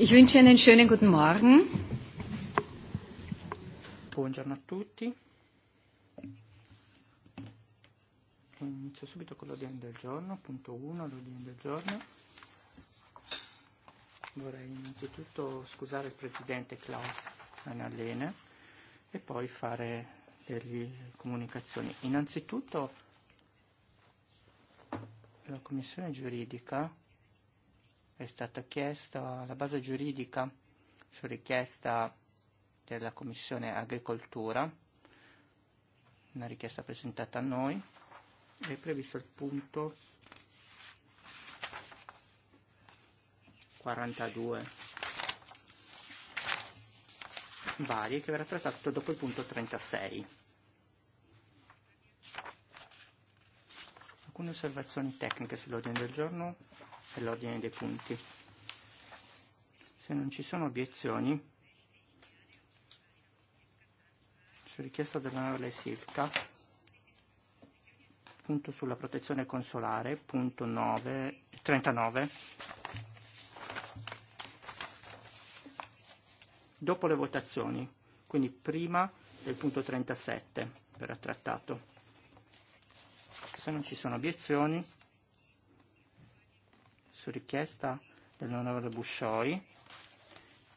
Ich wünsche einen schönen guten Morgen. Buongiorno a tutti. Inizio subito con l'ordine del giorno, punto 1, l'ordine del giorno. Vorrei innanzitutto scusare il presidente Klaus Annalena e poi fare delle comunicazioni. Innanzitutto la commissione giuridica è stata chiesta, la base giuridica su richiesta della Commissione Agricoltura, una richiesta presentata a noi, è previsto il punto 42 vari che verrà trattato dopo il punto 36. Alcune osservazioni tecniche sull'ordine del giorno? per l'ordine dei punti. Se non ci sono obiezioni, su richiesta dell'onorevole Silca, punto sulla protezione consolare, punto 9, 39, dopo le votazioni, quindi prima del punto 37 per il trattato. Se non ci sono obiezioni, su richiesta dell'onorevole Buscioi,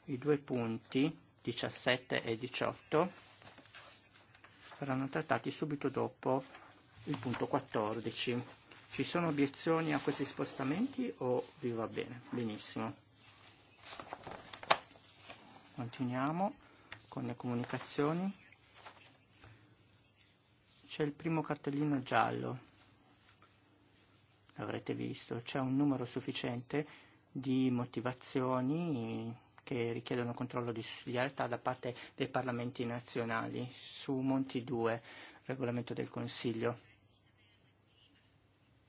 i due punti 17 e 18 saranno trattati subito dopo il punto 14. Ci sono obiezioni a questi spostamenti o vi va bene? Benissimo. Continuiamo con le comunicazioni. C'è il primo cartellino giallo avrete visto, c'è un numero sufficiente di motivazioni che richiedono controllo di sussidiarietà da parte dei parlamenti nazionali su Monti 2, regolamento del Consiglio.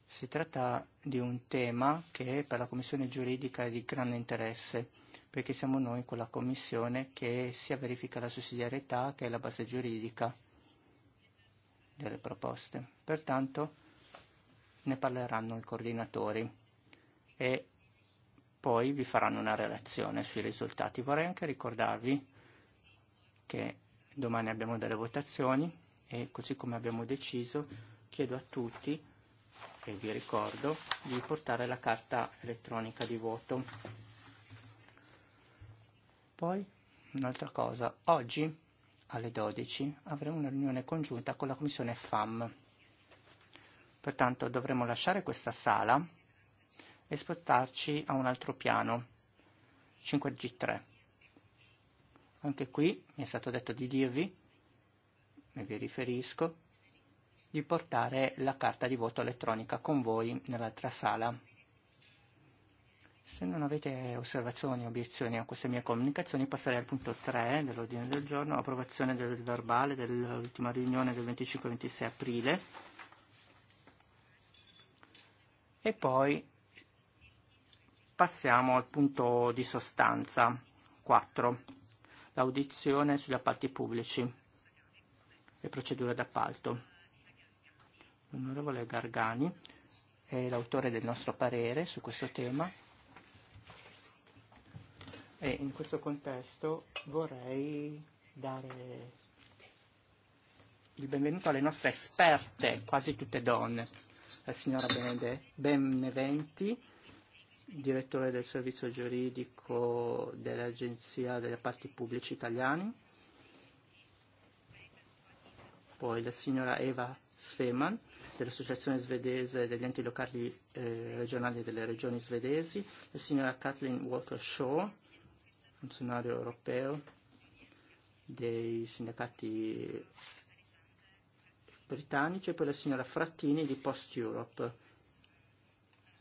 Si tratta di un tema che per la Commissione giuridica è di grande interesse, perché siamo noi quella Commissione che sia verifica la sussidiarietà che è la base giuridica delle proposte. Pertanto ne parleranno i coordinatori e poi vi faranno una relazione sui risultati. Vorrei anche ricordarvi che domani abbiamo delle votazioni e così come abbiamo deciso chiedo a tutti e vi ricordo di portare la carta elettronica di voto. Poi un'altra cosa, oggi alle 12 avremo una riunione congiunta con la Commissione FAM Pertanto dovremo lasciare questa sala e spostarci a un altro piano, 5G3. Anche qui mi è stato detto di dirvi, e vi riferisco, di portare la carta di voto elettronica con voi nell'altra sala. Se non avete osservazioni o obiezioni a queste mie comunicazioni, passerei al punto 3 dell'ordine del giorno, approvazione del verbale dell'ultima riunione del 25-26 aprile E poi passiamo al punto di sostanza 4, l'audizione sugli appalti pubblici, le procedure d'appalto. L'onorevole Gargani è l'autore del nostro parere su questo tema e in questo contesto vorrei dare il benvenuto alle nostre esperte, quasi tutte donne la signora Beneventi, direttore del servizio giuridico dell'Agenzia delle Parti Pubblici Italiani, poi la signora Eva Sveman dell'Associazione svedese degli enti locali eh, regionali delle regioni svedesi, la signora Kathleen Walker Shaw, funzionario europeo dei sindacati britannici e poi la signora Frattini di Post Europe,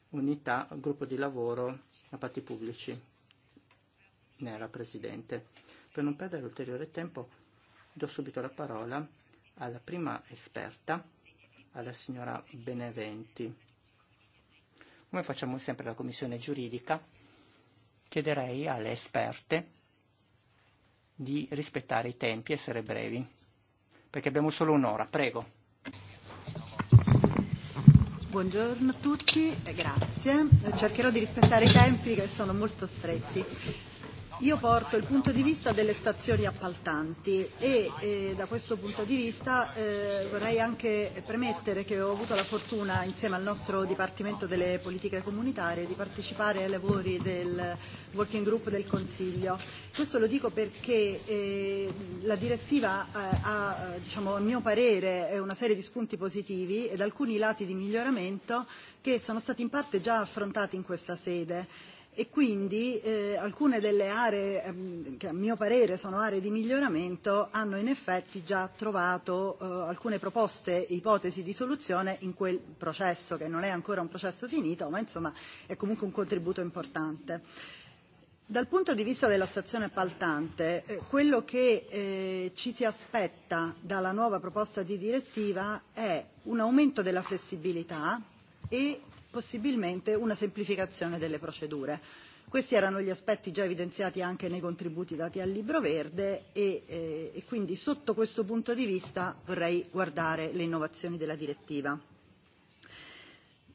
unità, gruppo di lavoro a patti pubblici. Ne era presidente. Per non perdere ulteriore tempo do subito la parola alla prima esperta, alla signora Beneventi. Come facciamo sempre la commissione giuridica, chiederei alle esperte di rispettare i tempi, e essere brevi, perché abbiamo solo un'ora. Prego. Buongiorno a tutti, e grazie. Cercherò di rispettare i tempi che sono molto stretti. Io porto il punto di vista delle stazioni appaltanti e eh, da questo punto di vista eh, vorrei anche premettere che ho avuto la fortuna insieme al nostro Dipartimento delle politiche comunitarie di partecipare ai lavori del working group del Consiglio. Questo lo dico perché eh, la direttiva eh, ha, diciamo, a mio parere, una serie di spunti positivi ed alcuni lati di miglioramento che sono stati in parte già affrontati in questa sede e quindi eh, alcune delle aree ehm, che a mio parere sono aree di miglioramento hanno in effetti già trovato eh, alcune proposte e ipotesi di soluzione in quel processo che non è ancora un processo finito ma insomma è comunque un contributo importante. Dal punto di vista della stazione appaltante, eh, quello che eh, ci si aspetta dalla nuova proposta di direttiva è un aumento della flessibilità e possibilmente una semplificazione delle procedure. Questi erano gli aspetti già evidenziati anche nei contributi dati al Libro Verde e, eh, e quindi sotto questo punto di vista vorrei guardare le innovazioni della direttiva.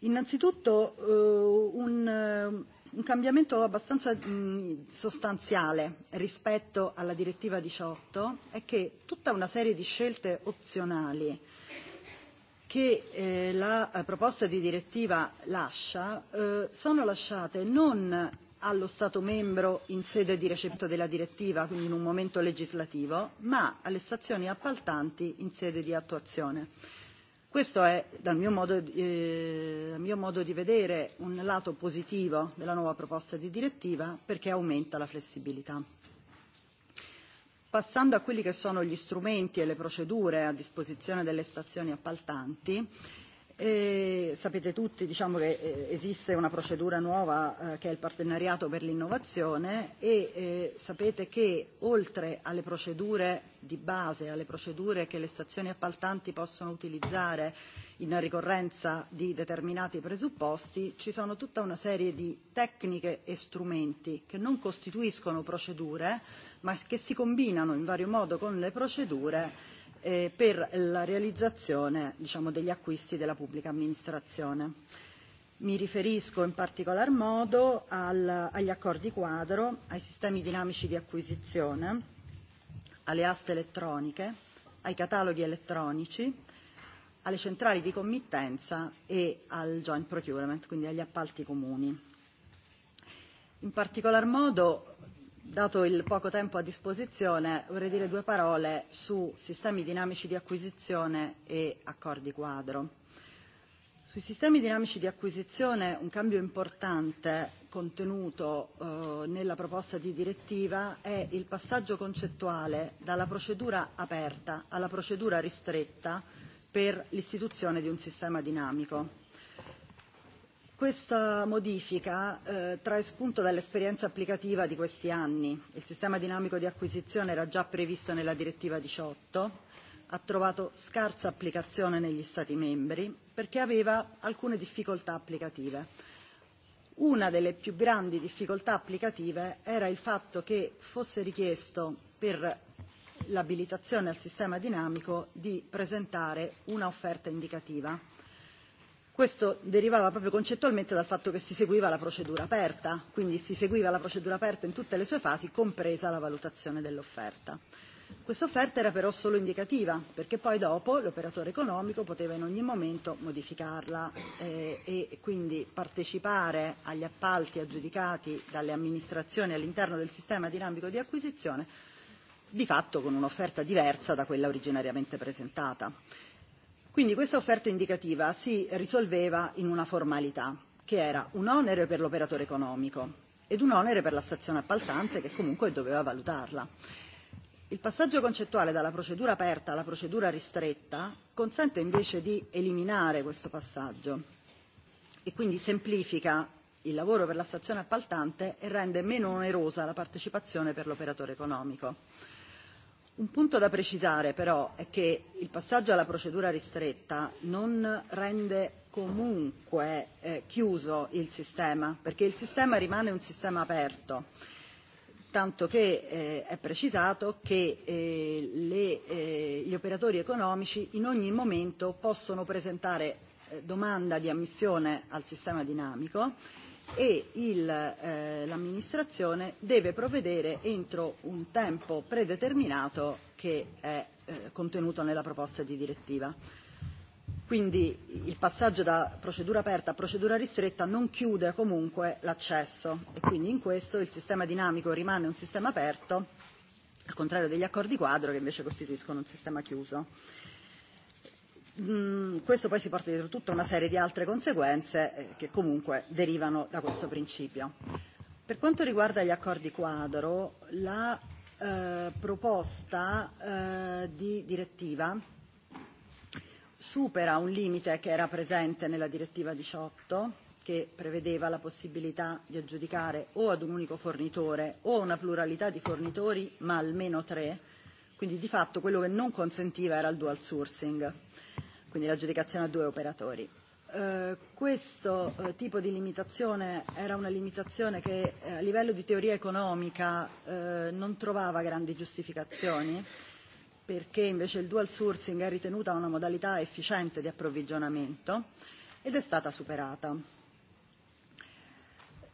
Innanzitutto eh, un, un cambiamento abbastanza mh, sostanziale rispetto alla direttiva 18 è che tutta una serie di scelte opzionali che eh, la eh, proposta di direttiva lascia eh, sono lasciate non allo Stato membro in sede di recepito della direttiva, quindi in un momento legislativo, ma alle stazioni appaltanti in sede di attuazione. Questo è, dal mio modo, eh, dal mio modo di vedere, un lato positivo della nuova proposta di direttiva perché aumenta la flessibilità. Passando a quelli che sono gli strumenti e le procedure a disposizione delle stazioni appaltanti, E sapete tutti diciamo, che eh, esiste una procedura nuova eh, che è il partenariato per l'innovazione e eh, sapete che oltre alle procedure di base, alle procedure che le stazioni appaltanti possono utilizzare in ricorrenza di determinati presupposti, ci sono tutta una serie di tecniche e strumenti che non costituiscono procedure ma che si combinano in vario modo con le procedure eh, per la realizzazione diciamo, degli acquisti della pubblica amministrazione. Mi riferisco in particolar modo al, agli accordi quadro, ai sistemi dinamici di acquisizione, alle aste elettroniche, ai cataloghi elettronici, alle centrali di committenza e al joint procurement, quindi agli appalti comuni. In particolar modo dato il poco tempo a disposizione, vorrei dire due parole su sistemi dinamici di acquisizione e accordi quadro. Sui sistemi dinamici di acquisizione un cambio importante contenuto eh, nella proposta di direttiva è il passaggio concettuale dalla procedura aperta alla procedura ristretta per l'istituzione di un sistema dinamico. Questa modifica eh, trae spunto dall'esperienza applicativa di questi anni. Il sistema dinamico di acquisizione era già previsto nella direttiva diciotto, ha trovato scarsa applicazione negli Stati membri perché aveva alcune difficoltà applicative. Una delle più grandi difficoltà applicative era il fatto che fosse richiesto per l'abilitazione al sistema dinamico di presentare una offerta indicativa Questo derivava proprio concettualmente dal fatto che si seguiva la procedura aperta, quindi si seguiva la procedura aperta in tutte le sue fasi, compresa la valutazione dell'offerta. Questa offerta era però solo indicativa, perché poi dopo l'operatore economico poteva in ogni momento modificarla eh, e quindi partecipare agli appalti aggiudicati dalle amministrazioni all'interno del sistema dinamico di acquisizione, di fatto con un'offerta diversa da quella originariamente presentata. Quindi questa offerta indicativa si risolveva in una formalità, che era un onere per l'operatore economico ed un onere per la stazione appaltante che comunque doveva valutarla. Il passaggio concettuale dalla procedura aperta alla procedura ristretta consente invece di eliminare questo passaggio e quindi semplifica il lavoro per la stazione appaltante e rende meno onerosa la partecipazione per l'operatore economico. Un punto da precisare però è che il passaggio alla procedura ristretta non rende comunque eh, chiuso il sistema, perché il sistema rimane un sistema aperto, tanto che eh, è precisato che eh, le, eh, gli operatori economici in ogni momento possono presentare eh, domanda di ammissione al sistema dinamico e eh, l'amministrazione eh, deve provvedere entro un tempo predeterminato che è eh, contenuto nella proposta di direttiva. Quindi il passaggio da procedura aperta a procedura ristretta non chiude comunque l'accesso e quindi in questo il sistema dinamico rimane un sistema aperto, al contrario degli accordi quadro che invece costituiscono un sistema chiuso mh, mm, questo poi si porta dietro tutta una serie di altre conseguenze eh, che comunque derivano da questo principio. Per quanto riguarda gli accordi quadro, la eh, proposta eh, di direttiva supera un limite che era presente nella direttiva 18 che prevedeva la possibilità di aggiudicare o ad un unico fornitore o a una pluralità di fornitori, ma almeno tre. Quindi di fatto quello che non consentiva era il dual sourcing quindi l'aggiudicazione a due operatori. Eh, questo eh, tipo di limitazione era una limitazione che eh, a livello di teoria economica eh, non trovava grandi giustificazioni perché invece il dual sourcing è ritenuta una modalità efficiente di approvvigionamento ed è stata superata.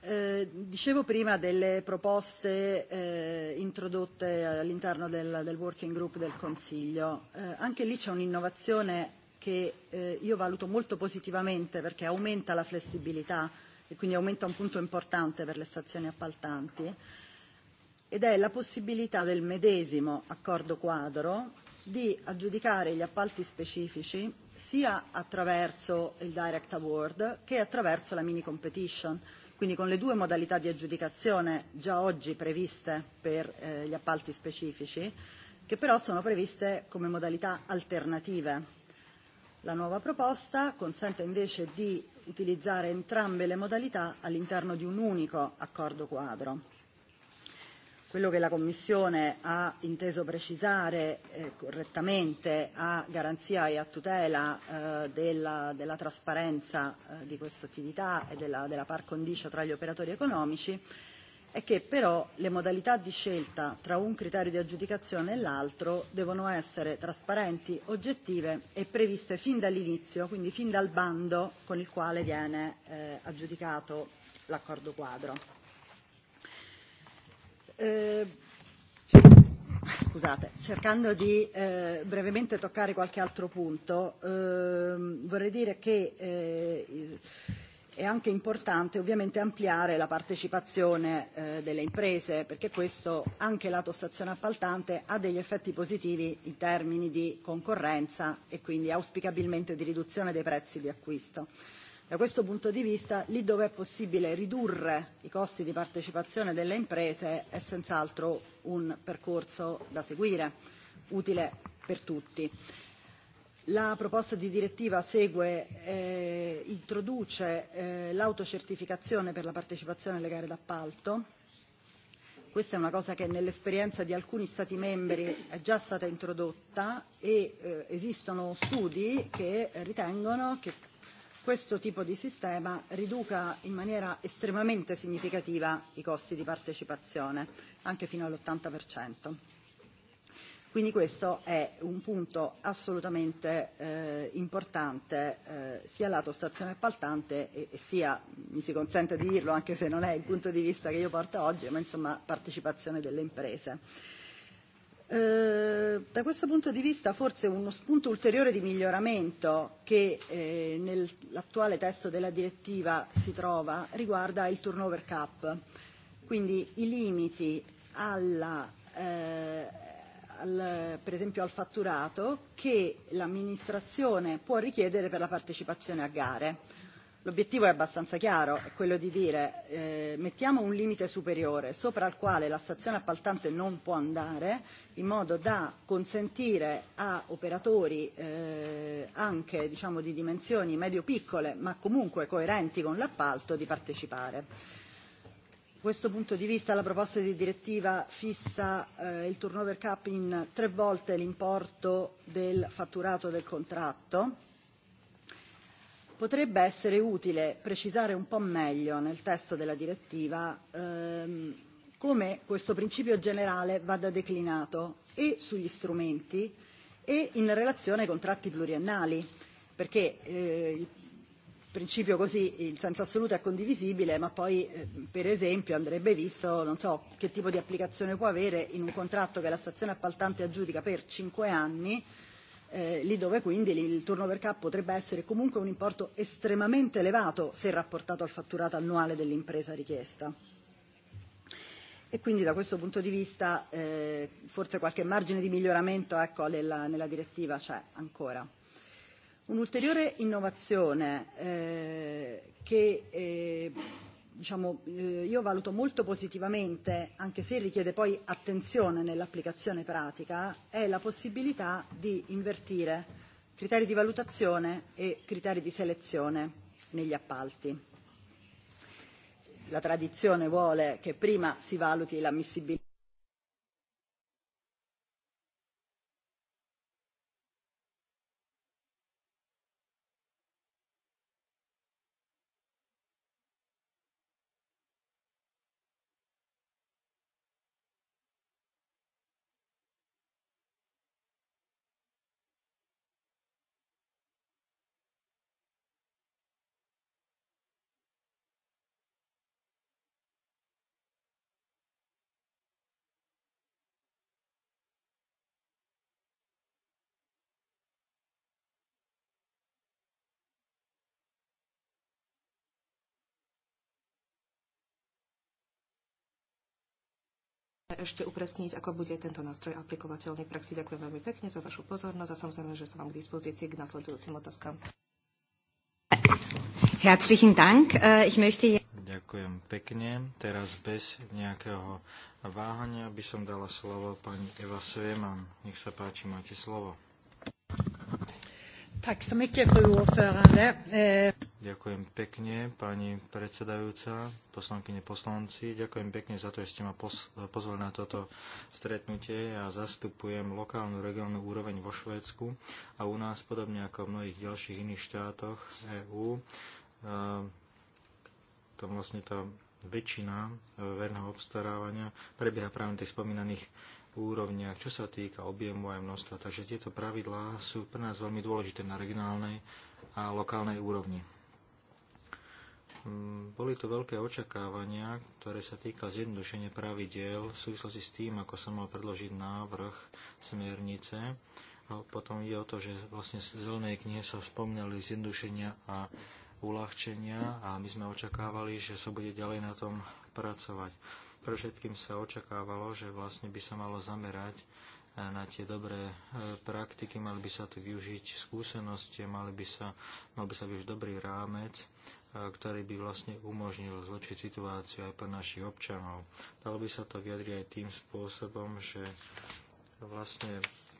Eh, dicevo prima delle proposte eh, introdotte all'interno del, del working group del Consiglio. Eh, anche lì c'è un'innovazione che eh, io valuto molto positivamente perché aumenta la flessibilità e quindi aumenta un punto importante per le stazioni appaltanti ed è la possibilità del medesimo accordo quadro di aggiudicare gli appalti specifici sia attraverso il direct award che attraverso la mini competition, quindi con le due modalità di aggiudicazione già oggi previste per eh, gli appalti specifici, che però sono previste come modalità alternative La nuova proposta consente invece di utilizzare entrambe le modalità all'interno di un unico accordo quadro. Quello che la Commissione ha inteso precisare eh, correttamente a garanzia e a tutela eh, della, della trasparenza eh, di questa attività e della, della par condicio tra gli operatori economici è che però le modalità di scelta tra un criterio di aggiudicazione e l'altro devono essere trasparenti, oggettive e previste fin dall'inizio, quindi fin dal bando con il quale viene eh, aggiudicato l'accordo quadro. Eh, scusate, cercando di eh, brevemente toccare qualche altro punto, eh, vorrei dire che eh, è anche importante ovviamente ampliare la partecipazione eh, delle imprese perché questo anche lato stazione appaltante ha degli effetti positivi in termini di concorrenza e quindi auspicabilmente di riduzione dei prezzi di acquisto. Da questo punto di vista, lì dove è possibile ridurre i costi di partecipazione delle imprese è senz'altro un percorso da seguire, utile per tutti. La proposta di direttiva segue, eh, introduce eh, l'autocertificazione per la partecipazione alle gare d'appalto. Questa è una cosa che nell'esperienza di alcuni Stati membri è già stata introdotta e eh, esistono studi che ritengono che questo tipo di sistema riduca in maniera estremamente significativa i costi di partecipazione, anche fino all'80%. Quindi questo è un punto assolutamente eh, importante eh, sia lato stazione appaltante e, e sia, mi si consente di dirlo anche se non è il punto di vista che io porto oggi, ma insomma partecipazione delle imprese. Eh, da questo punto di vista forse uno spunto ulteriore di miglioramento che eh, nell'attuale testo della direttiva si trova riguarda il turnover cap, quindi i limiti alla eh, al, per esempio al fatturato che l'amministrazione può richiedere per la partecipazione a gare. L'obiettivo è abbastanza chiaro, è quello di dire eh, mettiamo un limite superiore sopra il quale la stazione appaltante non può andare in modo da consentire a operatori eh, anche diciamo, di dimensioni medio-piccole ma comunque coerenti con l'appalto di partecipare questo punto di vista la proposta di direttiva fissa eh, il turnover cap in tre volte l'importo del fatturato del contratto. Potrebbe essere utile precisare un po' meglio nel testo della direttiva ehm, come questo principio generale vada declinato e sugli strumenti e in relazione ai contratti pluriennali, perché eh, il principio così in senso assoluto è condivisibile, ma poi eh, per esempio andrebbe visto non so che tipo di applicazione può avere in un contratto che la stazione appaltante aggiudica per cinque anni, eh, lì dove quindi il turnover cap potrebbe essere comunque un importo estremamente elevato se rapportato al fatturato annuale dell'impresa richiesta. E quindi da questo punto di vista eh, forse qualche margine di miglioramento ecco, nella, nella direttiva c'è ancora. Un'ulteriore innovazione eh, che eh, diciamo, eh, io valuto molto positivamente, anche se richiede poi attenzione nell'applicazione pratica, è la possibilità di invertire criteri di valutazione e criteri di selezione negli appalti. La tradizione vuole che prima si valuti l'ammissibilità ešte upresniť, ako bude tento nástroj aplikovateľný v praxi. Ďakujem veľmi pekne za vašu pozornosť a samozrejme, že som vám k dispozícii k nasledujúcim otázkam. Herzlichen Dank. Äh, ich möchte... Ďakujem pekne. Teraz bez nejakého váhania by som dala slovo pani Eva Sveman. Nech sa páči, máte slovo. Tack så mycket, Ďakujem pekne, pani predsedajúca, poslankyne poslanci. Ďakujem pekne za to, že ste ma pozvali na toto stretnutie. Ja zastupujem lokálnu regionálnu úroveň vo Švédsku a u nás, podobne ako v mnohých ďalších iných štátoch EÚ, e, to vlastne tá väčšina e, verného obstarávania prebieha práve na tých spomínaných úrovniach, čo sa týka objemu aj množstva. Takže tieto pravidlá sú pre nás veľmi dôležité na regionálnej a lokálnej úrovni. Mm, boli tu veľké očakávania, ktoré sa týka zjednodušenia pravidiel v súvislosti s tým, ako sa mal predložiť návrh smernice. A potom ide o to, že vlastne v zelenej knihe sa spomínali zjednodušenia a uľahčenia a my sme očakávali, že sa bude ďalej na tom pracovať. Pre všetkým sa očakávalo, že vlastne by sa malo zamerať eh, na tie dobré eh, praktiky, mali by sa tu využiť skúsenosti, mali by sa, mal by sa využiť dobrý rámec ktorý by vlastne umožnil zlepšiť situáciu aj pre našich občanov. Dalo by sa to vyjadriť aj tým spôsobom, že vlastne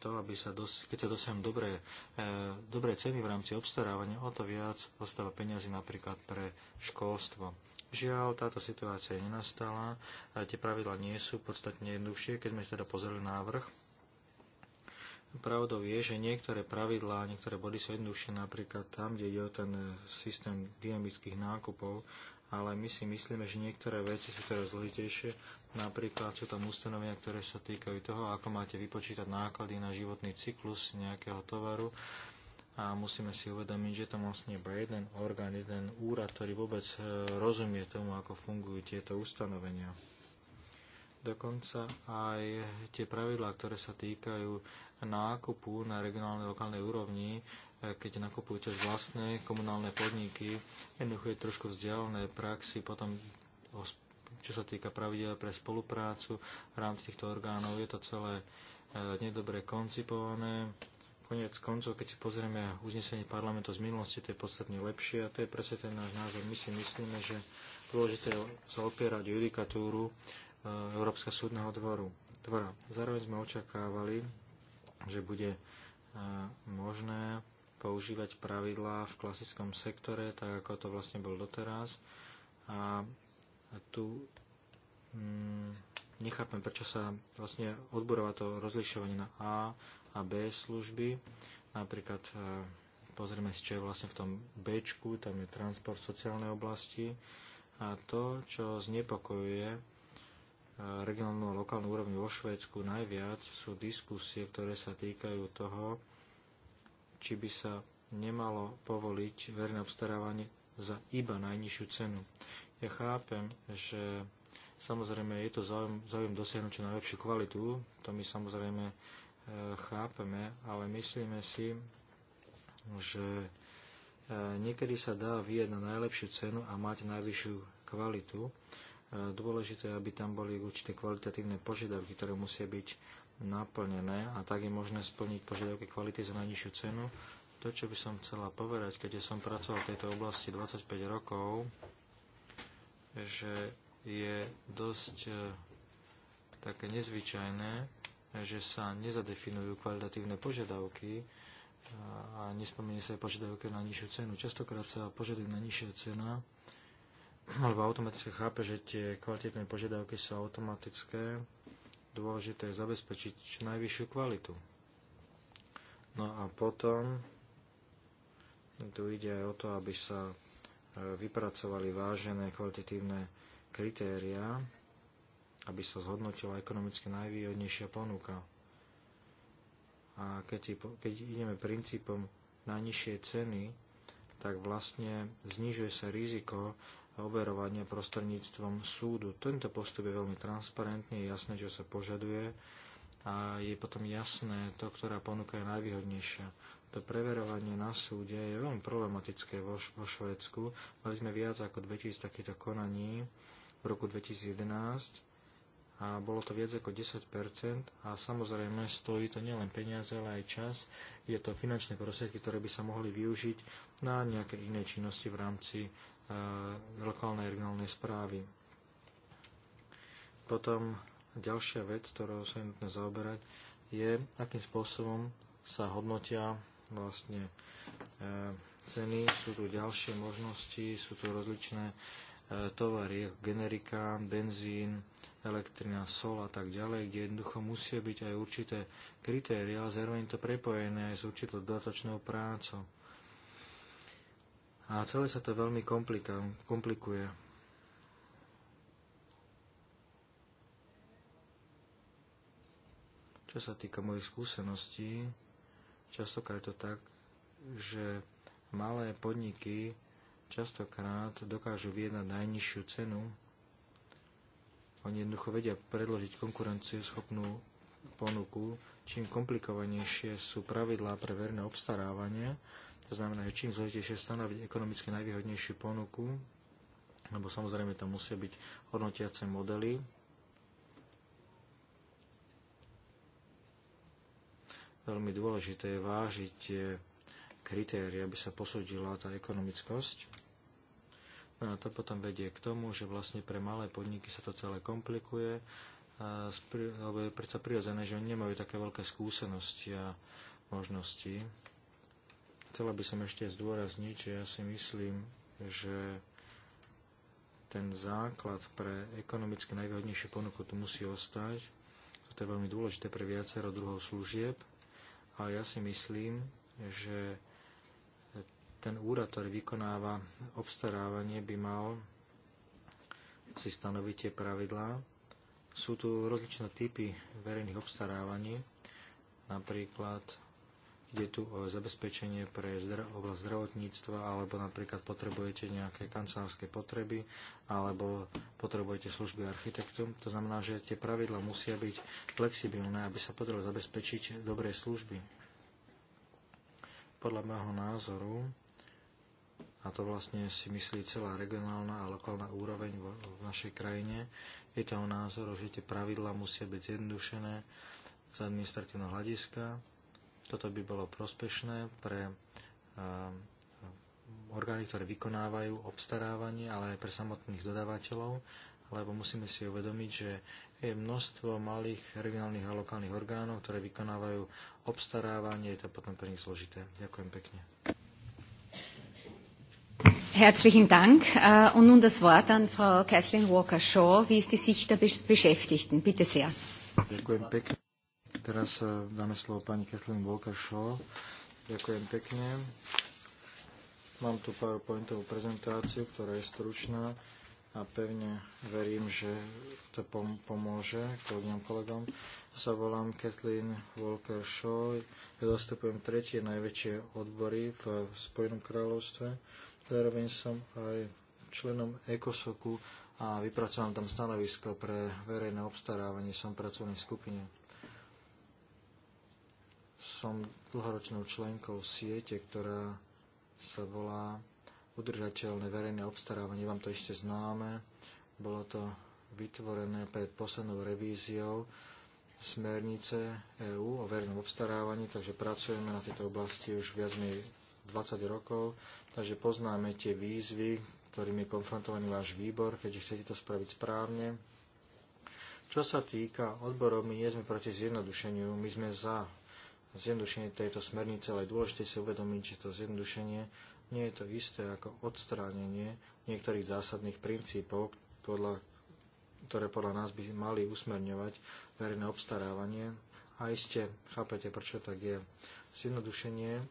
to, aby sa dos- keď sa dosiahnu dobré, e, dobré ceny v rámci obstarávania, o to viac ostáva peniazy napríklad pre školstvo. Žiaľ, táto situácia nenastala, tie pravidla nie sú podstatne jednoduchšie, keď sme teda pozreli návrh Pravdou je, že niektoré pravidlá, niektoré body sú jednoduchšie, napríklad tam, kde ide o ten eh, systém dynamických nákupov, ale my si myslíme, že niektoré veci sú teraz zložitejšie. Napríklad sú tam ustanovenia, ktoré sa týkajú toho, ako máte vypočítať náklady na životný cyklus nejakého tovaru a musíme si uvedomiť, že tam vlastne iba jeden orgán, jeden úrad, ktorý vôbec eh, rozumie tomu, ako fungujú tieto ustanovenia. Dokonca aj tie pravidlá, ktoré sa týkajú nákupu na regionálnej lokálnej úrovni, e, keď nakupujete z vlastné komunálne podniky, jednoducho je trošku vzdialené praxi, potom čo sa týka pravidel pre spoluprácu v rámci týchto orgánov, je to celé e, nedobre koncipované. Konec koncov, keď si pozrieme uznesenie parlamentu z minulosti, to je podstatne lepšie a to je presne ten náš názor. My si myslíme, že dôležité sa opierať judikatúru e, Európskeho súdneho dvoru, dvora. Zároveň sme očakávali, že bude e, možné používať pravidlá v klasickom sektore, tak ako to vlastne bol doteraz. A tu mm, nechápem, prečo sa vlastne odborová to rozlišovanie na A a B služby. Napríklad e, pozrieme si, čo je vlastne v tom B, tam je transport v sociálnej oblasti. A to, čo znepokojuje regionálnu a lokálnu úrovni vo Švédsku najviac sú diskusie, ktoré sa týkajú toho, či by sa nemalo povoliť verejné obstarávanie za iba najnižšiu cenu. Ja chápem, že samozrejme je to záujem, záujem dosiahnuť čo najlepšiu kvalitu, to my samozrejme e, chápeme, ale myslíme si, že e, niekedy sa dá vyjať na najlepšiu cenu a mať najvyššiu kvalitu. E, dôležité, aby tam boli určité kvalitatívne požiadavky, ktoré musia byť naplnené a tak je možné splniť požiadavky kvality za najnižšiu cenu. To, čo by som chcela povedať, keďže som pracoval v tejto oblasti 25 rokov, že je dosť e, také nezvyčajné, že sa nezadefinujú kvalitatívne požiadavky e, a nespomenie sa aj požiadavky na nižšiu cenu. Častokrát sa požiadajú na nižšia cena, alebo automaticky chápe, že tie kvalitné požiadavky sú automatické. Dôležité je zabezpečiť čo najvyššiu kvalitu. No a potom tu ide aj o to, aby sa e, vypracovali vážené kvalitatívne kritériá, aby sa zhodnotila ekonomicky najvýhodnejšia ponuka. A keď, si, keď ideme princípom najnižšej ceny, tak vlastne znižuje sa riziko, a overovania prostredníctvom súdu. Tento postup je veľmi transparentný, je jasné, čo sa požaduje a je potom jasné to, ktorá ponuka je najvýhodnejšia. To preverovanie na súde je veľmi problematické vo, vo Švedsku. Mali sme viac ako 2000 takýchto konaní v roku 2011 a bolo to viac ako 10% a samozrejme stojí to nielen peniaze, ale aj čas. Je to finančné prostriedky, ktoré by sa mohli využiť na nejaké iné činnosti v rámci lokálnej regionálnej správy. Potom ďalšia vec, ktorou sa je nutné zaoberať, je, akým spôsobom sa hodnotia vlastne e, ceny. Sú tu ďalšie možnosti, sú tu rozličné e, tovary, generika, benzín, elektrina, sol a tak ďalej, kde jednoducho musia byť aj určité kritéria, ale zároveň to prepojené aj s určitou dodatočnou prácou a celé sa to veľmi komplikuje. Čo sa týka mojich skúseností, častokrát je to tak, že malé podniky častokrát dokážu vyjednať najnižšiu cenu. Oni jednoducho vedia predložiť konkurencieschopnú ponuku. Čím komplikovanejšie sú pravidlá pre verné obstarávanie, to znamená, že čím zložitejšie stanoviť ekonomicky najvýhodnejšiu ponuku, lebo samozrejme tam musia byť hodnotiace modely. Veľmi dôležité je vážiť tie kritéria, aby sa posúdila tá ekonomickosť. No a to potom vedie k tomu, že vlastne pre malé podniky sa to celé komplikuje, lebo je predsa prirodzené, že oni nemajú také veľké skúsenosti a možnosti. Chcela by som ešte zdôrazniť, že ja si myslím, že ten základ pre ekonomicky najvýhodnejšiu ponuku tu musí ostať. To je veľmi dôležité pre viacero druhov služieb, ale ja si myslím, že ten úrad, ktorý vykonáva obstarávanie, by mal si stanoviť tie pravidlá. Sú tu rozličné typy verejných obstarávaní, napríklad Ide tu o zabezpečenie pre oblasť zdravotníctva, alebo napríklad potrebujete nejaké kancelárske potreby, alebo potrebujete služby architektu. To znamená, že tie pravidla musia byť flexibilné, aby sa podarilo zabezpečiť dobré služby. Podľa môjho názoru, a to vlastne si myslí celá regionálna a lokálna úroveň v, našej krajine, je to názor, názoru, že tie pravidla musia byť zjednodušené z administratívneho hľadiska, toto by bolo prospešné pre eh, orgány, ktoré vykonávajú obstarávanie, ale aj pre samotných dodávateľov, lebo musíme si uvedomiť, že je množstvo malých regionálnych a lokálnych orgánov, ktoré vykonávajú obstarávanie, je to potom pre nich zložité. Ďakujem pekne. Herzlichen Dank. Äh, und nun das Wort an Frau Kathleen Walker-Shaw. Wie ist die Sicht der Beschäftigten? Bitte sehr. Ďakujem pekne. Teraz e, dáme slovo pani Kathleen Volkašov. Ďakujem pekne. Mám tu PowerPointovú prezentáciu, ktorá je stručná a pevne verím, že to pom- pomôže kolegyňam kolegom. Sa volám Kathleen Walker Shaw, ja zastupujem tretie najväčšie odbory v Spojenom kráľovstve. Zároveň som aj členom ECOSOKu a vypracovám tam stanovisko pre verejné obstarávanie, som pracovný skupine som dlhoročnou členkou siete, ktorá sa volá udržateľné verejné obstarávanie. Vám to ešte známe. Bolo to vytvorené pred poslednou revíziou smernice EÚ o verejnom obstarávaní, takže pracujeme na tejto oblasti už viac menej 20 rokov, takže poznáme tie výzvy, ktorým je konfrontovaný váš výbor, keďže chcete to spraviť správne. Čo sa týka odborov, my nie sme proti zjednodušeniu, my sme za zjednodušenie tejto smernice, ale je dôležité si uvedomiť, že to zjednodušenie nie je to isté ako odstránenie niektorých zásadných princípov, podľa, ktoré podľa nás by mali usmerňovať verejné obstarávanie. A iste chápete, prečo tak je. Zjednodušenie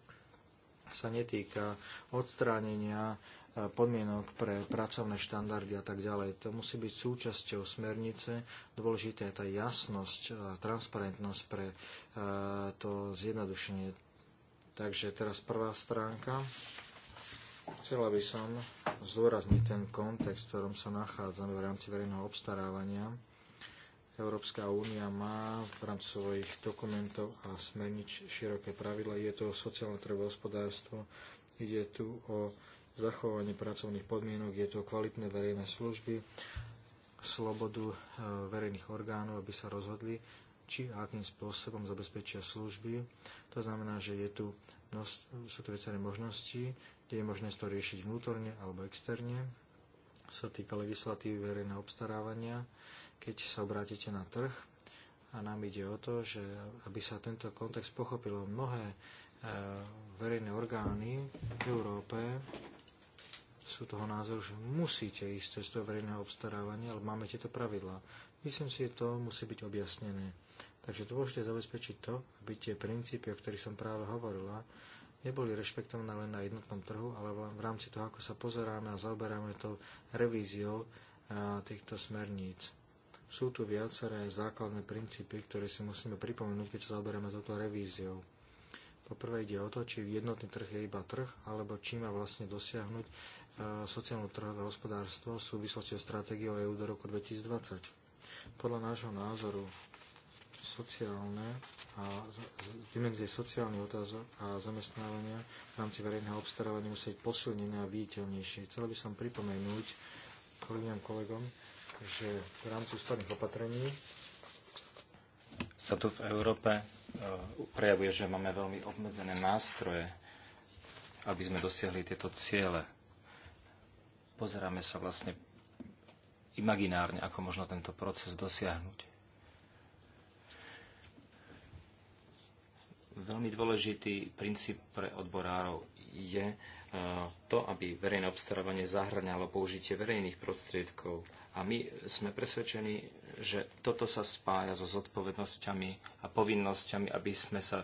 sa netýka odstránenia podmienok pre pracovné štandardy a tak ďalej. To musí byť súčasťou smernice. Dôležitá je tá jasnosť a transparentnosť pre e, to zjednodušenie. Takže teraz prvá stránka. Chcela by som zdôrazniť ten kontext, v ktorom sa nachádzame v rámci verejného obstarávania. Európska únia má v rámci svojich dokumentov a smernič široké pravidla. Je to sociálne trhové hospodárstvo, ide tu o zachovanie pracovných podmienok, je to kvalitné verejné služby, slobodu e, verejných orgánov, aby sa rozhodli, či akým spôsobom zabezpečia služby. To znamená, že je tu, sú tu viaceré možnosti, kde je možné to riešiť vnútorne alebo externe. sa týka legislatívy verejného obstarávania, keď sa obrátite na trh a nám ide o to, že aby sa tento kontext pochopilo, mnohé e, verejné orgány v Európe sú toho názoru, že musíte ísť to verejného obstarávania, ale máme tieto pravidlá. Myslím si, že to musí byť objasnené. Takže dôležité zabezpečiť to, aby tie princípy, o ktorých som práve hovorila, neboli rešpektované len na jednotnom trhu, ale v rámci toho, ako sa pozeráme a zaoberáme to revíziou týchto smerníc. Sú tu viaceré základné princípy, ktoré si musíme pripomenúť, keď sa zaoberáme touto revíziou. Poprvé ide o to, či jednotný trh je iba trh, alebo či má vlastne dosiahnuť e, sociálnu trhové hospodárstvo v súvislosti s stratégiou EÚ do roku 2020. Podľa nášho názoru sociálne a dimenzie sociálnych otázok a zamestnávania v rámci verejného obstarávania musí byť posilnené a viditeľnejšie. Chcel by som pripomenúť kolegyňam kolegom, že v rámci ústavných opatrení sa tu v Európe E, prejavuje, že máme veľmi obmedzené nástroje, aby sme dosiahli tieto ciele. Pozeráme sa vlastne imaginárne, ako možno tento proces dosiahnuť. Veľmi dôležitý princíp pre odborárov je e, to, aby verejné obstarávanie zahrňalo použitie verejných prostriedkov, a my sme presvedčení, že toto sa spája so zodpovednosťami a povinnosťami, aby sme sa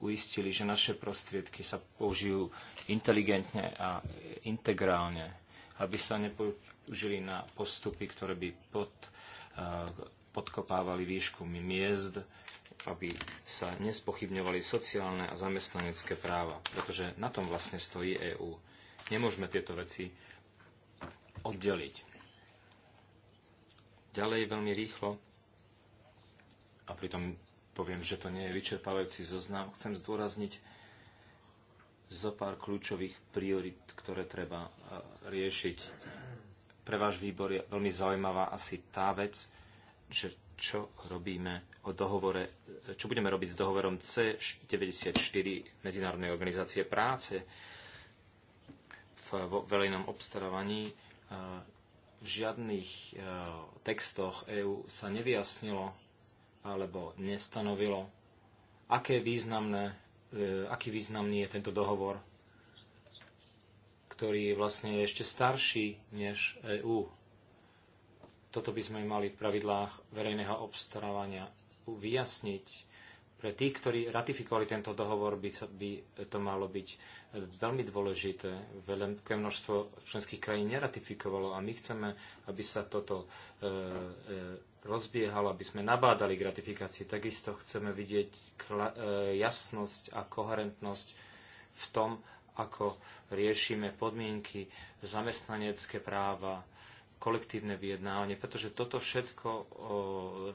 uistili, že naše prostriedky sa použijú inteligentne a integrálne, aby sa nepoužili na postupy, ktoré by pod, eh, podkopávali výšku miest, aby sa nespochybňovali sociálne a zamestnanecké práva, pretože na tom vlastne stojí EÚ. Nemôžeme tieto veci oddeliť Ďalej veľmi rýchlo, a pritom poviem, že to nie je vyčerpávajúci zoznam, chcem zdôrazniť zo pár kľúčových priorit, ktoré treba e, riešiť. Pre váš výbor je veľmi zaujímavá asi tá vec, že čo robíme o dohovore, e, čo budeme robiť s dohovorom C94 Medzinárodnej organizácie práce v verejnom obstarávaní e, v žiadnych e, textoch EÚ sa nevyjasnilo alebo nestanovilo, aké významné, e, aký významný je tento dohovor, ktorý vlastne je ešte starší než EÚ. Toto by sme mali v pravidlách verejného obstarávania vyjasniť. Pre tých, ktorí ratifikovali tento dohovor, by, by to malo byť veľmi dôležité. Veľké množstvo členských krajín neratifikovalo a my chceme, aby sa toto e, e, rozbiehalo, aby sme nabádali k ratifikácii. Takisto chceme vidieť kla- e, jasnosť a koherentnosť v tom, ako riešime podmienky, zamestnanecké práva, kolektívne vyjednávanie, pretože toto všetko o,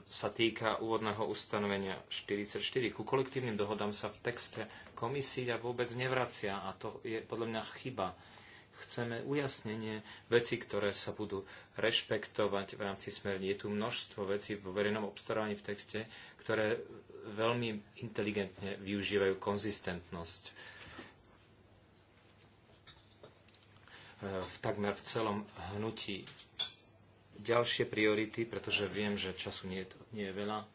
sa týka úvodného ustanovenia 44. Ku kolektívnym dohodám sa v texte komisia vôbec nevracia a to je podľa mňa chyba. Chceme ujasnenie veci, ktoré sa budú rešpektovať v rámci smerní. Je tu množstvo vecí vo verejnom obstarávaní v texte, ktoré veľmi inteligentne využívajú konzistentnosť v takmer v celom hnutí. Ďalšie priority, pretože viem, že času nie je, nie je veľa. E,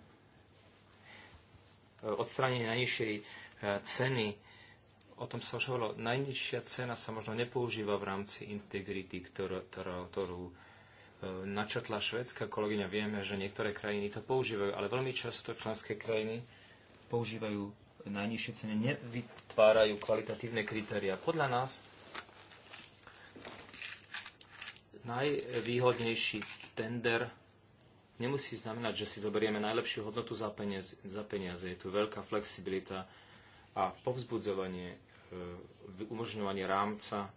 odstránenie najnižšej e, ceny, o tom sa už hovorilo, najnižšia cena sa možno nepoužíva v rámci integrity, ktorú, ktorú e, načrtla švedská kolegyňa. Vieme, že niektoré krajiny to používajú, ale veľmi často členské krajiny používajú najnižšie ceny, nevytvárajú kvalitatívne kritéria. Podľa nás najvýhodnejší tender nemusí znamenať, že si zoberieme najlepšiu hodnotu za peniaze. Za peniaze. Je tu veľká flexibilita a povzbudzovanie, e, umožňovanie rámca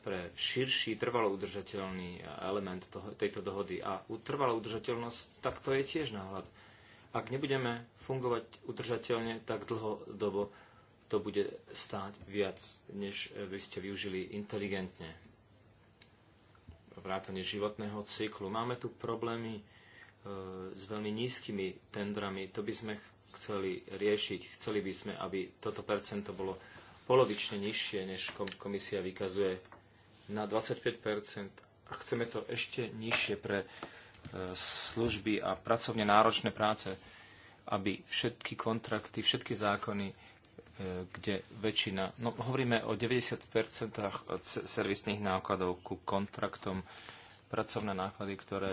pre širší trvalo udržateľný element toho, tejto dohody. A trvalá udržateľnosť, tak to je tiež náhľad. Ak nebudeme fungovať udržateľne, tak dlhodobo to bude stáť viac, než e, by ste využili inteligentne vrátane životného cyklu. Máme tu problémy e, s veľmi nízkymi tendrami. To by sme chceli riešiť. Chceli by sme, aby toto percento bolo polovične nižšie, než komisia vykazuje na 25 a chceme to ešte nižšie pre e, služby a pracovne náročné práce, aby všetky kontrakty, všetky zákony kde väčšina, no hovoríme o 90% servisných nákladov ku kontraktom, pracovné náklady, ktoré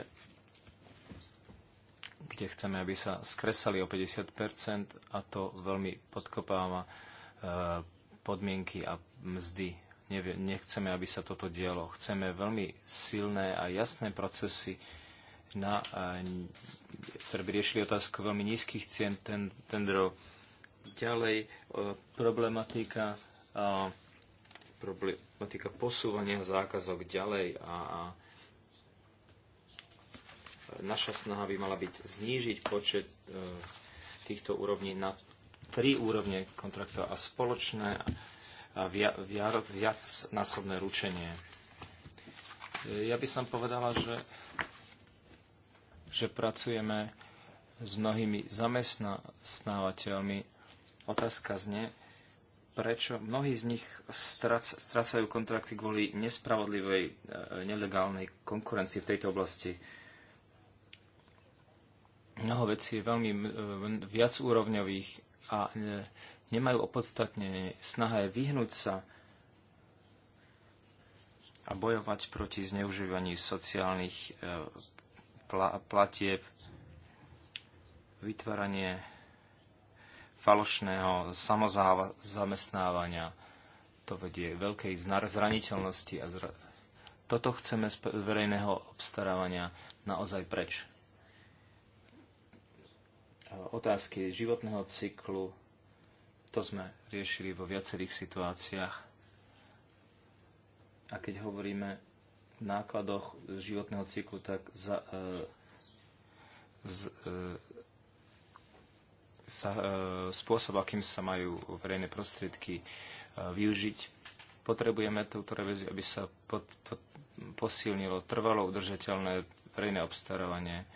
kde chceme, aby sa skresali o 50 a to veľmi podkopáva eh, podmienky a mzdy. Nechceme, aby sa toto dialo. Chceme veľmi silné a jasné procesy, na, eh, ktoré by riešili otázku veľmi nízkych cien tendrov. Ten, Ďalej problematika, problematika posúvania zákazok ďalej a, a naša snaha by mala byť znížiť počet e, týchto úrovní na tri úrovne kontraktov a spoločné a viac násobné ručenie. E, ja by som povedala, že, že pracujeme s mnohými zamestnávateľmi Otázka zne, prečo mnohí z nich strácajú kontrakty kvôli nespravodlivej, e, nelegálnej konkurencii v tejto oblasti. Mnoho vecí je veľmi viacúrovňových a e, nemajú opodstatnenie. Snaha je vyhnúť sa a bojovať proti zneužívaní sociálnych e, platieb, vytváranie falošného samozamestnávania. To vedie veľkej zraniteľnosti a zra... toto chceme z verejného obstarávania naozaj preč. Otázky životného cyklu, to sme riešili vo viacerých situáciách. A keď hovoríme v nákladoch životného cyklu, tak za, e, z, e, sa, e, spôsob, akým sa majú verejné prostriedky e, využiť. Potrebujeme túto revíziu, aby sa pod, pod, posilnilo trvalo udržateľné verejné obstarávanie, e,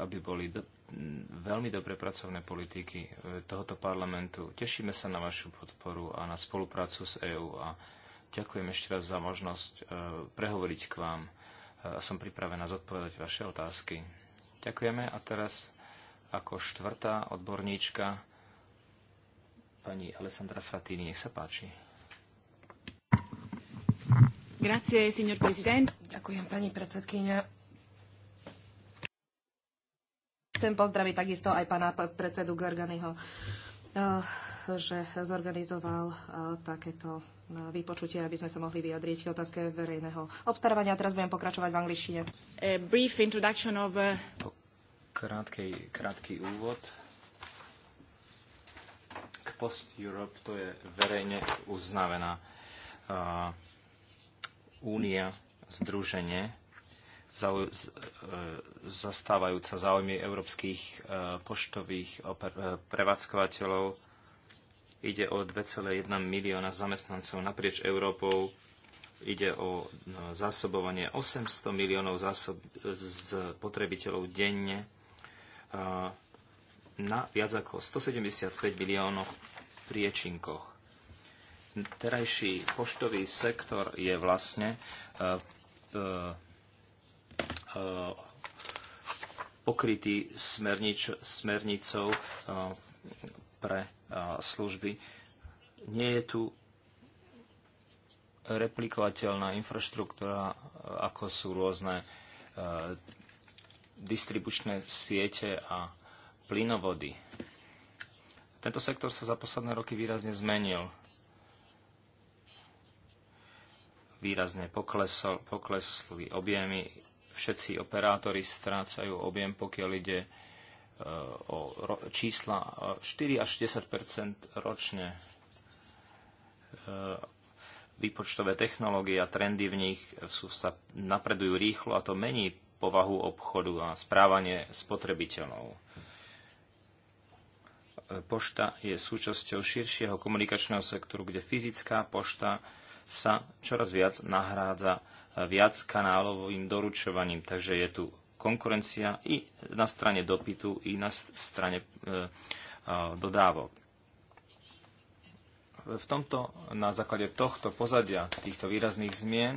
aby boli do, veľmi dobre pracovné politiky tohoto parlamentu. Tešíme sa na vašu podporu a na spoluprácu s EÚ a ďakujem ešte raz za možnosť prehovoriť k vám a som pripravená zodpovedať vaše otázky. Ďakujeme a teraz ako štvrtá odborníčka pani Alessandra Fratini. Nech sa páči. Grazie, signor prezident. Ďakujem, pani predsedkynia. Chcem pozdraviť takisto aj pana predsedu Gorganyho, eh, že zorganizoval eh, takéto eh, vypočutie, aby sme sa mohli vyjadriť k otázke verejného obstarávania. Teraz budem pokračovať v angličtine. A brief introduction of krátkej, krátky úvod. K Post Europe to je verejne uznávená uh, únia, združenie, zau, z, uh, e, zastávajúca záujmy európskych uh, poštových oper, uh, prevádzkovateľov. Ide o 2,1 milióna zamestnancov naprieč Európou ide o zásobovanie 800 miliónov zásob z potrebiteľov denne na viac ako 175 miliónoch priečinkoch. Terajší poštový sektor je vlastne e, e, e, pokrytý smernič, smernicou pre služby. Nie je tu replikovateľná infraštruktúra, ako sú rôzne distribučné siete a plynovody. Tento sektor sa za posledné roky výrazne zmenil. Výrazne poklesol, poklesli objemy. Všetci operátori strácajú objem, pokiaľ ide e, o čísla 4 e, až 10 ročne. E, Výpočtové technológie a trendy v nich sú sa napredujú rýchlo a to mení povahu obchodu a správanie spotrebiteľov. Pošta je súčasťou širšieho komunikačného sektoru, kde fyzická pošta sa čoraz viac nahrádza viac kanálovým doručovaním, takže je tu konkurencia i na strane dopytu, i na strane e, e, dodávok. V tomto, na základe tohto pozadia, týchto výrazných zmien,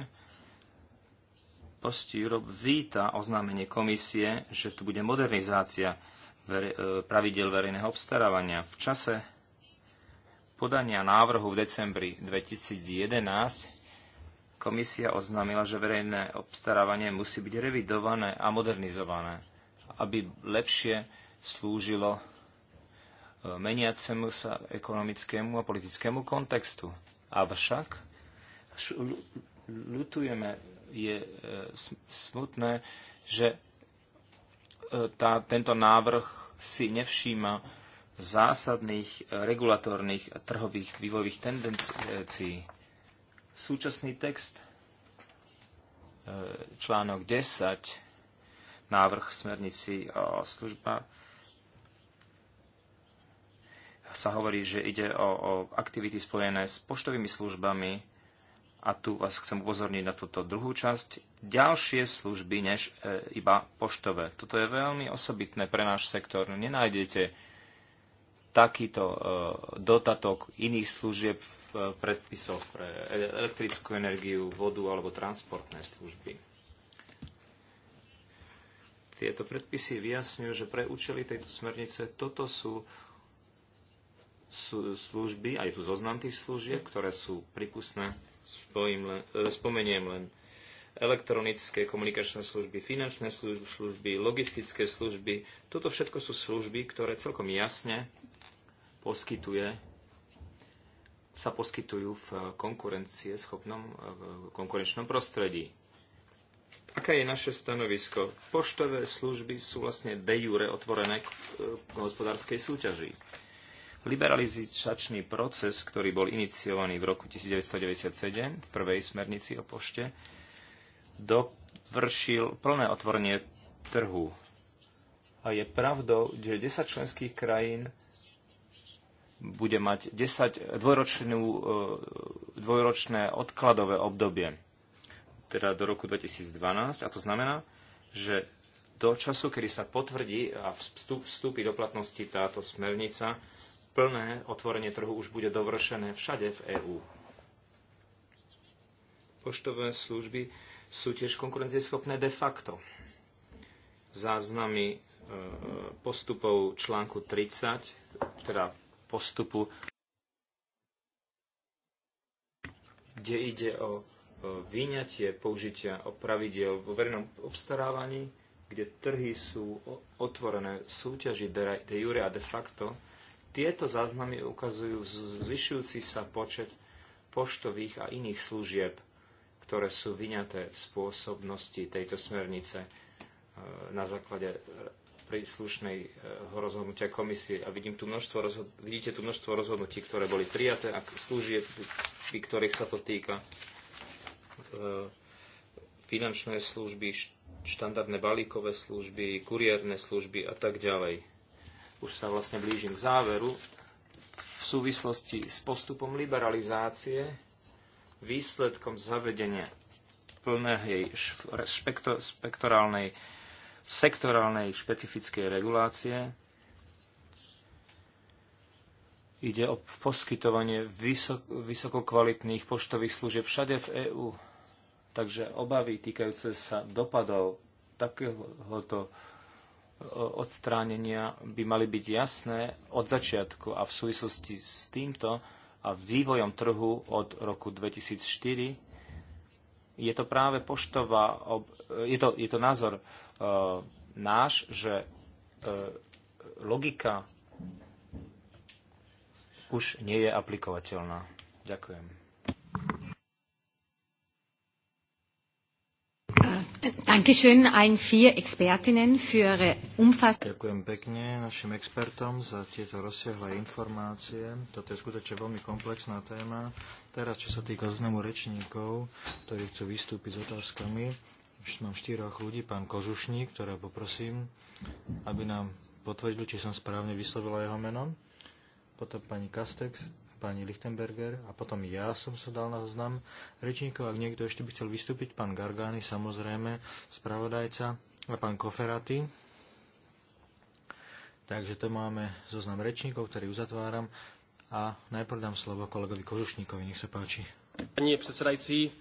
Posti Europe víta oznámenie komisie, že tu bude modernizácia e, pravidel verejného obstarávania. V čase podania návrhu v decembri 2011 komisia oznámila, že verejné obstarávanie musí byť revidované a modernizované, aby lepšie slúžilo e, meniacemu sa ekonomickému a politickému kontextu. Avšak ľutujeme je e, smutné, že e, tá, tento návrh si nevšíma zásadných e, regulatórnych a trhových vývojových tendencií. Súčasný text článok 10 návrh smernici o služba, sa hovorí, že ide o, o aktivity spojené s poštovými službami, a tu vás chcem upozorniť na túto druhú časť, ďalšie služby než e, iba poštové. Toto je veľmi osobitné pre náš sektor. Nenájdete takýto e, dotatok iných služieb v e, predpisoch pre e, elektrickú energiu, vodu alebo transportné služby. Tieto predpisy vyjasňujú, že pre účely tejto smernice toto sú služby, aj tu zoznam tých služieb, ktoré sú prípustné. Len, e, spomeniem len elektronické komunikačné služby, finančné služby, logistické služby. Toto všetko sú služby, ktoré celkom jasne poskytuje, sa poskytujú v konkurencie schopnom v konkurenčnom prostredí. Aké je naše stanovisko? Poštové služby sú vlastne de jure otvorené k e, hospodárskej súťaži Liberalizačný proces, ktorý bol iniciovaný v roku 1997 v prvej smernici o pošte, dovršil plné otvorenie trhu. A je pravdou, že 10 členských krajín bude mať 10 dvojročnú, e, dvojročné odkladové obdobie, teda do roku 2012, a to znamená, že do času, kedy sa potvrdí a vstúpi do platnosti táto smernica, plné otvorenie trhu už bude dovršené všade v EÚ. Poštové služby sú tiež konkurencieschopné de facto. Záznamy e, postupov článku 30, teda postupu, kde ide o výňatie použitia pravidiel vo verejnom obstarávaní, kde trhy sú otvorené súťaži de jure a de facto, tieto záznamy ukazujú zvyšujúci sa počet poštových a iných služieb, ktoré sú vyňaté v spôsobnosti tejto smernice e, na základe e, príslušnej e, rozhodnutia komisie. A vidím tu množstvo rozhod- vidíte tu množstvo rozhodnutí, ktoré boli prijaté a služieb, pri ktorých sa to týka finančné služby, štandardné balíkové služby, kuriérne služby a tak ďalej už sa vlastne blížim k záveru, v súvislosti s postupom liberalizácie, výsledkom zavedenia plnej spektorálnej, sektorálnej špecifickej regulácie, ide o poskytovanie vysok, vysokokvalitných poštových služieb všade v EÚ. Takže obavy týkajúce sa dopadov takéhoto odstránenia by mali byť jasné od začiatku a v súvislosti s týmto a vývojom trhu od roku 2004 je to práve poštová, je to, je to názor e, náš, že e, logika už nie je aplikovateľná. Ďakujem. Ďakujem pekne našim expertom za tieto rozsiahle informácie. Toto je skutočne veľmi komplexná téma. Teraz, čo sa týka zoznamu rečníkov, ktorí chcú vystúpiť s otázkami, už mám štyroch ľudí, pán Kožušník, ktorého poprosím, aby nám potvrdil, či som správne vyslovila jeho meno. Potom pani Kastex, pani Lichtenberger a potom ja som sa dal na zoznam rečníkov. Ak niekto ešte by chcel vystúpiť, pán Gargány, samozrejme, spravodajca a pán Koferaty. Takže to máme zoznam rečníkov, ktorý uzatváram a najprv dám slovo kolegovi Kožušníkovi, nech sa páči. Pani predsedajúci.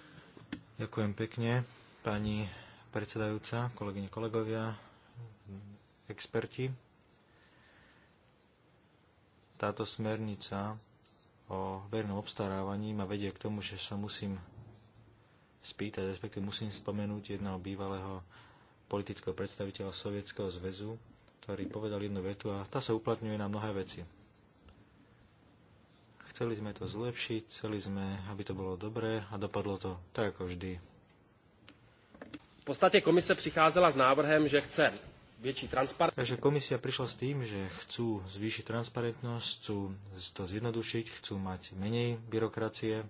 Ďakujem pekne, pani predsedajúca, kolegyne, kolegovia, experti. Táto smernica o vernom obstarávaní ma vedie k tomu, že sa musím spýtať, respektíve musím spomenúť jedného bývalého politického predstaviteľa Sovietskeho zväzu, ktorý povedal jednu vetu a tá sa uplatňuje na mnohé veci. Chceli sme to zlepšiť, chceli sme, aby to bolo dobré a dopadlo to tak ako vždy. V podstatě komise přicházela s návrhem, že chce väčší transparentnosť. Takže komisia prišla s tým, že chcú zvýšiť transparentnosť, chcú to zjednodušiť, chcú mať menej byrokracie.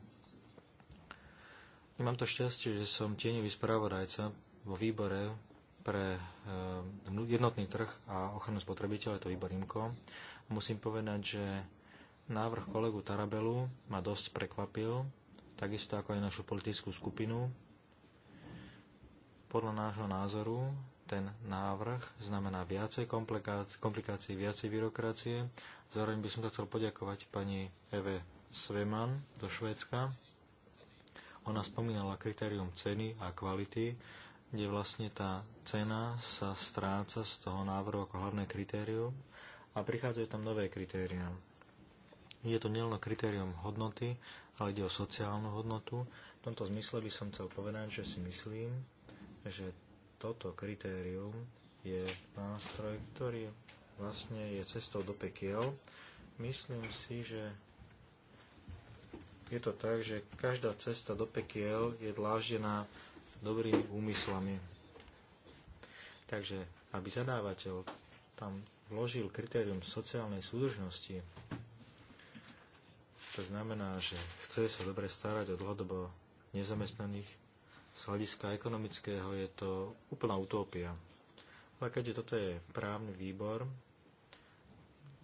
Mám to šťastie, že som tieňový správodajca vo výbore pre eh, jednotný trh a ochranu spotrebiteľa, je to výbor IMCO. Musím povedať, že návrh kolegu Tarabelu ma dosť prekvapil, takisto ako aj našu politickú skupinu. Podľa nášho názoru ten návrh znamená viacej komplikácií, viacej byrokracie. Zároveň by som sa chcel poďakovať pani Eve Sveman do Švédska. Ona spomínala kritérium ceny a kvality, kde vlastne tá cena sa stráca z toho návrhu ako hlavné kritérium a prichádzajú tam nové kritéria. Je to nielen kritérium hodnoty, ale ide o sociálnu hodnotu. V tomto zmysle by som chcel povedať, že si myslím, že toto kritérium je nástroj, ktorý vlastne je cestou do pekiel. Myslím si, že je to tak, že každá cesta do pekiel je dláždená dobrými úmyslami. Takže, aby zadávateľ tam vložil kritérium sociálnej súdržnosti, to znamená, že chce sa dobre starať o dlhodobo nezamestnaných z hľadiska ekonomického je to úplná utopia. Ale keďže toto je právny výbor,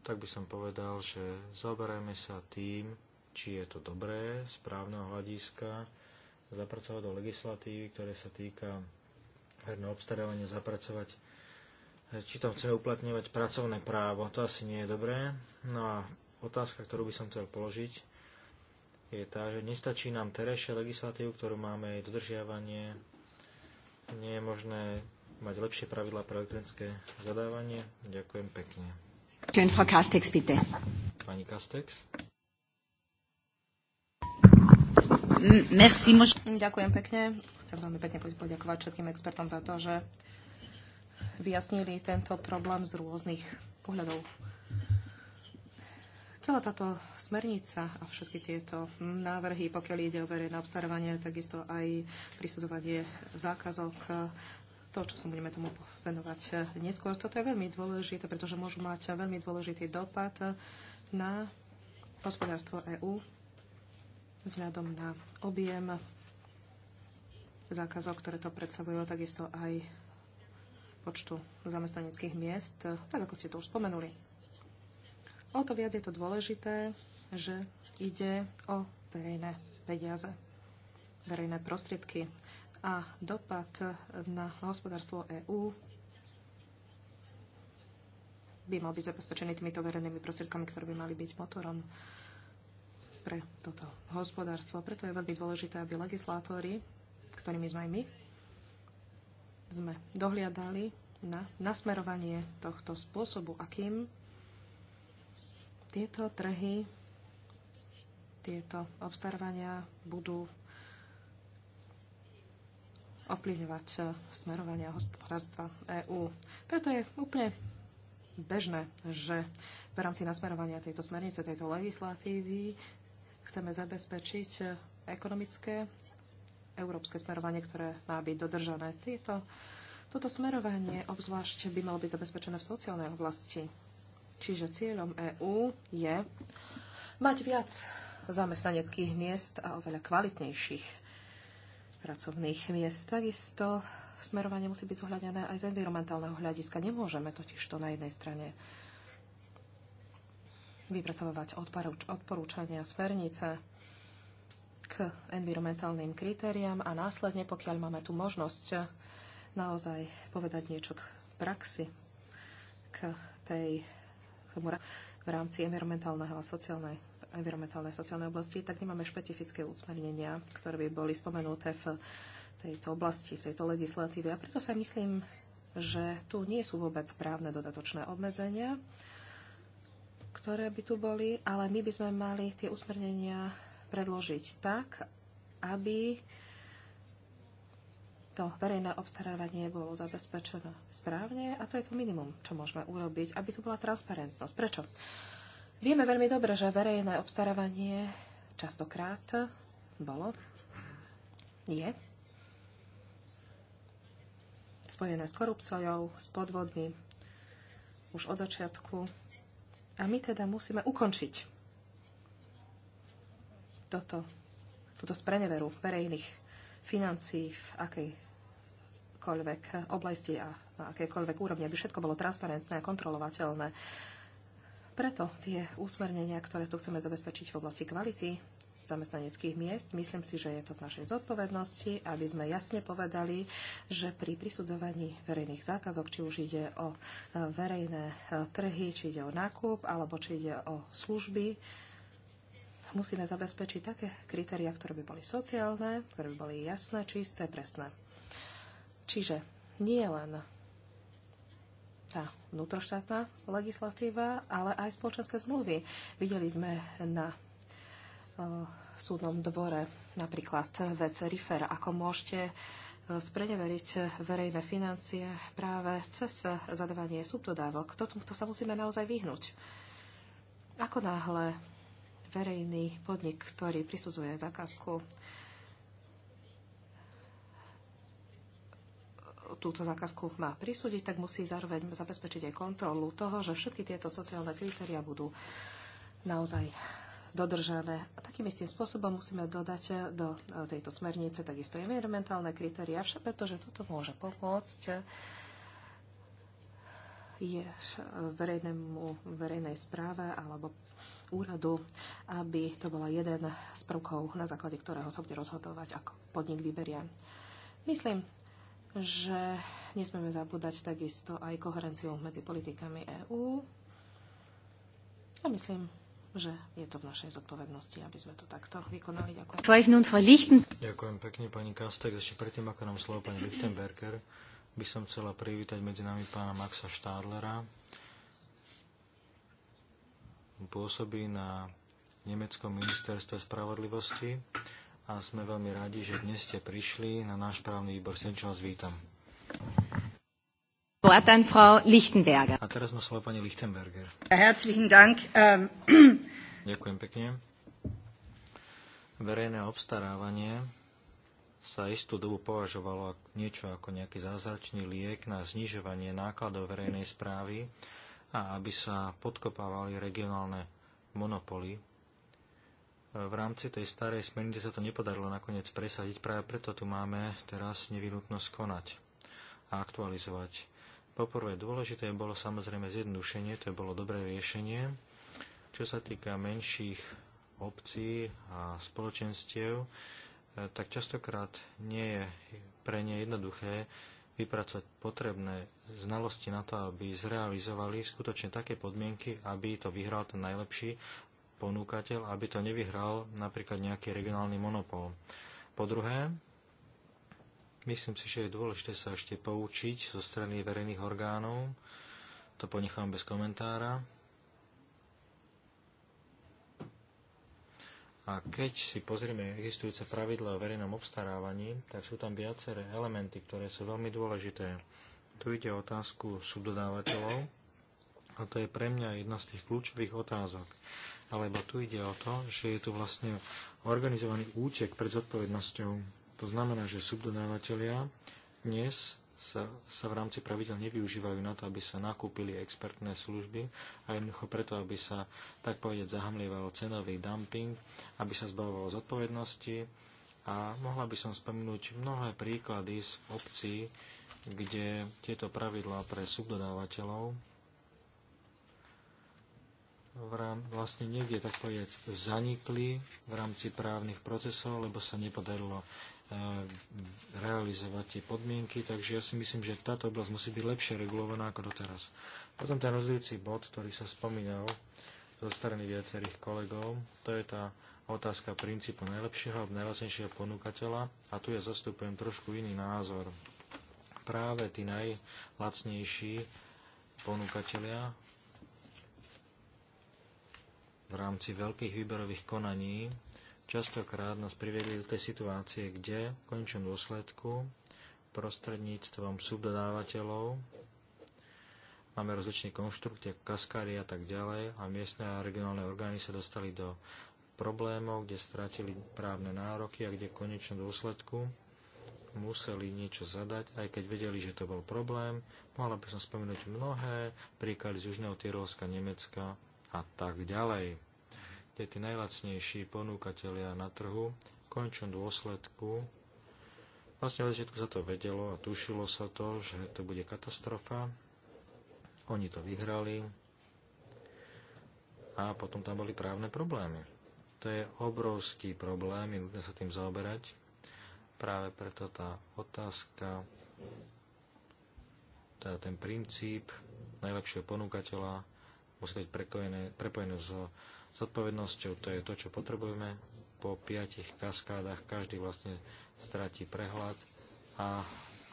tak by som povedal, že zaoberajme sa tým, či je to dobré z právneho hľadiska, zapracovať do legislatívy, ktoré sa týka herného obstarávania, zapracovať, či tam chceme uplatňovať pracovné právo. To asi nie je dobré. No a otázka, ktorú by som chcel položiť, je tá, že nestačí nám terejšia legislatívu, ktorú máme, aj dodržiavanie, nie je možné mať lepšie pravidla pre elektronické zadávanie. Ďakujem pekne. Pani Kastex. Merci. Ďakujem pekne. Chcem veľmi pekne poďakovať všetkým expertom za to, že vyjasnili tento problém z rôznych pohľadov. Celá táto smernica a všetky tieto návrhy, pokiaľ ide o verejné obstarávanie, takisto aj prisudzovanie zákazok, to, čo sa budeme tomu venovať neskôr, toto je veľmi dôležité, pretože môžu mať veľmi dôležitý dopad na hospodárstvo EÚ vzhľadom na objem zákazov, ktoré to predstavujú, takisto aj počtu zamestnaneckých miest, tak ako ste to už spomenuli. O to viac je to dôležité, že ide o verejné peniaze, verejné prostriedky a dopad na hospodárstvo EÚ by mal byť zabezpečený týmito verejnými prostriedkami, ktoré by mali byť motorom pre toto hospodárstvo. Preto je veľmi dôležité, aby legislátori, ktorými sme aj my, sme dohliadali na nasmerovanie tohto spôsobu, akým tieto trhy, tieto obstarávania budú ovplyvňovať eh, smerovania hospodárstva EÚ. Preto je úplne bežné, že v rámci nasmerovania tejto smernice, tejto legislatívy chceme zabezpečiť eh, ekonomické európske smerovanie, ktoré má byť dodržané. Tieto, toto smerovanie obzvlášť by malo byť zabezpečené v sociálnej oblasti. Čiže cieľom EÚ je mať viac zamestnaneckých miest a oveľa kvalitnejších pracovných miest. Takisto smerovanie musí byť zohľadené aj z environmentálneho hľadiska. Nemôžeme totiž to na jednej strane vypracovať odporúčania smernice k environmentálnym kritériám a následne, pokiaľ máme tu možnosť naozaj povedať niečo k praxi, k tej Nakamura v rámci environmentálneho a sociálnej environmentálnej sociálnej oblasti, tak nemáme špecifické usmernenia, ktoré by boli spomenuté v tejto oblasti, v tejto legislatíve. A preto sa myslím, že tu nie sú vôbec správne dodatočné obmedzenia, ktoré by tu boli, ale my by sme mali tie usmernenia predložiť tak, aby to verejné obstarávanie bolo zabezpečené správne a to je to minimum, čo môžeme urobiť, aby tu bola transparentnosť. Prečo? Vieme veľmi dobre, že verejné obstarávanie častokrát bolo, je spojené s korupciou, s podvodmi už od začiatku. A my teda musíme ukončiť toto, túto spreneveru verejných financií v akejkoľvek oblasti a na akejkoľvek úrovni, aby všetko bolo transparentné a kontrolovateľné. Preto tie úsmernenia, ktoré tu chceme zabezpečiť v oblasti kvality zamestnaneckých miest, myslím si, že je to v našej zodpovednosti, aby sme jasne povedali, že pri prisudzovaní verejných zákazok, či už ide o verejné trhy, či ide o nákup, alebo či ide o služby, musíme zabezpečiť také kritéria, ktoré by boli sociálne, ktoré by boli jasné, čisté, presné. Čiže nie len tá vnútroštátna legislatíva, ale aj spoločenské zmluvy. Videli sme na uh, súdnom dvore napríklad vec Rifer, ako môžete e, spreneveriť verejné financie práve cez zadávanie subdodávok. K to sa musíme naozaj vyhnúť. Ako náhle verejný podnik, ktorý prisudzuje zákazku túto zákazku má prisúdiť, tak musí zároveň zabezpečiť aj kontrolu toho, že všetky tieto sociálne kritéria budú naozaj dodržané. A takým istým spôsobom musíme dodať do tejto smernice takisto environmentálne kritéria, však pretože toto môže pomôcť je verejnému, verejnej správe alebo úradu, aby to bolo jeden z prvkov, na základe ktorého sa bude rozhodovať, ako podnik vyberie. Myslím, že nesmieme zabúdať takisto aj koherenciu medzi politikami EÚ. A myslím, že je to v našej zodpovednosti, aby sme to takto vykonali. Ďakujem. Ďakujem pekne, pani Kastek. Ešte predtým, ako nám slovo pani Lichtenberger, by som chcela privítať medzi nami pána Maxa Štádlera, pôsobí na Nemeckom ministerstve spravodlivosti a sme veľmi radi, že dnes ste prišli na náš právny výbor. Srdečne vás vítam. A teraz má slovo pani Lichtenberger. Herzlichen Dank. Ähm, Ďakujem pekne. Verejné obstarávanie sa istú dobu považovalo niečo ako nejaký zázračný liek na znižovanie nákladov verejnej správy a aby sa podkopávali regionálne monopoly. E, v rámci tej starej smernice sa to nepodarilo nakoniec presadiť, práve preto tu máme teraz nevyhnutnosť konať a aktualizovať. Poprvé dôležité bolo samozrejme zjednodušenie, to bolo dobré riešenie. Čo sa týka menších obcí a spoločenstiev, e, tak častokrát nie je pre ne jednoduché vypracovať potrebné znalosti na to, aby zrealizovali skutočne také podmienky, aby to vyhral ten najlepší ponúkateľ, aby to nevyhral napríklad nejaký regionálny monopol. Po druhé, myslím si, že je dôležité sa ešte poučiť zo strany verejných orgánov, to ponechám bez komentára, A keď si pozrieme existujúce pravidla o verejnom obstarávaní, tak sú tam viaceré elementy, ktoré sú veľmi dôležité. Tu ide o otázku subdodávateľov a to je pre mňa jedna z tých kľúčových otázok. Alebo tu ide o to, že je tu vlastne organizovaný útek pred zodpovednosťou. To znamená, že subdodávateľia dnes sa, sa v rámci pravidel nevyužívajú na to, aby sa nakúpili expertné služby a jednoducho preto, aby sa, tak povedať, zahamlieval cenový dumping, aby sa zbavovalo zodpovednosti a mohla by som spomenúť mnohé príklady z obcí, kde tieto pravidlá pre subdodávateľov vlastne niekde, tak povedať, zanikli v rámci právnych procesov, lebo sa nepodarilo realizovať tie podmienky, takže ja si myslím, že táto oblasť musí byť lepšie regulovaná ako doteraz. Potom ten rozhodujúci bod, ktorý sa spomínal zo strany viacerých kolegov, to je tá otázka princípu najlepšieho alebo najlacnejšieho ponúkateľa a tu ja zastupujem trošku iný názor. Práve tí najlacnejší ponúkatelia v rámci veľkých výberových konaní častokrát nás priviedli do tej situácie, kde v končnom dôsledku prostredníctvom subdodávateľov máme rozličné konštrukty, kaskári a tak ďalej a miestne a regionálne orgány sa dostali do problémov, kde stratili právne nároky a kde v konečnom dôsledku museli niečo zadať, aj keď vedeli, že to bol problém. Mohla by som spomenúť mnohé príklady z Južného Tyrolska, Nemecka a tak ďalej podstate tí najlacnejší ponúkatelia na trhu v končnom dôsledku Vlastne od začiatku sa to vedelo a tušilo sa to, že to bude katastrofa. Oni to vyhrali a potom tam boli právne problémy. To je obrovský problém, je nutné sa tým zaoberať. Práve preto tá otázka, teda ten princíp najlepšieho ponúkateľa musí byť prepojené so zodpovednosťou. To je to, čo potrebujeme. Po piatich kaskádach každý vlastne stratí prehľad a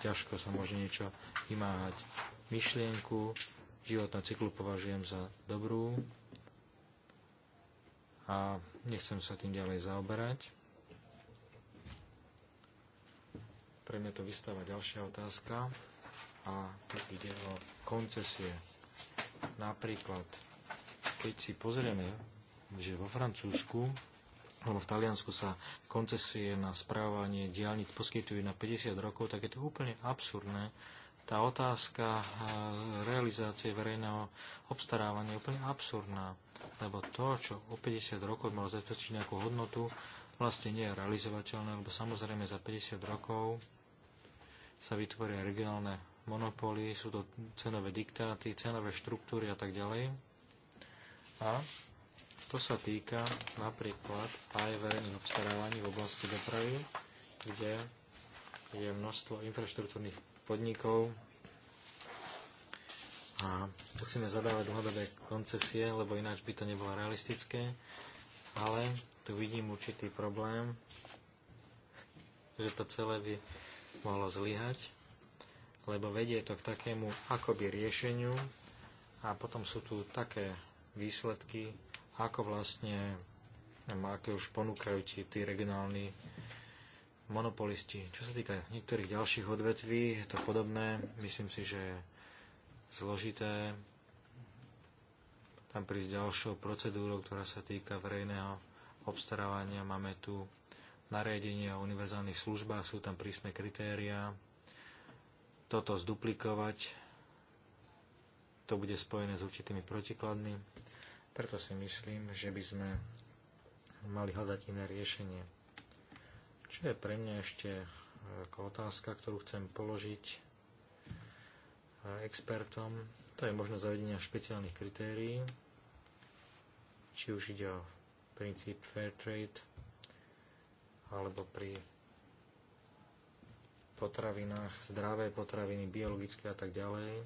ťažko sa môže niečo vymáhať. Myšlienku životného cyklu považujem za dobrú a nechcem sa tým ďalej zaoberať. Pre mňa to vystáva ďalšia otázka a tu ide o koncesie. Napríklad, keď si pozrieme že vo Francúzsku alebo v Taliansku sa koncesie na správanie diálnic poskytujú na 50 rokov, tak je to úplne absurdné. Tá otázka e, realizácie verejného obstarávania je úplne absurdná, lebo to, čo o 50 rokov malo zabezpečiť nejakú hodnotu, vlastne nie je realizovateľné, lebo samozrejme za 50 rokov sa vytvoria regionálne monopóly, sú to cenové diktáty, cenové štruktúry a tak ďalej. A to sa týka napríklad aj verejných obstarávaní v oblasti dopravy, kde je množstvo infraštruktúrnych podnikov a musíme zadávať dlhodobé koncesie, lebo ináč by to nebolo realistické, ale tu vidím určitý problém, že to celé by mohlo zlyhať, lebo vedie to k takému akoby riešeniu a potom sú tu také výsledky, ako vlastne, aké už ponúkajú ti tí regionálni monopolisti. Čo sa týka niektorých ďalších odvetví, je to podobné. Myslím si, že je zložité tam prísť ďalšou procedúrou, ktorá sa týka verejného obstarávania. Máme tu nariadenie o univerzálnych službách, sú tam prísne kritériá. Toto zduplikovať, to bude spojené s určitými protikladmi. Preto si myslím, že by sme mali hľadať iné riešenie. Čo je pre mňa ešte e, ako otázka, ktorú chcem položiť e, expertom, to je možno zavedenia špeciálnych kritérií, či už ide o princíp fair trade, alebo pri potravinách, zdravé potraviny, biologické a tak ďalej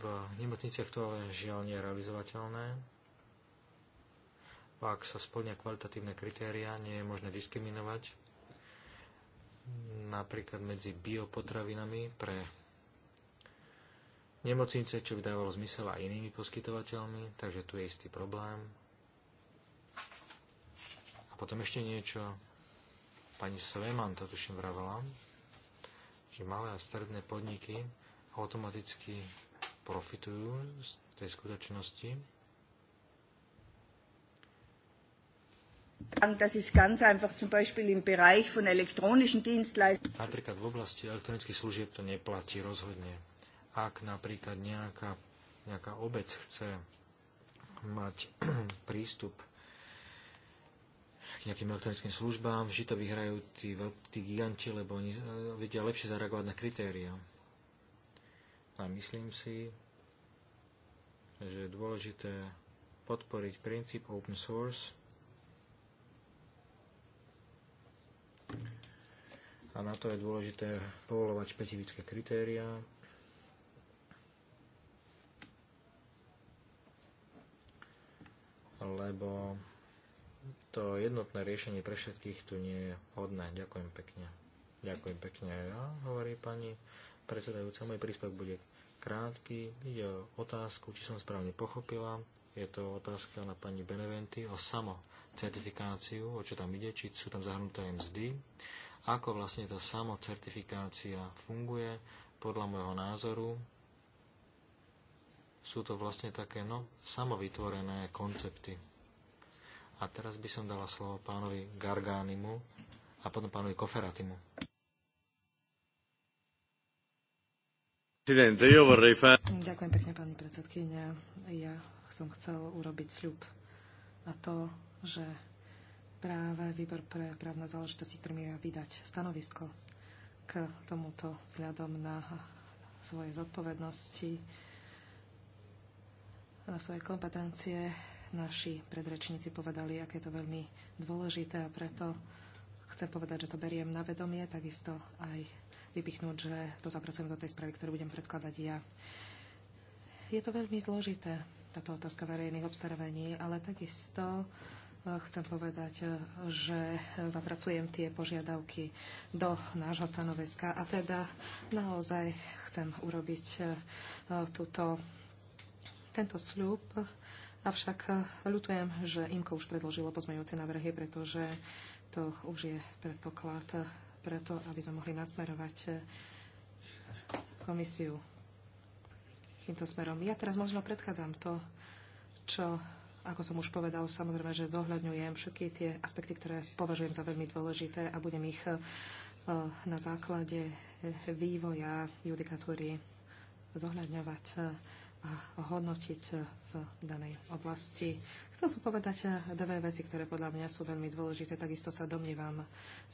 v nemocniciach to ale žiaľ nie je realizovateľné. Ak sa splnia kvalitatívne kritéria, nie je možné diskriminovať napríklad medzi biopotravinami pre nemocnice, čo by dávalo zmysel aj inými poskytovateľmi, takže tu je istý problém. A potom ešte niečo. Pani Sveman to tuším vravala, že malé a stredné podniky automaticky profitujú z tej skutočnosti. Napríklad v oblasti elektronických služieb to neplatí rozhodne. Ak napríklad nejaká, nejaká obec chce mať prístup k nejakým elektronickým službám, vždy to vyhrajú tí, tí giganti, lebo oni eh, vedia lepšie zareagovať na kritéria. A myslím si, že je dôležité podporiť princíp open source a na to je dôležité povolovať špecifické kritériá. lebo to jednotné riešenie pre všetkých tu nie je hodné. Ďakujem pekne. Ďakujem pekne ja, hovorí pani predsedajúca. Môj príspevok bude krátky. Ide o otázku, či som správne pochopila. Je to otázka na pani Beneventy o samo certifikáciu, o čo tam ide, či sú tam zahrnuté aj mzdy, ako vlastne tá samocertifikácia funguje. Podľa môjho názoru sú to vlastne také no, samovytvorené koncepty. A teraz by som dala slovo pánovi Garganimu a potom pánovi Koferatimu. Ďakujem pekne, pani predsedkynia. Ja som chcel urobiť sľub na to, že práve výbor pre právne záležitosti, mi je vydať stanovisko k tomuto vzhľadom na svoje zodpovednosti, na svoje kompetencie, naši predrečníci povedali, aké je to veľmi dôležité a preto chcem povedať, že to beriem na vedomie, takisto aj vypichnúť, že to zapracujem do tej správy, ktorú budem predkladať ja. Je to veľmi zložité, táto otázka verejných obstarávaní, ale takisto e, chcem povedať, e, že zapracujem tie požiadavky do nášho stanoviska a teda naozaj chcem urobiť e, túto, tento sľub. Avšak ľutujem, že Imko už predložilo pozmeňujúce návrhy, pretože to už je predpoklad preto, aby sme mohli nasmerovať eh, komisiu týmto smerom. Ja teraz možno predchádzam to, čo, ako som už povedal, samozrejme, že zohľadňujem všetky tie aspekty, ktoré považujem za veľmi dôležité a budem ich eh, na základe eh, vývoja judikatúry zohľadňovať hodnotiť eh, v danej oblasti. Chcel som povedať eh, dve veci, ktoré podľa mňa sú veľmi dôležité. Takisto sa domnievam,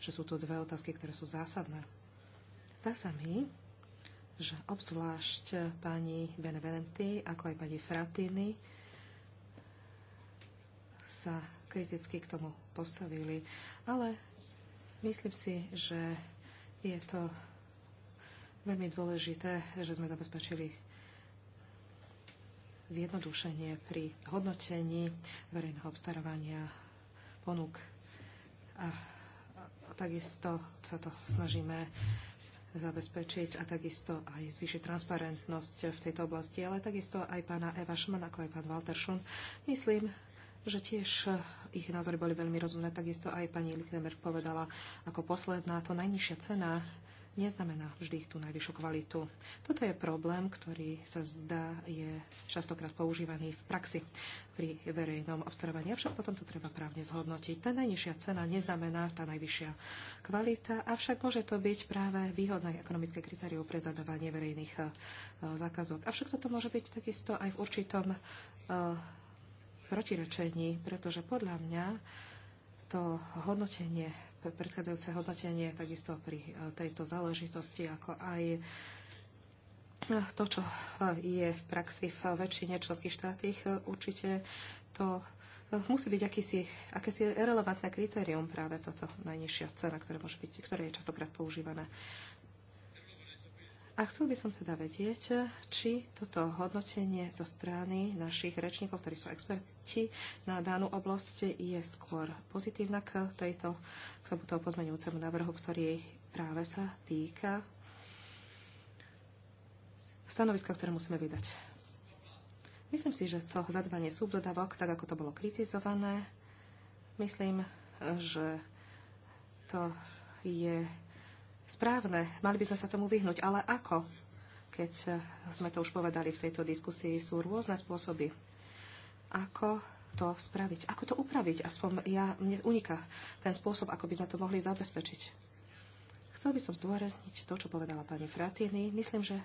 že sú tu dve otázky, ktoré sú zásadné. Zdá sa mi, že obzvlášť eh, pani Beneventy, ako aj pani Fratini, sa kriticky k tomu postavili. Ale myslím si, že je to veľmi dôležité, že sme zabezpečili zjednodušenie pri hodnotení verejného obstarovania ponúk. A takisto sa to snažíme zabezpečiť a takisto aj zvýšiť transparentnosť v tejto oblasti, ale takisto aj pána Eva Šman, ako aj pán Walter Šun. Myslím, že tiež ich názory boli veľmi rozumné. Takisto aj pani Lichtenberg povedala, ako posledná, to najnižšia cena neznamená vždy tú najvyššiu kvalitu. Toto je problém, ktorý sa zdá je častokrát používaný v praxi pri verejnom obstarávaní. Avšak potom to treba právne zhodnotiť. Tá najnižšia cena neznamená tá najvyššia kvalita, avšak môže to byť práve výhodné ekonomické kritérium pre zadávanie verejných e, zákazok. Avšak toto môže byť takisto aj v určitom e, protirečení, pretože podľa mňa to hodnotenie predchádzajúce hodnotenie takisto pri eh, tejto záležitosti, ako aj eh, to, čo eh, je v praxi v väčšine členských štátoch, určite to musí byť akýsi, akési relevantné kritérium práve toto najnižšia cena, ktoré, môže byť, ktoré je častokrát používané. Uh, a chcel by som teda vedieť, či toto hodnotenie zo strany našich rečníkov, ktorí sú experti na danú oblasť, je skôr pozitívna k, tejto, k tomuto pozmeňujúcemu návrhu, ktorý práve sa týka stanoviska, ktoré musíme vydať. Myslím si, že to zadávanie subdodavok, tak ako to bolo kritizované, myslím, že to je správne. Mali by sme sa tomu vyhnúť. Ale ako? Keď sme to už povedali v tejto diskusii, sú rôzne spôsoby, ako to spraviť, ako to upraviť. Aspoň ja, mne uniká ten spôsob, ako by sme to mohli zabezpečiť. Chcel by som zdôrazniť to, čo povedala pani Fratini. Myslím, že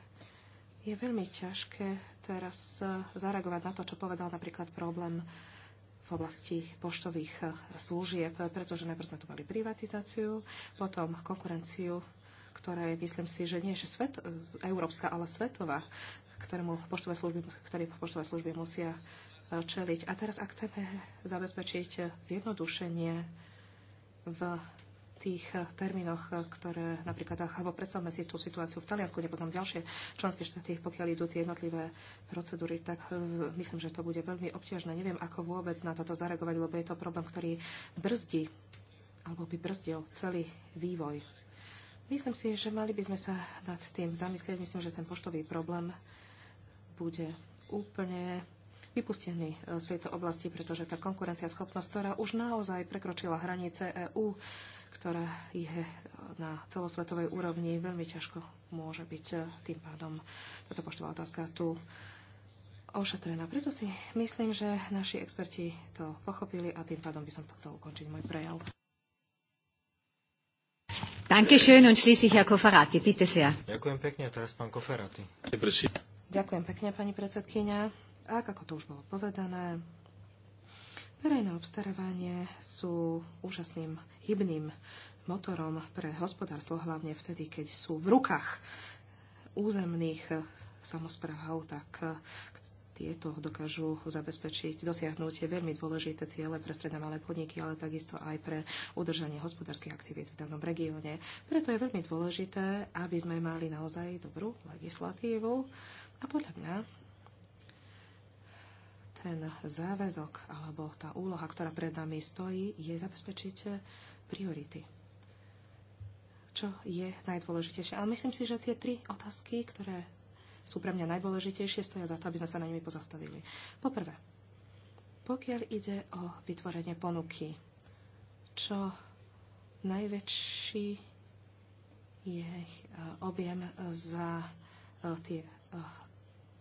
je veľmi ťažké teraz eh, zareagovať na to, čo povedal napríklad problém v oblasti poštových eh, služieb, pretože najprv sme tu mali privatizáciu, potom konkurenciu, ktorá je, myslím si, že nie je svet, eh, európska, ale svetová, ktorému poštové služby, ktoré poštové služby musia eh, čeliť. A teraz, ak chceme zabezpečiť zjednodušenie v tých eh, termínoch, eh, ktoré napríklad, eh, alebo predstavme si tú situáciu v Taliansku, nepoznám ďalšie členské štáty, pokiaľ idú tie jednotlivé procedúry, tak myslím, že to bude veľmi obťažné. Neviem, ako vôbec na toto zareagovať, lebo je to problém, ktorý brzdí alebo by brzdil celý vývoj. Myslím si, že mali by sme sa nad tým zamyslieť. Myslím, že ten poštový problém bude úplne vypustený z tejto oblasti, pretože tá konkurencia schopnosť, ktorá už naozaj prekročila hranice EÚ, ktorá je e, na celosvetovej úrovni veľmi ťažko môže byť e, tým pádom táto poštová otázka tu ošetrená. Preto si myslím, že naši experti to pochopili a tým pádom by som to chcel ukončiť môj prejav. und Herr Koferati, bitte sehr. Ďakujem pekne, teraz pán Koferati. Ďakujem pekne, pani predsedkynia. A ako to už bolo povedané, Verejné obstarávanie sú úžasným hybným motorom pre hospodárstvo, hlavne vtedy, keď sú v rukách územných samozpráv, tak tieto dokážu zabezpečiť dosiahnutie veľmi dôležité ciele pre stredné malé podniky, ale takisto aj pre udržanie hospodárskych aktivít v danom regióne. Preto je veľmi dôležité, aby sme mali naozaj dobrú legislatívu a podľa mňa ten záväzok alebo tá úloha, ktorá pred nami stojí, je zabezpečiť priority. Čo je najdôležitejšie? Ale myslím si, že tie tri otázky, ktoré sú pre mňa najdôležitejšie, stoja za to, aby sme sa na nimi pozastavili. Poprvé, pokiaľ ide o vytvorenie ponuky, čo najväčší je eh, objem za eh, tie eh,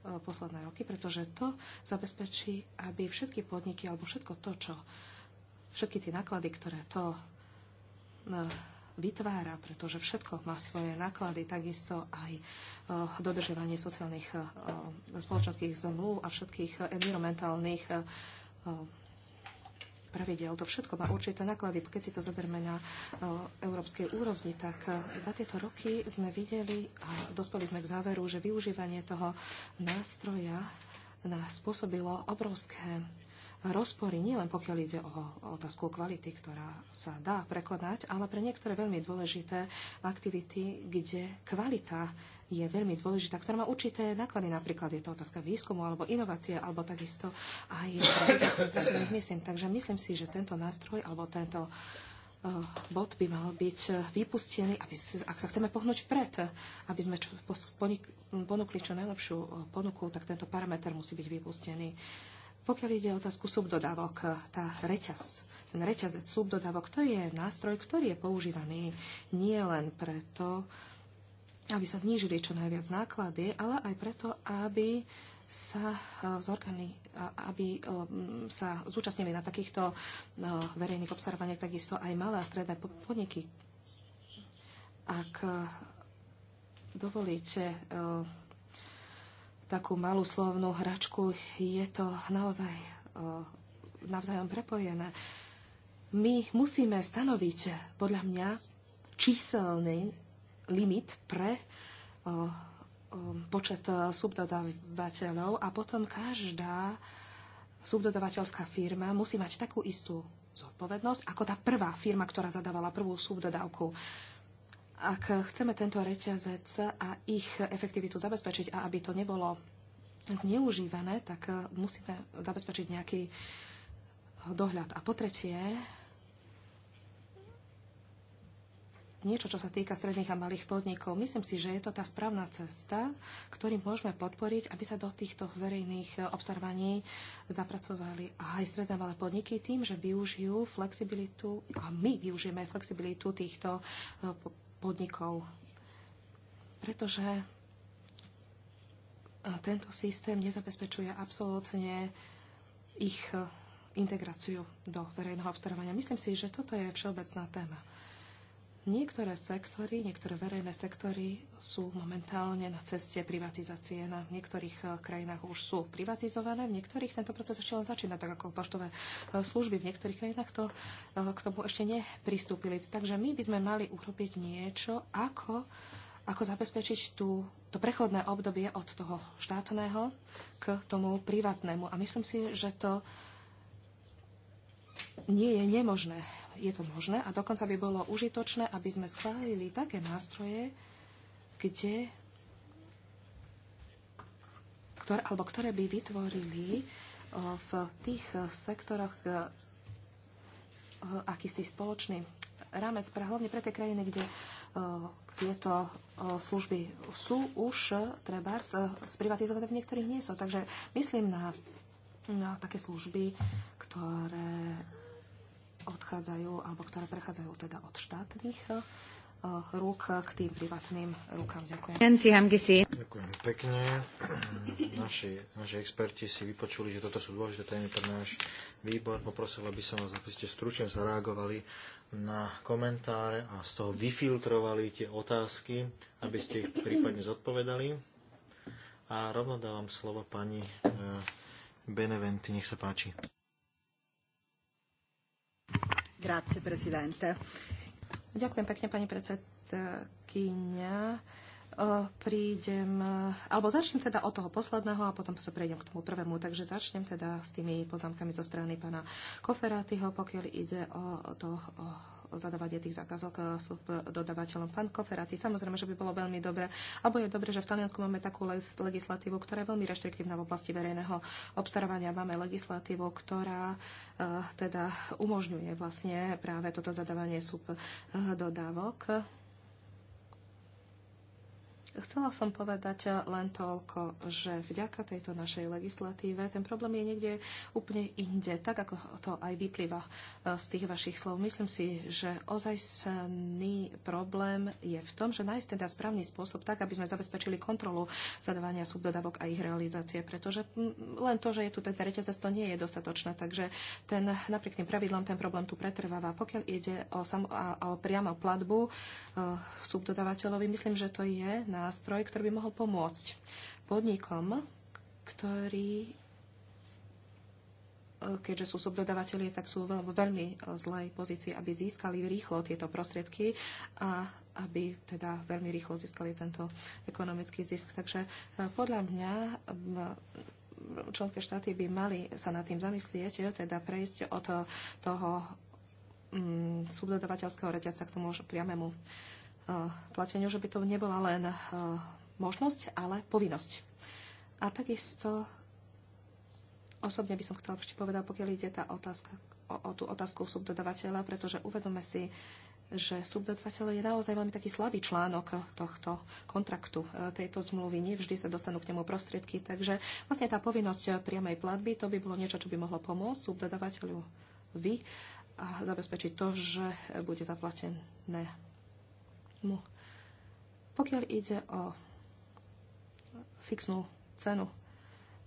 Eh, posledné roky, pretože to zabezpečí, aby všetky podniky alebo všetko to, čo všetky tie náklady, ktoré to eh, vytvára, pretože všetko má svoje náklady, takisto aj eh, dodržovanie sociálnych spoločenských zmluv a všetkých environmentálnych pravidel. To všetko má určité náklady. Keď si to zoberme na eh, európskej úrovni, tak eh, za tieto roky sme videli a dospeli sme k záveru, že využívanie toho nástroja nás spôsobilo obrovské rozpory, nielen pokiaľ ide o otázku kvality, ktorá sa dá prekonať, ale pre niektoré veľmi dôležité aktivity, kde kvalita je veľmi dôležitá, ktorá má určité náklady. Napríklad je to otázka výskumu alebo inovácie, alebo takisto aj pracovných myslím. Takže myslím si, že tento nástroj alebo tento eh, bod by mal byť vypustený, aby, ak sa chceme pohnúť vpred, aby sme čo, ponúkli čo najlepšiu eh, ponuku, tak tento parameter musí byť vypustený. Pokiaľ ide o otázku subdodávok, tá reťaz, ten reťazec subdodávok, to je nástroj, ktorý je používaný nie len preto, aby sa znížili čo najviac náklady, ale aj preto, aby sa e, zorgani, aby e, sa zúčastnili na takýchto e, verejných observaniach takisto aj malé a stredné podniky. Ak dovolíte takú malú slovnú hračku, je to naozaj navzájom prepojené. My musíme stanoviť, podľa mňa, číselný limit pre eh, eh, počet eh, subdodávateľov a potom každá subdodávateľská firma musí mať takú istú zodpovednosť ako tá prvá firma, ktorá zadávala prvú subdodávku. Ak chceme tento reťazec a ich efektivitu zabezpečiť a aby to nebolo zneužívané, tak musíme zabezpečiť nejaký dohľad. A po tretie, niečo, čo sa týka stredných a malých podnikov. Myslím si, že je to tá správna cesta, ktorým môžeme podporiť, aby sa do týchto verejných e, observaní zapracovali aj stredné a malé podniky tým, že využijú flexibilitu a my využijeme flexibilitu týchto e, podnikov. Pretože e, tento systém nezabezpečuje absolútne ich integráciu do verejného obstarávania. Myslím si, že toto je všeobecná téma. Niektoré sektory, niektoré verejné sektory sú momentálne na ceste privatizácie. Na niektorých eh, krajinách už sú privatizované, v niektorých tento proces ešte len začína, tak ako poštové eh, služby. V niektorých krajinách to eh, k tomu ešte nepristúpili. Takže my by sme mali urobiť niečo, ako, ako zabezpečiť tú, to prechodné obdobie od toho štátneho k tomu privátnemu. A myslím si, že to nie je nemožné. Je to možné a dokonca by bolo užitočné, aby sme schválili také nástroje, kde, ktoré, alebo ktoré by vytvorili v tých e, sektoroch e, e, akýsi spoločný rámec, pre, hlavne pre tie krajiny, kde tieto služby sú už trebárs sprivatizované, v niektorých nie sú. Takže myslím na no, také služby, ktoré odchádzajú, alebo ktoré prechádzajú teda od štátnych eh, rúk k tým privatným rukám. Ďakujem. Ďakujem pekne. Naši, naši experti si vypočuli, že toto sú dôležité témy pre náš výbor. Poprosila by som vás, aby ste stručne zareagovali na komentáre a z toho vyfiltrovali tie otázky, aby ste ich prípadne zodpovedali. A rovno dávam slovo pani eh, Beneventi, nech sa páči. Grazie, prezidente. Ďakujem pekne, pani predsedkynia prídem, alebo začnem teda od toho posledného a potom sa prejdem k tomu prvému. Takže začnem teda s tými poznámkami zo strany pána Koferatyho, pokiaľ ide o to o zadávania tých zákazok e, sú dodávateľom. Pán Koferati, samozrejme, že by bolo veľmi dobre, alebo je dobre, že v Taliansku máme takú legislatívu, ktorá je veľmi reštriktívna v oblasti verejného obstarávania. Máme legislatívu, ktorá e, teda umožňuje vlastne práve toto zadávanie sub e, dodávok Chcela som povedať len toľko, že vďaka tejto našej legislatíve ten problém je niekde úplne inde, tak ako to aj vyplýva e, z tých vašich slov. Myslím si, že ozajstný problém je v tom, že nájsť teda správny spôsob tak, aby sme zabezpečili kontrolu zadávania subdodávok a ich realizácie, pretože len to, že je tu ten reťazec, to nie je dostatočné, takže ten, napriek tým pravidlom, ten problém tu pretrváva. Pokiaľ ide o, sam, a, o priamo platbu e, subdodávateľovi, myslím, že to je na nástroj, ktorý by mohol pomôcť podnikom, ktorí e, keďže sú subdodavatelia, tak sú vo veľmi e, zlej pozícii, aby získali rýchlo tieto prostriedky a aby teda veľmi rýchlo získali tento ekonomický zisk. Takže e, podľa mňa členské štáty by mali sa nad tým zamyslieť, teda prejsť od toho subdodavateľského reťazca k tomu priamému Eh, plateniu, že by to nebola len eh, možnosť, ale povinnosť. A takisto osobne by som chcela ešte povedať, pokiaľ ide tá otázka, o, o tú otázku subdodavateľa, pretože uvedome si, že subdodavateľ je naozaj veľmi taký slabý článok tohto kontraktu, eh, tejto zmluvy. Nevždy sa dostanú k nemu prostriedky, takže vlastne tá povinnosť priamej platby, to by bolo niečo, čo by mohlo pomôcť subdodavateľu vy a zabezpečiť to, že bude zaplatené mu. Pokiaľ ide o fixnú cenu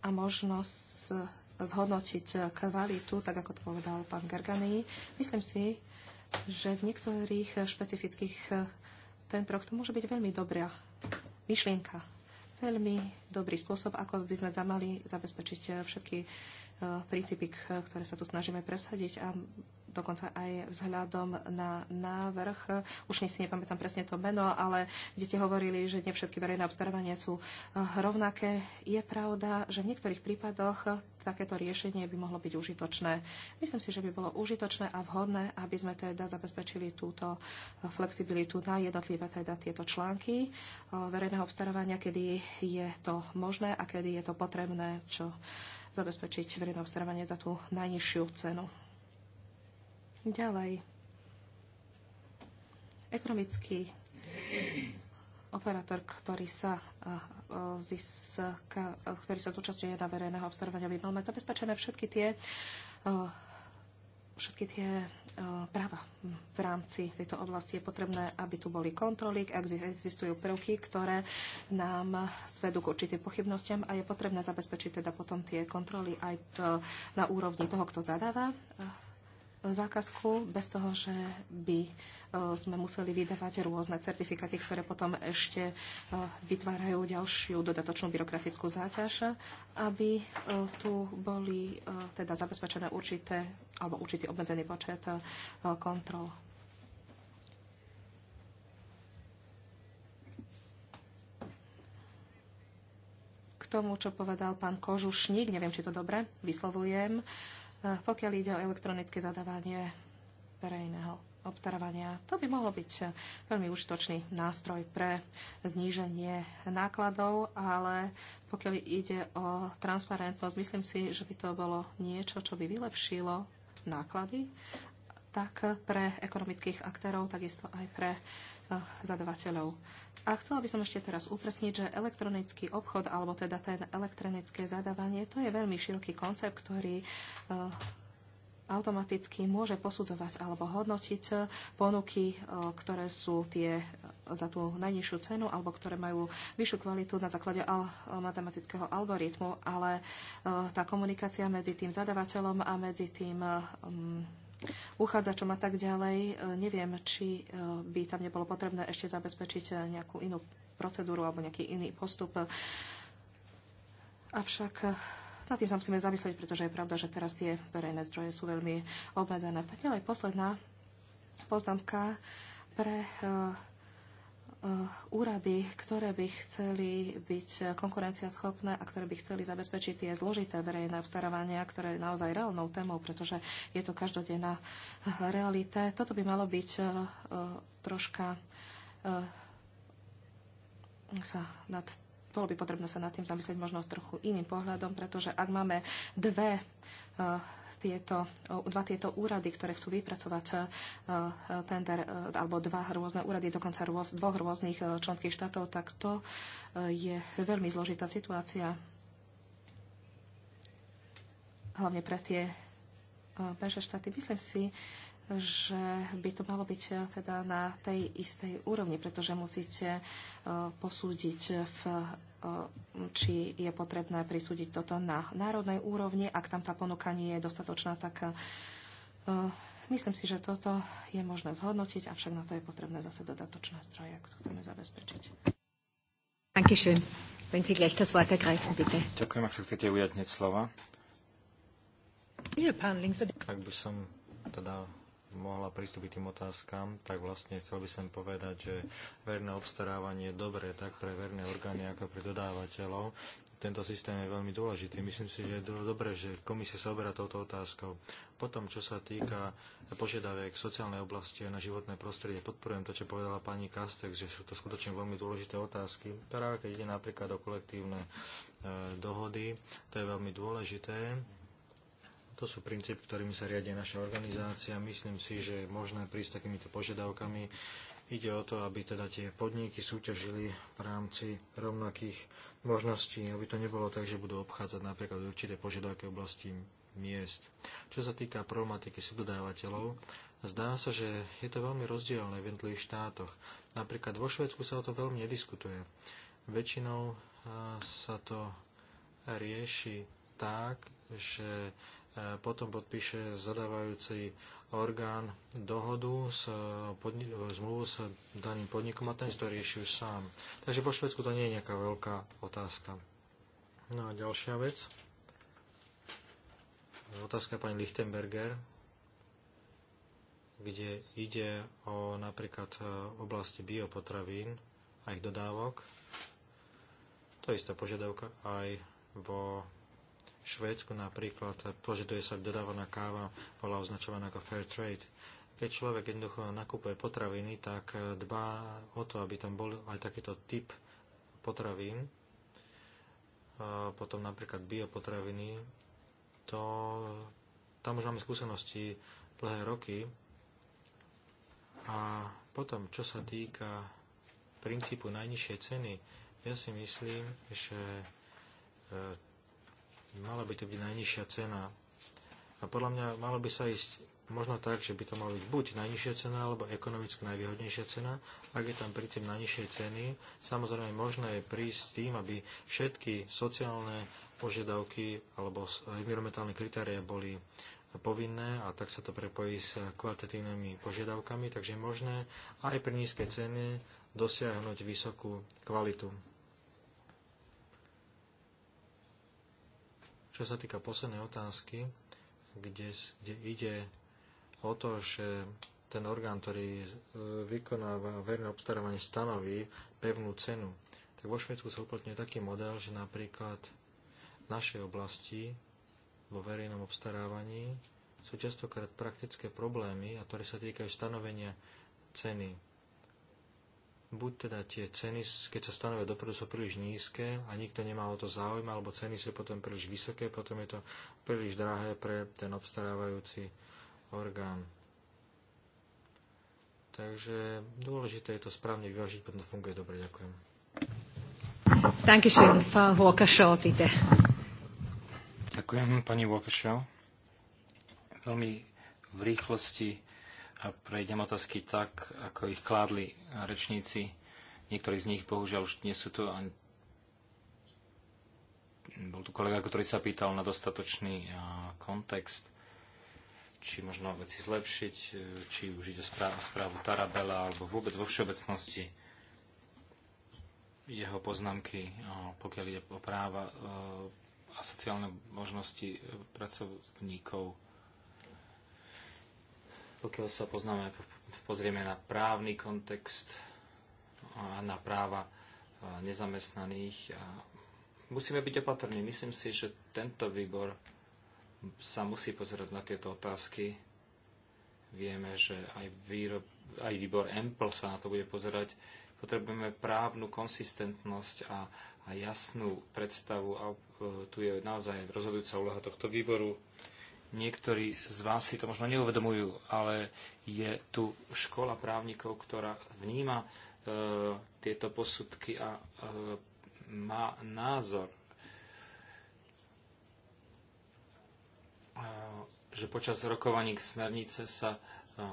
a možnosť zhodnotiť kvalitu, tak ako to povedal pán Gargani, myslím si, že v niektorých špecifických tentroch to môže byť veľmi dobrá myšlienka, veľmi dobrý spôsob, ako by sme mali zabezpečiť všetky eh, princípy, ktoré sa tu snažíme presadiť a dokonca aj vzhľadom na návrh, už nie si nepamätám presne to meno, ale kde ste hovorili, že nie všetky verejné obstarávania sú eh, rovnaké. Je pravda, že v niektorých prípadoch takéto riešenie by mohlo byť užitočné. Myslím si, že by bolo užitočné a vhodné, aby sme teda zabezpečili túto eh, flexibilitu na jednotlivé teda tieto články eh, verejného obstarávania, kedy je to možné a kedy je to potrebné, čo zabezpečiť verejné obstarávanie za tú najnižšiu cenu. Ďalej. Ekonomický operátor, ktorý sa, získa, ktorý sa zúčastňuje na verejného obstarávania, by mal mať zabezpečené všetky tie, všetky tie práva v rámci tejto oblasti. Je potrebné, aby tu boli kontroly, existujú prvky, ktoré nám svedú k určitým pochybnostiam a je potrebné zabezpečiť teda potom tie kontroly aj na úrovni toho, kto zadáva zákazku bez toho, že by e, sme museli vydávať rôzne certifikáty, ktoré potom ešte e, vytvárajú ďalšiu dodatočnú byrokratickú záťaž, aby e, tu boli teda zabezpečené určité alebo určitý obmedzený počet kontrol. K tomu, čo povedal pán Kožušník, neviem, či to dobre vyslovujem, uh, pokiaľ ide o elektronické zadávanie verejného obstarávania. To by mohlo byť veľmi užitočný nástroj pre zníženie nákladov, ale pokiaľ ide o transparentnosť, myslím si, že by to bolo niečo, čo by vylepšilo náklady tak pre ekonomických aktérov, takisto aj pre uh, zadavateľov. A chcela by som ešte teraz upresniť, že elektronický obchod, alebo teda ten elektronické zadávanie, to je veľmi široký koncept, ktorý e, automaticky môže posudzovať alebo hodnotiť e, ponuky, e, ktoré sú tie za tú najnižšiu cenu alebo ktoré majú vyššiu kvalitu na základe al- matematického algoritmu, ale tá komunikácia medzi tým zadavateľom a medzi tým um, uchádzačom a tak ďalej. E, neviem, či e, by tam nebolo potrebné ešte zabezpečiť e, nejakú inú procedúru alebo nejaký iný postup. Avšak na tým sa musíme zamyslieť, pretože je pravda, že teraz tie verejné zdroje sú veľmi obmedzené. Ďalej posledná poznámka pre Eh, úrady, ktoré by chceli byť konkurenciaschopné a ktoré by chceli zabezpečiť tie zložité verejné obstarávania, ktoré je naozaj reálnou témou, pretože je to každodenná realita. Toto by malo byť eh, eh, troška sa nad bolo by potrebné sa nad tým zamyslieť možno trochu iným pohľadom, pretože ak máme dve tieto, dva tieto úrady, ktoré chcú vypracovať e, tender, e, alebo dva rôzne úrady, dokonca rôz, dvoch rôznych e, členských štátov, tak to je veľmi zložitá situácia. Hlavne pre tie bežné štáty. Myslím si, že by to malo byť eh, teda na tej istej úrovni, pretože musíte eh, posúdiť eh, v či je potrebné prisúdiť toto na národnej úrovni. Ak tam tá ponuka nie je dostatočná, tak myslím si, že toto je možné zhodnotiť, avšak na to je potrebné zase dodatočné zdroje, ak to chceme zabezpečiť. Dankeschön. Wenn Sie gleich das Wort ergreifen, bitte. Ďakujem, ak sa chcete ujať hneď slova. Ak by som dal mohla pristúpiť tým otázkam, tak vlastne chcel by som povedať, že verné obstarávanie je dobré tak pre verné orgány, ako pre dodávateľov. Tento systém je veľmi dôležitý. Myslím si, že je dobré, že komisia sa oberá touto otázkou. Potom, čo sa týka požiadaviek v sociálnej oblasti a na životné prostredie, podporujem to, čo povedala pani Kastex, že sú to skutočne veľmi dôležité otázky. Práve keď ide napríklad o kolektívne e, dohody, to je veľmi dôležité to sú princípy, ktorými sa riadia naša organizácia. Myslím si, že je možné prísť s takýmito požiadavkami. Ide o to, aby teda tie podniky súťažili v rámci rovnakých možností, aby to nebolo tak, že budú obchádzať napríklad určité požiadavky v oblasti miest. Čo sa týka problematiky subdodávateľov, zdá sa, že je to veľmi rozdielne v jednotlivých štátoch. Napríklad vo Švedsku sa o to veľmi nediskutuje. Väčšinou sa to rieši tak, že E, potom podpíše zadávajúci orgán dohodu s, e, podni- e, zmluvu s daným podnikom a ten si to rieši už sám. Takže vo Švedsku to nie je nejaká veľká otázka. No a ďalšia vec. Otázka pani Lichtenberger, kde ide o napríklad oblasti biopotravín a ich dodávok. To je istá požiadavka aj vo Švédsku napríklad požaduje sa dodávaná káva bola označovaná ako fair trade. Keď človek jednoducho nakupuje potraviny, tak eh, dbá o to, aby tam bol aj takýto typ potravín. Eh, potom napríklad biopotraviny. To, tam už máme skúsenosti dlhé roky. A potom, čo sa týka princípu najnižšej ceny, ja si myslím, že eh, mala by to byť najnižšia cena. A podľa mňa malo by sa ísť možno tak, že by to mala byť buď najnižšia cena, alebo ekonomicky najvýhodnejšia cena. Ak je tam princíp najnižšej ceny, samozrejme možné je prísť s tým, aby všetky sociálne požiadavky alebo environmentálne kritéria boli povinné a tak sa to prepojí s kvalitatívnymi požiadavkami, takže je možné aj pri nízkej cene dosiahnuť vysokú kvalitu. Čo sa týka poslednej otázky, kde, kde ide o to, že ten orgán, ktorý e, vykonáva verejné obstarávanie, stanoví pevnú cenu. Tak vo Švedsku sa uplatňuje taký model, že napríklad v našej oblasti vo verejnom obstarávaní sú častokrát praktické problémy, a ktoré sa týkajú stanovenia ceny buď teda tie ceny, keď sa stanovia dopredu, sú príliš nízke a nikto nemá o to záujem, alebo ceny sú potom príliš vysoké, potom je to príliš drahé pre ten obstarávajúci orgán. Takže dôležité je to správne vyvážiť, potom to funguje dobre. Ďakujem. Ďakujem, pani Walkershaw. Veľmi v rýchlosti a prejdem otázky tak, ako ich kládli rečníci. Niektorí z nich bohužiaľ už nie sú tu. Ani... Bol tu kolega, ktorý sa pýtal na dostatočný kontext, či možno veci zlepšiť, e, či už ide správu, správu Tarabela, alebo vôbec vo všeobecnosti jeho poznámky, pokiaľ ide o práva e, a sociálne možnosti e, pracovníkov pokiaľ sa poznáme, pozrieme na právny kontext a na práva e, nezamestnaných, musíme byť opatrní. Myslím si, že tento výbor sa musí pozerať na tieto otázky. Vieme, že aj, výrob, aj výbor EMPL sa na to bude pozerať. Potrebujeme právnu konsistentnosť a, a jasnú predstavu a e, tu je naozaj rozhodujúca úloha tohto výboru. Niektorí z vás si to možno neuvedomujú, ale je tu škola právnikov, ktorá vníma e, tieto posudky a e, má názor, e, že počas rokovaní k smernice sa, e, e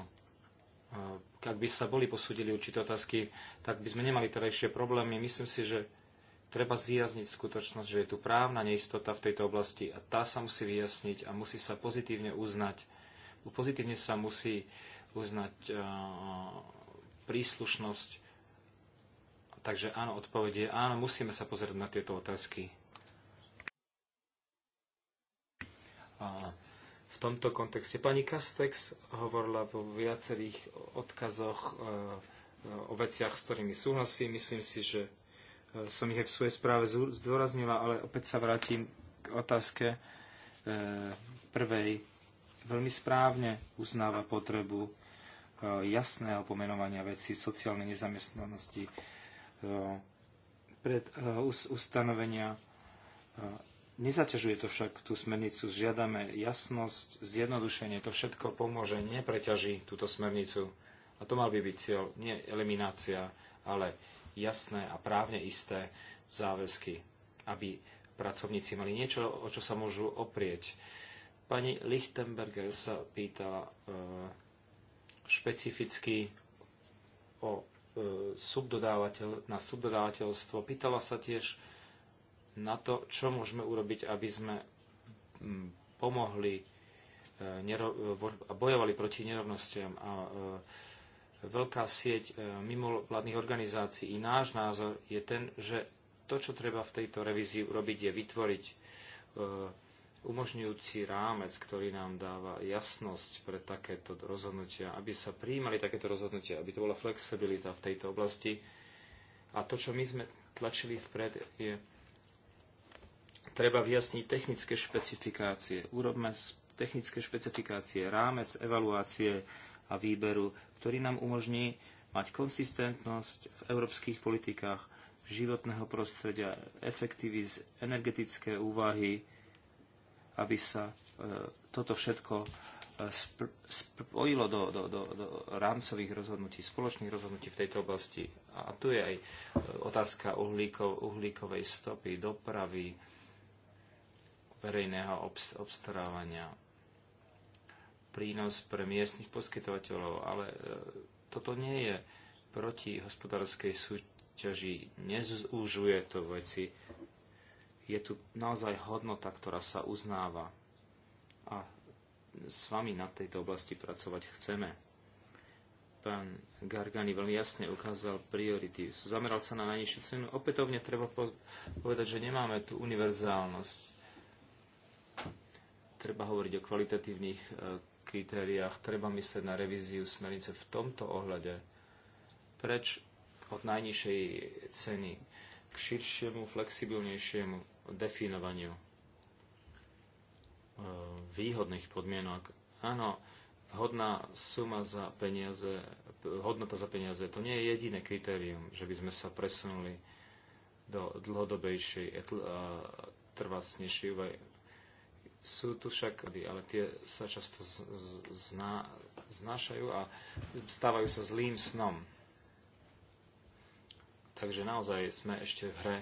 ak by sa boli posúdili určité otázky, tak by sme nemali terajšie problémy. Myslím si, že Treba zvýrazniť skutočnosť, že je tu právna neistota v tejto oblasti a tá sa musí vyjasniť a musí sa pozitívne uznať. Pozitívne sa musí uznať eh, príslušnosť. Takže áno, odpovedie áno, musíme sa pozerať na tieto otázky. A v tomto kontexte pani Kastex hovorila vo viacerých odkazoch eh, o veciach, s ktorými súhlasím. Myslím si, že som ich aj v svojej správe zdôraznila, ale opäť sa vrátim k otázke e, prvej. Veľmi správne uznáva potrebu e, jasného pomenovania vecí sociálnej nezamestnanosti e, pred ustanovenia. Nezaťažuje to však tú smernicu. Žiadame jasnosť, zjednodušenie. To všetko pomôže, nepreťaží túto smernicu. A to mal by byť cieľ, nie eliminácia, ale jasné a právne isté záväzky, aby pracovníci mali niečo, o čo sa môžu oprieť. Pani Lichtenberger sa pýta e, špecificky o e, subdodávateľ, na subdodávateľstvo. Pýtala sa tiež na to, čo môžeme urobiť, aby sme pomohli a e, bojovali proti nerovnostiam a veľká sieť e, mimovládnych organizácií. I náš názor je ten, že to, čo treba v tejto revízii urobiť, je vytvoriť e, umožňujúci rámec, ktorý nám dáva jasnosť pre takéto rozhodnutia, aby sa prijímali takéto rozhodnutia, aby to bola flexibilita v tejto oblasti. A to, čo my sme tlačili vpred, je treba vyjasniť technické špecifikácie. Urobme technické špecifikácie, rámec evaluácie, a výberu, ktorý nám umožní mať konsistentnosť v európskych politikách životného prostredia, efektiviz, energetické úvahy, aby sa e, toto všetko e, spojilo do, do, do, do rámcových rozhodnutí, spoločných rozhodnutí v tejto oblasti. A tu je aj e, otázka uhlíkov, uhlíkovej stopy, dopravy, verejného obstarávania prínos pre miestnych poskytovateľov, ale e, toto nie je proti hospodárskej súťaži, nezúžuje to veci. Je tu naozaj hodnota, ktorá sa uznáva a s vami na tejto oblasti pracovať chceme. Pán Gargani veľmi jasne ukázal priority. Zameral sa na najnižšiu cenu. Opätovne treba povedať, že nemáme tu univerzálnosť. Treba hovoriť o kvalitatívnych e, kritériách. Treba myslieť na revíziu smernice v tomto ohľade. Preč od najnižšej ceny k širšiemu, flexibilnejšiemu definovaniu e, výhodných podmienok. Áno, hodná suma za peniaze, hodnota za peniaze, to nie je jediné kritérium, že by sme sa presunuli do dlhodobejšej, e, e, trvácnejšej sú tu však, ale tie sa často zná, znášajú a stávajú sa zlým snom. Takže naozaj sme ešte v hre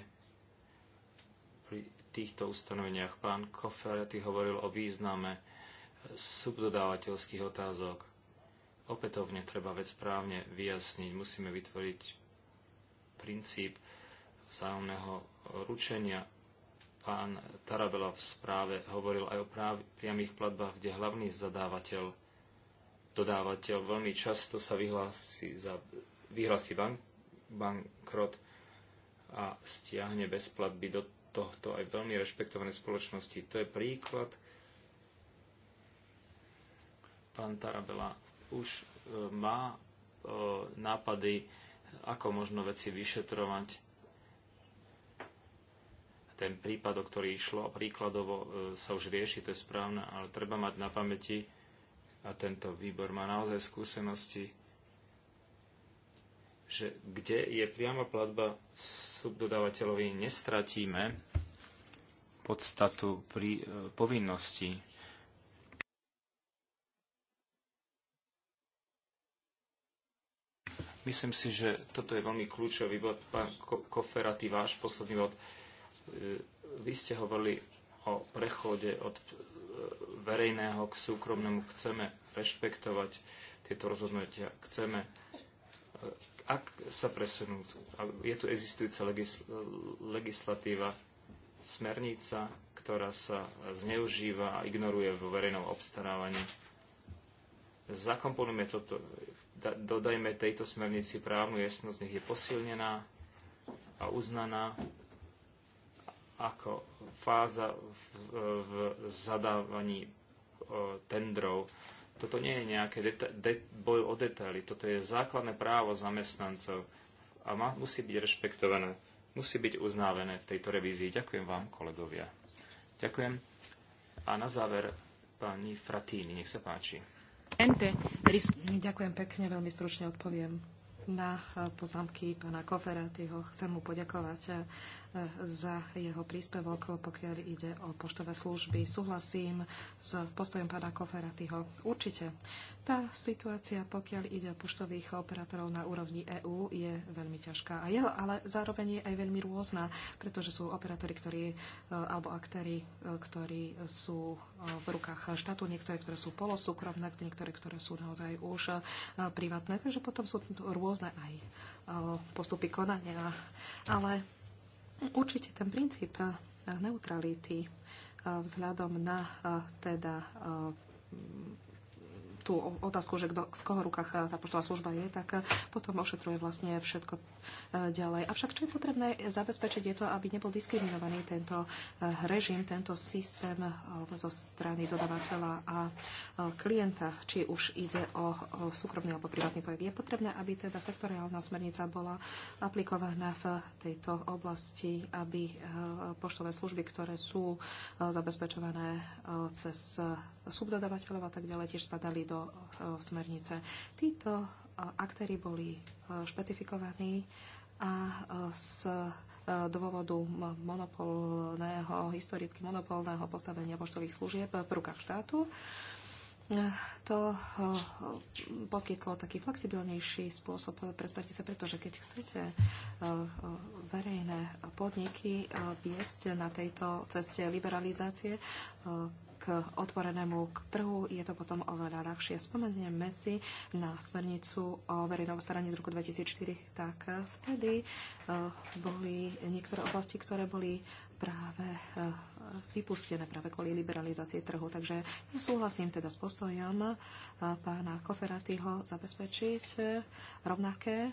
pri týchto ustanoveniach. Pán Koferety hovoril o význame subdodávateľských otázok. Opätovne treba vec správne vyjasniť. Musíme vytvoriť princíp vzájomného ručenia pán Tarabela v správe hovoril aj o práv, priamých platbách, kde hlavný zadávateľ, dodávateľ veľmi často sa vyhlási, za, vyhlási bank, bankrot a stiahne bez platby do tohto aj veľmi rešpektované spoločnosti. To je príklad. Pán Tarabela už e, má e, nápady, ako možno veci vyšetrovať ten prípad, o ktorý išlo, príkladovo e, sa už rieši, to je správne, ale treba mať na pamäti, a tento výbor má naozaj skúsenosti, že kde je priama platba subdodávateľovi, nestratíme podstatu pri, e, Myslím si, že toto je veľmi kľúčový bod. Pán koferatý váš posledný bod. E, vy ste hovorili o prechode od e, verejného k súkromnému. Chceme rešpektovať tieto rozhodnutia. Chceme, e, ak sa presunú, je tu existujúca legislatíva, smernica, ktorá sa zneužíva a ignoruje vo verejnom obstarávaní. Zakomponujme toto, dodajme tejto smernici právnu jasnosť, nech je posilnená a uznaná ako fáza v, v zadávaní e, tendrov. Toto nie je nejaký boj o detaily, toto je základné právo zamestnancov a má, musí byť rešpektované, musí byť uznávené v tejto revízii. Ďakujem vám, kolegovia. Ďakujem. A na záver pani Fratíny, nech sa páči. Ďakujem pekne, veľmi stručne odpoviem na e, poznámky pána týho Chcem mu poďakovať e, za jeho príspevok, pokiaľ ide o poštové služby. Súhlasím s postojom pána Koferatyho. Určite. Tá situácia, pokiaľ ide o poštových operátorov na úrovni EÚ, je veľmi ťažká. A je, ale zároveň je aj veľmi rôzna, pretože sú operátori, ktorí, e, alebo aktéry, e, ktorí sú e, v rukách štátu, niektoré, ktoré sú polosúkromné, niektoré, ktoré sú naozaj už privátne. Takže potom sú rôzne aj postupy konania. Ale Určite ten princíp eh, neutrality eh, vzhľadom na eh, teda tú otázku, že kdo, v koho rukách e, tá poštová služba je, tak e, potom ošetruje vlastne všetko e, ďalej. Avšak čo je potrebné zabezpečiť je to, aby nebol diskriminovaný tento režim, tento systém zo strany dodávateľa a klienta, či už ide o súkromný alebo privátny projekt. Je potrebné, aby teda sektoriálna smernica bola aplikovaná v tejto oblasti, aby poštové služby, ktoré sú zabezpečované cez subdodavateľov a tak ďalej tiež spadali do e, smernice. Títo e, aktéry boli e, špecifikovaní a s dôvodu monopolného, historicky monopolného postavenia poštových služieb v rukách štátu. To poskytlo taký flexibilnejší spôsob pre sa, pretože keď chcete verejné podniky viesť na tejto ceste liberalizácie, k otvorenému k trhu, je to potom oveľa ľahšie. Spomenieme si na smernicu o verejnom staraní z roku 2004, tak eh, vtedy eh, boli niektoré oblasti, ktoré boli práve eh, vypustené práve kvôli liberalizácii trhu. Takže ja súhlasím teda s postojom pána Koferatyho zabezpečiť rovnaké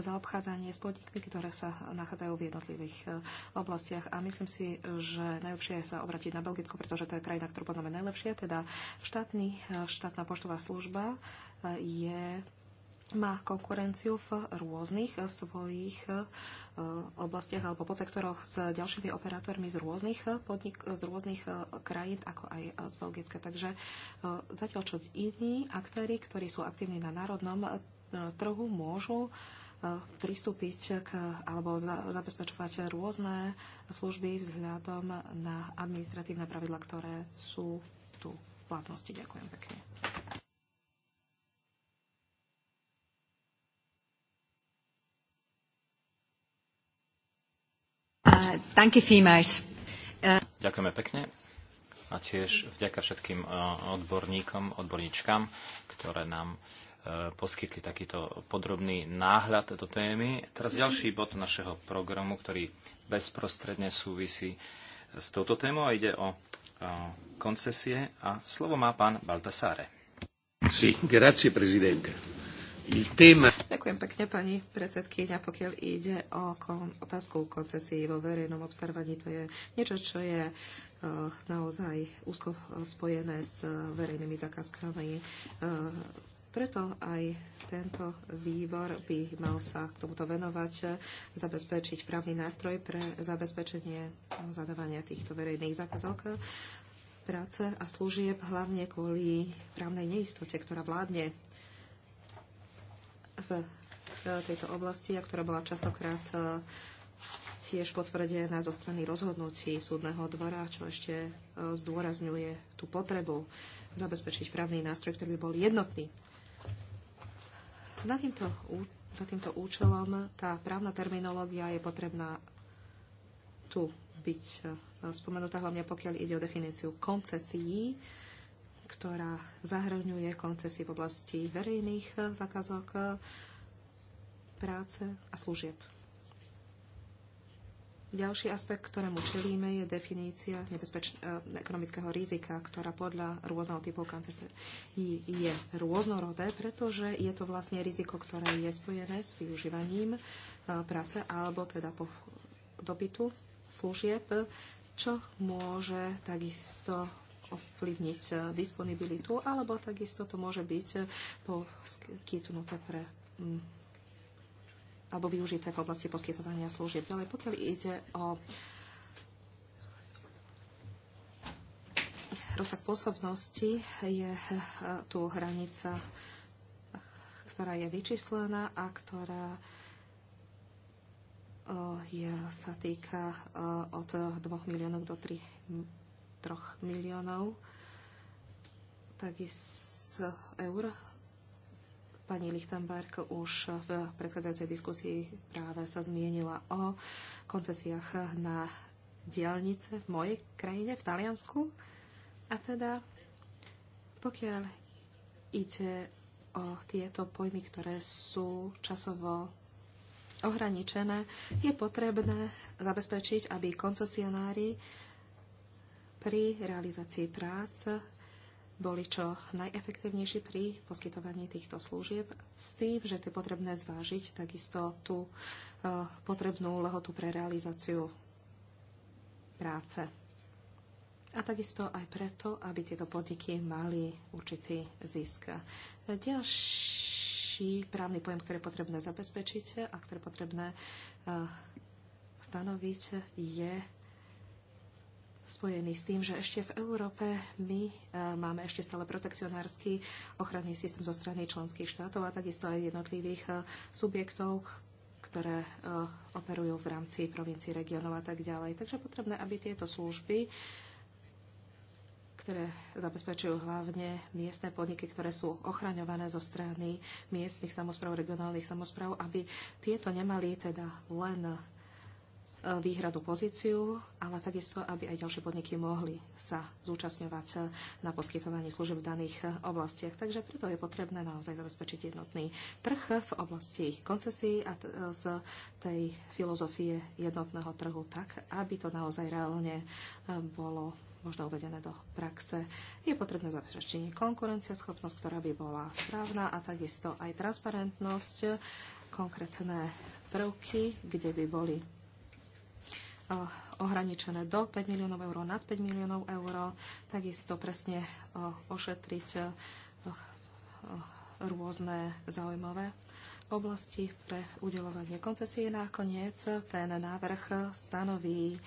zaobchádzanie s podnikmi, ktoré sa nachádzajú v jednotlivých e, oblastiach. A myslím si, že najlepšie je sa obratiť na Belgicko, pretože to je krajina, ktorú poznáme najlepšie. Teda štátny, e, štátna poštová služba e, je má konkurenciu v rôznych svojich oblastiach alebo podsektoroch s ďalšími operátormi z rôznych, podnik, z rôznych krajín, ako aj z Belgicka. Takže zatiaľ čo iní aktéry, ktorí sú aktívni na národnom trhu, môžu uh, pristúpiť k, alebo za, zabezpečovať rôzne služby vzhľadom na administratívne pravidla, ktoré sú tu v platnosti. Ďakujem pekne. Uh, uh, Ďakujeme pekne a tiež vďaka všetkým uh, odborníkom, odborníčkam, ktoré nám Eh, poskytli takýto podrobný náhľad do témy. Teraz ďalší bod našeho programu, ktorý bezprostredne súvisí s touto témou a ide o eh, koncesie a slovo má pán Baltasáre. Sí, grazie, prezidente. Ďakujem pekne, pani predsedkynia. Pokiaľ ide o kon- otázku koncesie vo verejnom obstarvaní, to je niečo, čo je uh, naozaj úzko spojené s verejnými zakázkami uh, preto aj tento výbor by mal sa k tomuto venovať, zabezpečiť právny nástroj pre zabezpečenie zadávania týchto verejných zákazok práce a služieb, hlavne kvôli právnej neistote, ktorá vládne v tejto oblasti a ktorá bola častokrát e, tiež potvrdená zo strany rozhodnutí súdneho dvora, čo ešte e, zdôrazňuje tú potrebu zabezpečiť právny nástroj, ktorý by bol jednotný za týmto, za týmto účelom tá právna terminológia je potrebná tu byť e, spomenutá, hlavne pokiaľ ide o definíciu koncesií, ktorá zahrňuje koncesie v oblasti verejných e, zákazok, e, práce a služieb. Ďalší aspekt, ktorému čelíme, je definícia nebezpeč- e, ekonomického rizika, ktorá podľa rôzneho typu kancerce je rôznorodé, pretože je to vlastne riziko, ktoré je spojené s využívaním e, práce alebo teda po dobytu služieb, čo môže takisto ovplyvniť e, disponibilitu, alebo takisto to môže byť poskytnuté pre alebo využité v oblasti poskytovania služieb. Ďalej, pokiaľ ide o rozsah pôsobnosti, je eh, tu hranica, ktorá je vyčíslená a ktorá eh, je, sa týka eh, od 2 miliónov do 3, 3 miliónov takisto eur Pani Lichtenberg už v predchádzajúcej diskusii práve sa zmienila o koncesiách na diálnice v mojej krajine, v Taliansku. A teda, pokiaľ ide o tieto pojmy, ktoré sú časovo ohraničené, je potrebné zabezpečiť, aby koncesionári pri realizácii práce boli čo najefektívnejší pri poskytovaní týchto služieb s tým, že je potrebné zvážiť takisto tú e, potrebnú lehotu pre realizáciu práce. A takisto aj preto, aby tieto podniky mali určitý zisk. Ďalší právny pojem, ktorý je potrebné zabezpečiť a ktorý je potrebné e, stanoviť, je spojený s tým, že ešte v Európe my e, máme ešte stále protekcionársky ochranný systém zo strany členských štátov a takisto aj jednotlivých e, subjektov, ktoré e, operujú v rámci provincií, regionov a tak ďalej. Takže potrebné, aby tieto služby ktoré zabezpečujú hlavne miestne podniky, ktoré sú ochraňované zo strany miestnych samozpráv, regionálnych samozpráv, aby tieto nemali teda len výhradnú pozíciu, ale takisto, aby aj ďalšie podniky mohli sa zúčastňovať na poskytovaní služieb v daných oblastiach. Takže preto je potrebné naozaj zabezpečiť jednotný trh v oblasti koncesí a z tej filozofie jednotného trhu tak, aby to naozaj reálne eh, bolo možno uvedené do praxe. Je potrebné zabezpečenie schopnosť, ktorá by bola správna a takisto aj transparentnosť, konkrétne prvky, kde by boli Eh, ohraničené do 5 miliónov eur, nad 5 miliónov eur, takisto presne eh, ošetriť eh, rôzne zaujímavé oblasti pre udelovanie koncesie. Nakoniec ten návrh stanoví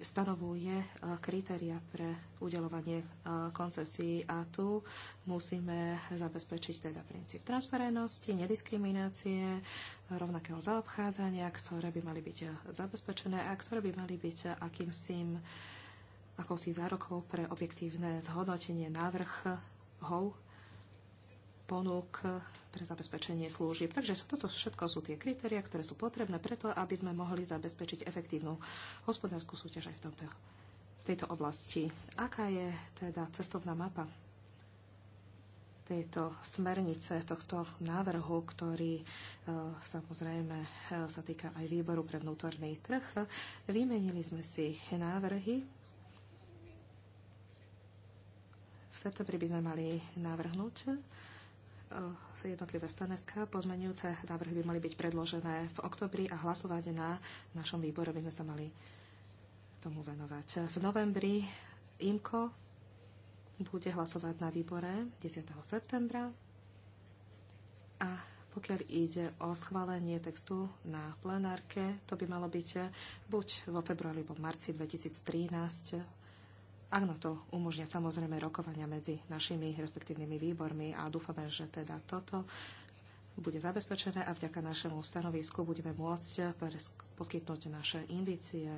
stanovuje e, kritéria pre udelovanie e, koncesí a tu musíme zabezpečiť teda princíp transparentnosti, nediskriminácie, rovnakého zaobchádzania, ktoré by mali byť e, zabezpečené a ktoré by mali byť akýmsi akousi zárokou pre objektívne zhodnotenie návrhov ponúk pre zabezpečenie služieb. Takže toto všetko sú tie kritéria, ktoré sú potrebné preto, aby sme mohli zabezpečiť efektívnu hospodárskú súťaž aj v, tomto, v tejto oblasti. Aká je teda cestovná mapa tejto smernice, tohto návrhu, ktorý e, samozrejme e, sa týka aj výboru pre vnútorný trh. Vymenili sme si návrhy. V septembri by sme mali navrhnúť Eh, jednotlivé stanoviská. Pozmenujúce návrhy by mali byť predložené v oktobri a hlasovať na našom výbore by sme sa mali tomu venovať. V novembri IMKO bude hlasovať na výbore 10. septembra a pokiaľ ide o schválenie textu na plenárke, to by malo byť buď vo februári alebo marci 2013 Áno, to umožňa samozrejme rokovania medzi našimi respektívnymi výbormi a dúfame, že teda toto bude zabezpečené a vďaka našemu stanovisku budeme môcť poskytnúť naše indície,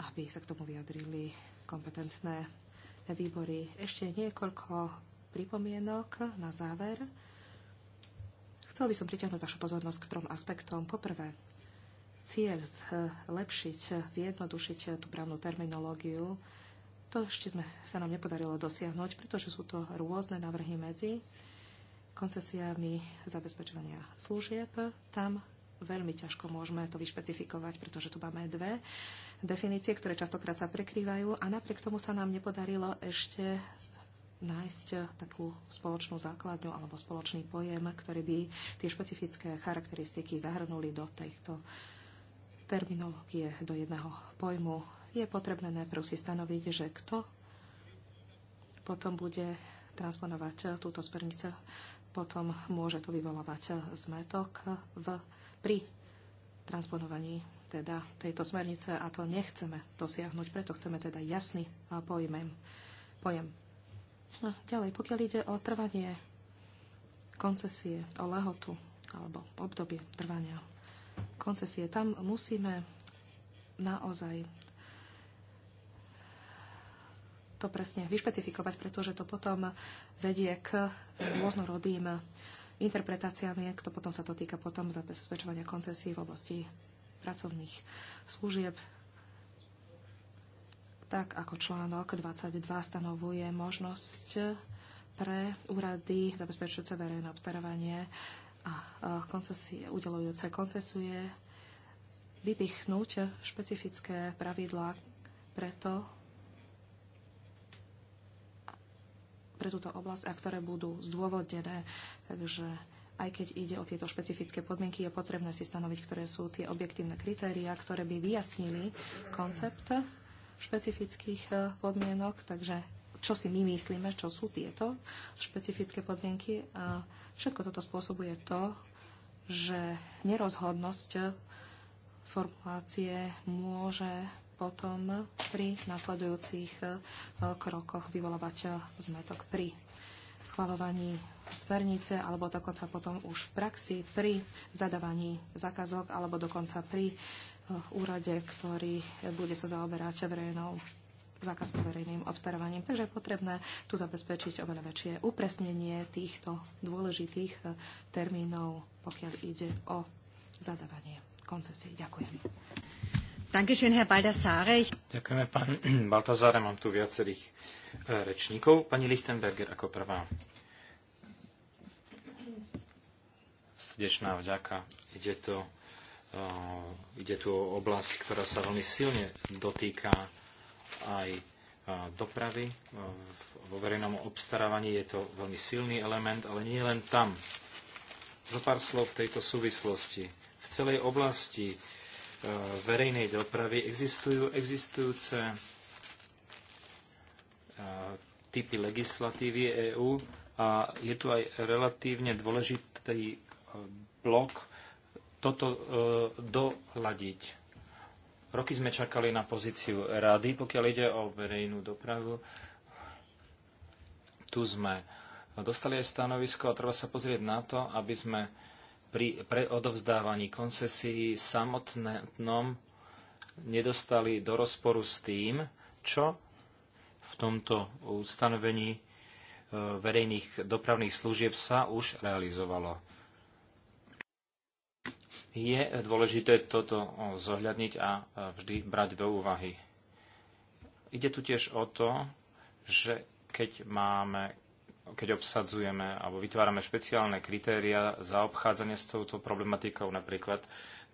aby sa k tomu vyjadrili kompetentné výbory. Ešte niekoľko pripomienok na záver. Chcel by som priťahnuť vašu pozornosť k trom aspektom. Poprvé, cieľ zlepšiť, zjednodušiť tú právnu terminológiu to ešte sme, sa nám nepodarilo dosiahnuť, pretože sú to rôzne návrhy medzi koncesiami zabezpečovania služieb. Tam veľmi ťažko môžeme to vyšpecifikovať, pretože tu máme dve definície, ktoré častokrát sa prekrývajú a napriek tomu sa nám nepodarilo ešte nájsť takú spoločnú základňu alebo spoločný pojem, ktorý by tie špecifické charakteristiky zahrnuli do tejto terminológie, do jedného pojmu je potrebné najprv si stanoviť, že kto potom bude transponovať túto smernicu, potom môže to vyvolávať zmetok v, pri transponovaní teda tejto smernice a to nechceme dosiahnuť, preto chceme teda jasný pojmem, pojem. No, ďalej, pokiaľ ide o trvanie koncesie, o lehotu alebo obdobie trvania koncesie, tam musíme naozaj to presne vyšpecifikovať, pretože to potom vedie k rôznorodým interpretáciám, jak to potom sa to týka potom zabezpečovania koncesí v oblasti pracovných služieb, tak ako článok 22 stanovuje možnosť pre úrady zabezpečujúce verejné obstarávanie a koncesie, udelujúce koncesuje vypichnúť špecifické pravidlá preto, pre túto oblasť a ktoré budú zdôvodnené. Takže aj keď ide o tieto špecifické podmienky, je potrebné si stanoviť, ktoré sú tie objektívne kritériá, ktoré by vyjasnili koncept špecifických e, podmienok. Takže čo si my myslíme, čo sú tieto špecifické podmienky. A všetko toto spôsobuje to, že nerozhodnosť e, formulácie môže potom pri nasledujúcich e, krokoch vyvolávať e, zmetok pri schvalovaní smernice alebo dokonca potom už v praxi pri zadávaní zákazok alebo dokonca pri e, úrade, ktorý bude sa zaoberať verejnou zákaz verejným obstarávaním. Takže je potrebné tu zabezpečiť oveľa väčšie upresnenie týchto dôležitých termínov, pokiaľ ide o zadávanie koncesie. Ďakujem. Dankeschön, Herr Baldassare. Ďakujeme, pán Baltazáre. Mám tu viacerých e, rečníkov. Pani Lichtenberger ako prvá. Srdečná vďaka. Ide, to, e, ide tu o oblasť, ktorá sa veľmi silne dotýka aj e, dopravy. Vo verejnom obstarávaní je to veľmi silný element, ale nie len tam. Zo pár slov v tejto súvislosti. V celej oblasti E, verejnej dopravy existujú existujúce e, typy legislatívy EÚ a je tu aj relatívne dôležitý e, blok toto doľadiť. Roky sme čakali na pozíciu rady, pokiaľ ide o verejnú dopravu. Tu sme dostali aj stanovisko a treba sa pozrieť na to, aby sme pri pre odovzdávaní koncesií samotnom nedostali do rozporu s tým, čo v tomto ustanovení e, verejných dopravných služieb sa už realizovalo. Je dôležité toto zohľadniť a vždy brať do úvahy. Ide tu tiež o to, že keď máme keď obsadzujeme alebo vytvárame špeciálne kritéria za obchádzanie s touto problematikou, napríklad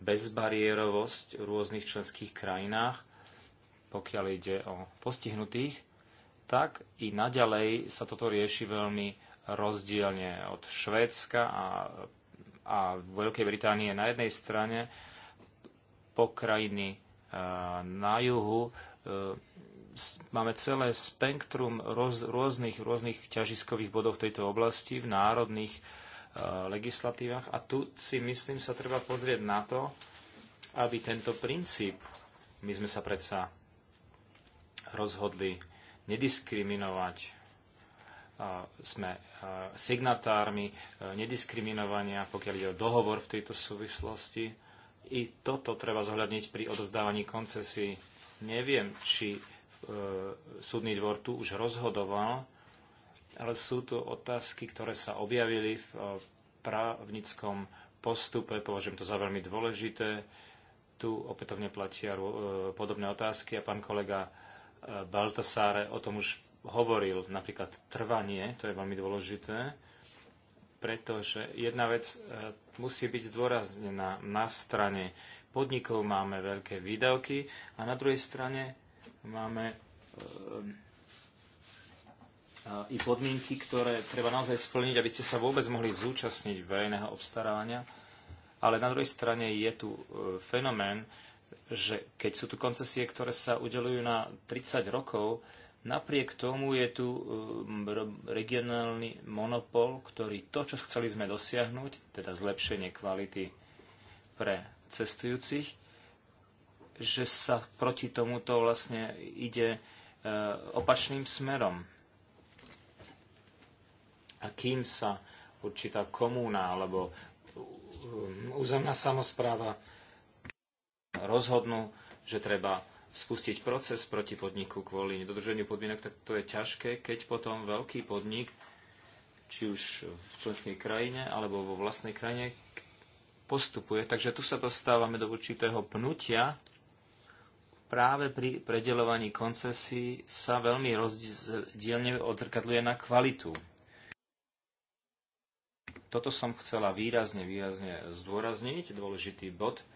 bezbariérovosť v rôznych členských krajinách, pokiaľ ide o postihnutých, tak i naďalej sa toto rieši veľmi rozdielne od Švédska a, a Veľkej Británie na jednej strane po krajiny e, na juhu e, máme celé spektrum roz, rôznych, rôznych ťažiskových bodov v tejto oblasti, v národných uh, legislatívach. A tu si myslím, sa treba pozrieť na to, aby tento princíp, my sme sa predsa rozhodli nediskriminovať eh, sme eh, signatármi nediskriminovania, pokiaľ ide o dohovor v tejto súvislosti. I toto treba zohľadniť pri odozdávaní koncesí. Neviem, či E, súdny dvor tu už rozhodoval, ale sú tu otázky, ktoré sa objavili v e, právnickom postupe, považujem to za veľmi dôležité. Tu opätovne platia e, podobné otázky a pán kolega Baltasáre o tom už hovoril, napríklad trvanie, to je veľmi dôležité, pretože jedna vec musí byť zdôraznená na strane podnikov máme veľké výdavky a na druhej strane Máme ehm, e, i podmienky, ktoré treba naozaj splniť, aby ste sa vôbec mohli zúčastniť verejného obstarávania. Ale na druhej strane je tu e, fenomén, že keď sú tu koncesie, ktoré sa udelujú na 30 rokov, napriek tomu je tu ehm, regionálny monopol, ktorý to, čo chceli sme dosiahnuť, teda zlepšenie kvality pre cestujúcich, že sa proti tomuto vlastne ide e, opačným smerom. A kým sa určitá komúna alebo e, územná samozpráva rozhodnú, že treba spustiť proces proti podniku kvôli nedodrženiu podmienok, tak to je ťažké, keď potom veľký podnik, či už v členskej krajine alebo vo vlastnej krajine, postupuje. Takže tu sa dostávame do určitého pnutia práve pri predelovaní koncesí sa veľmi rozdielne odrkadluje na kvalitu. Toto som chcela výrazne, výrazne zdôrazniť, dôležitý bod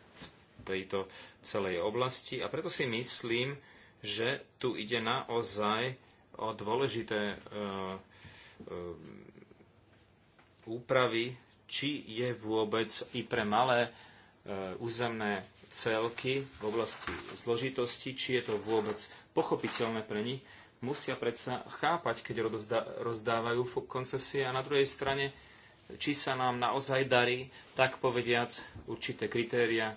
v tejto celej oblasti a preto si myslím, že tu ide naozaj o dôležité e, e, úpravy, či je vôbec i pre malé e, územné celky v oblasti zložitosti, či je to vôbec pochopiteľné pre nich, musia predsa chápať, keď rozdávajú koncesie a na druhej strane, či sa nám naozaj darí, tak povediac, určité kritéria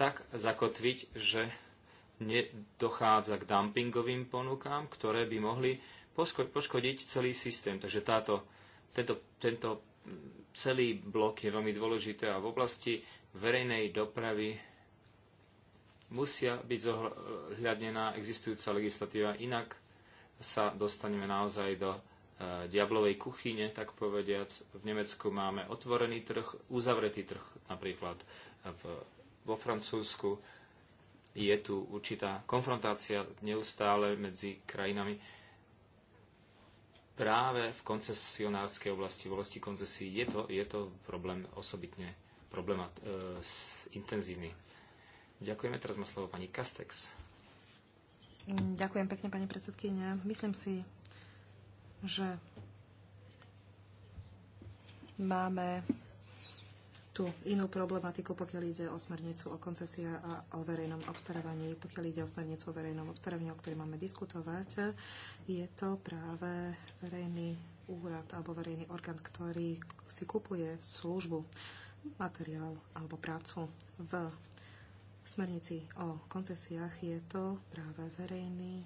tak zakotviť, že nedochádza k dumpingovým ponukám, ktoré by mohli poškodiť celý systém. Takže táto, tento, tento celý blok je veľmi dôležité a v oblasti verejnej dopravy musia byť zohľadnená existujúca legislatíva, inak sa dostaneme naozaj do e, diablovej kuchyne, tak povediac. V Nemecku máme otvorený trh, uzavretý trh napríklad v, vo Francúzsku. Je tu určitá konfrontácia neustále medzi krajinami práve v koncesionárskej oblasti, v oblasti koncesí. Je to, je to problém osobitne problémat, e, intenzívny. Ďakujeme. Teraz má slovo pani Kastex. Ďakujem pekne, pani predsedkynia. Myslím si, že máme tú inú problematiku, pokiaľ ide o smernicu o koncesia a o verejnom obstarávaní. Pokiaľ ide o smernicu o verejnom obstarávaní, o ktorej máme diskutovať, je to práve verejný úrad alebo verejný orgán, ktorý si kupuje službu, materiál alebo prácu v smernici o koncesiách je to práve verejný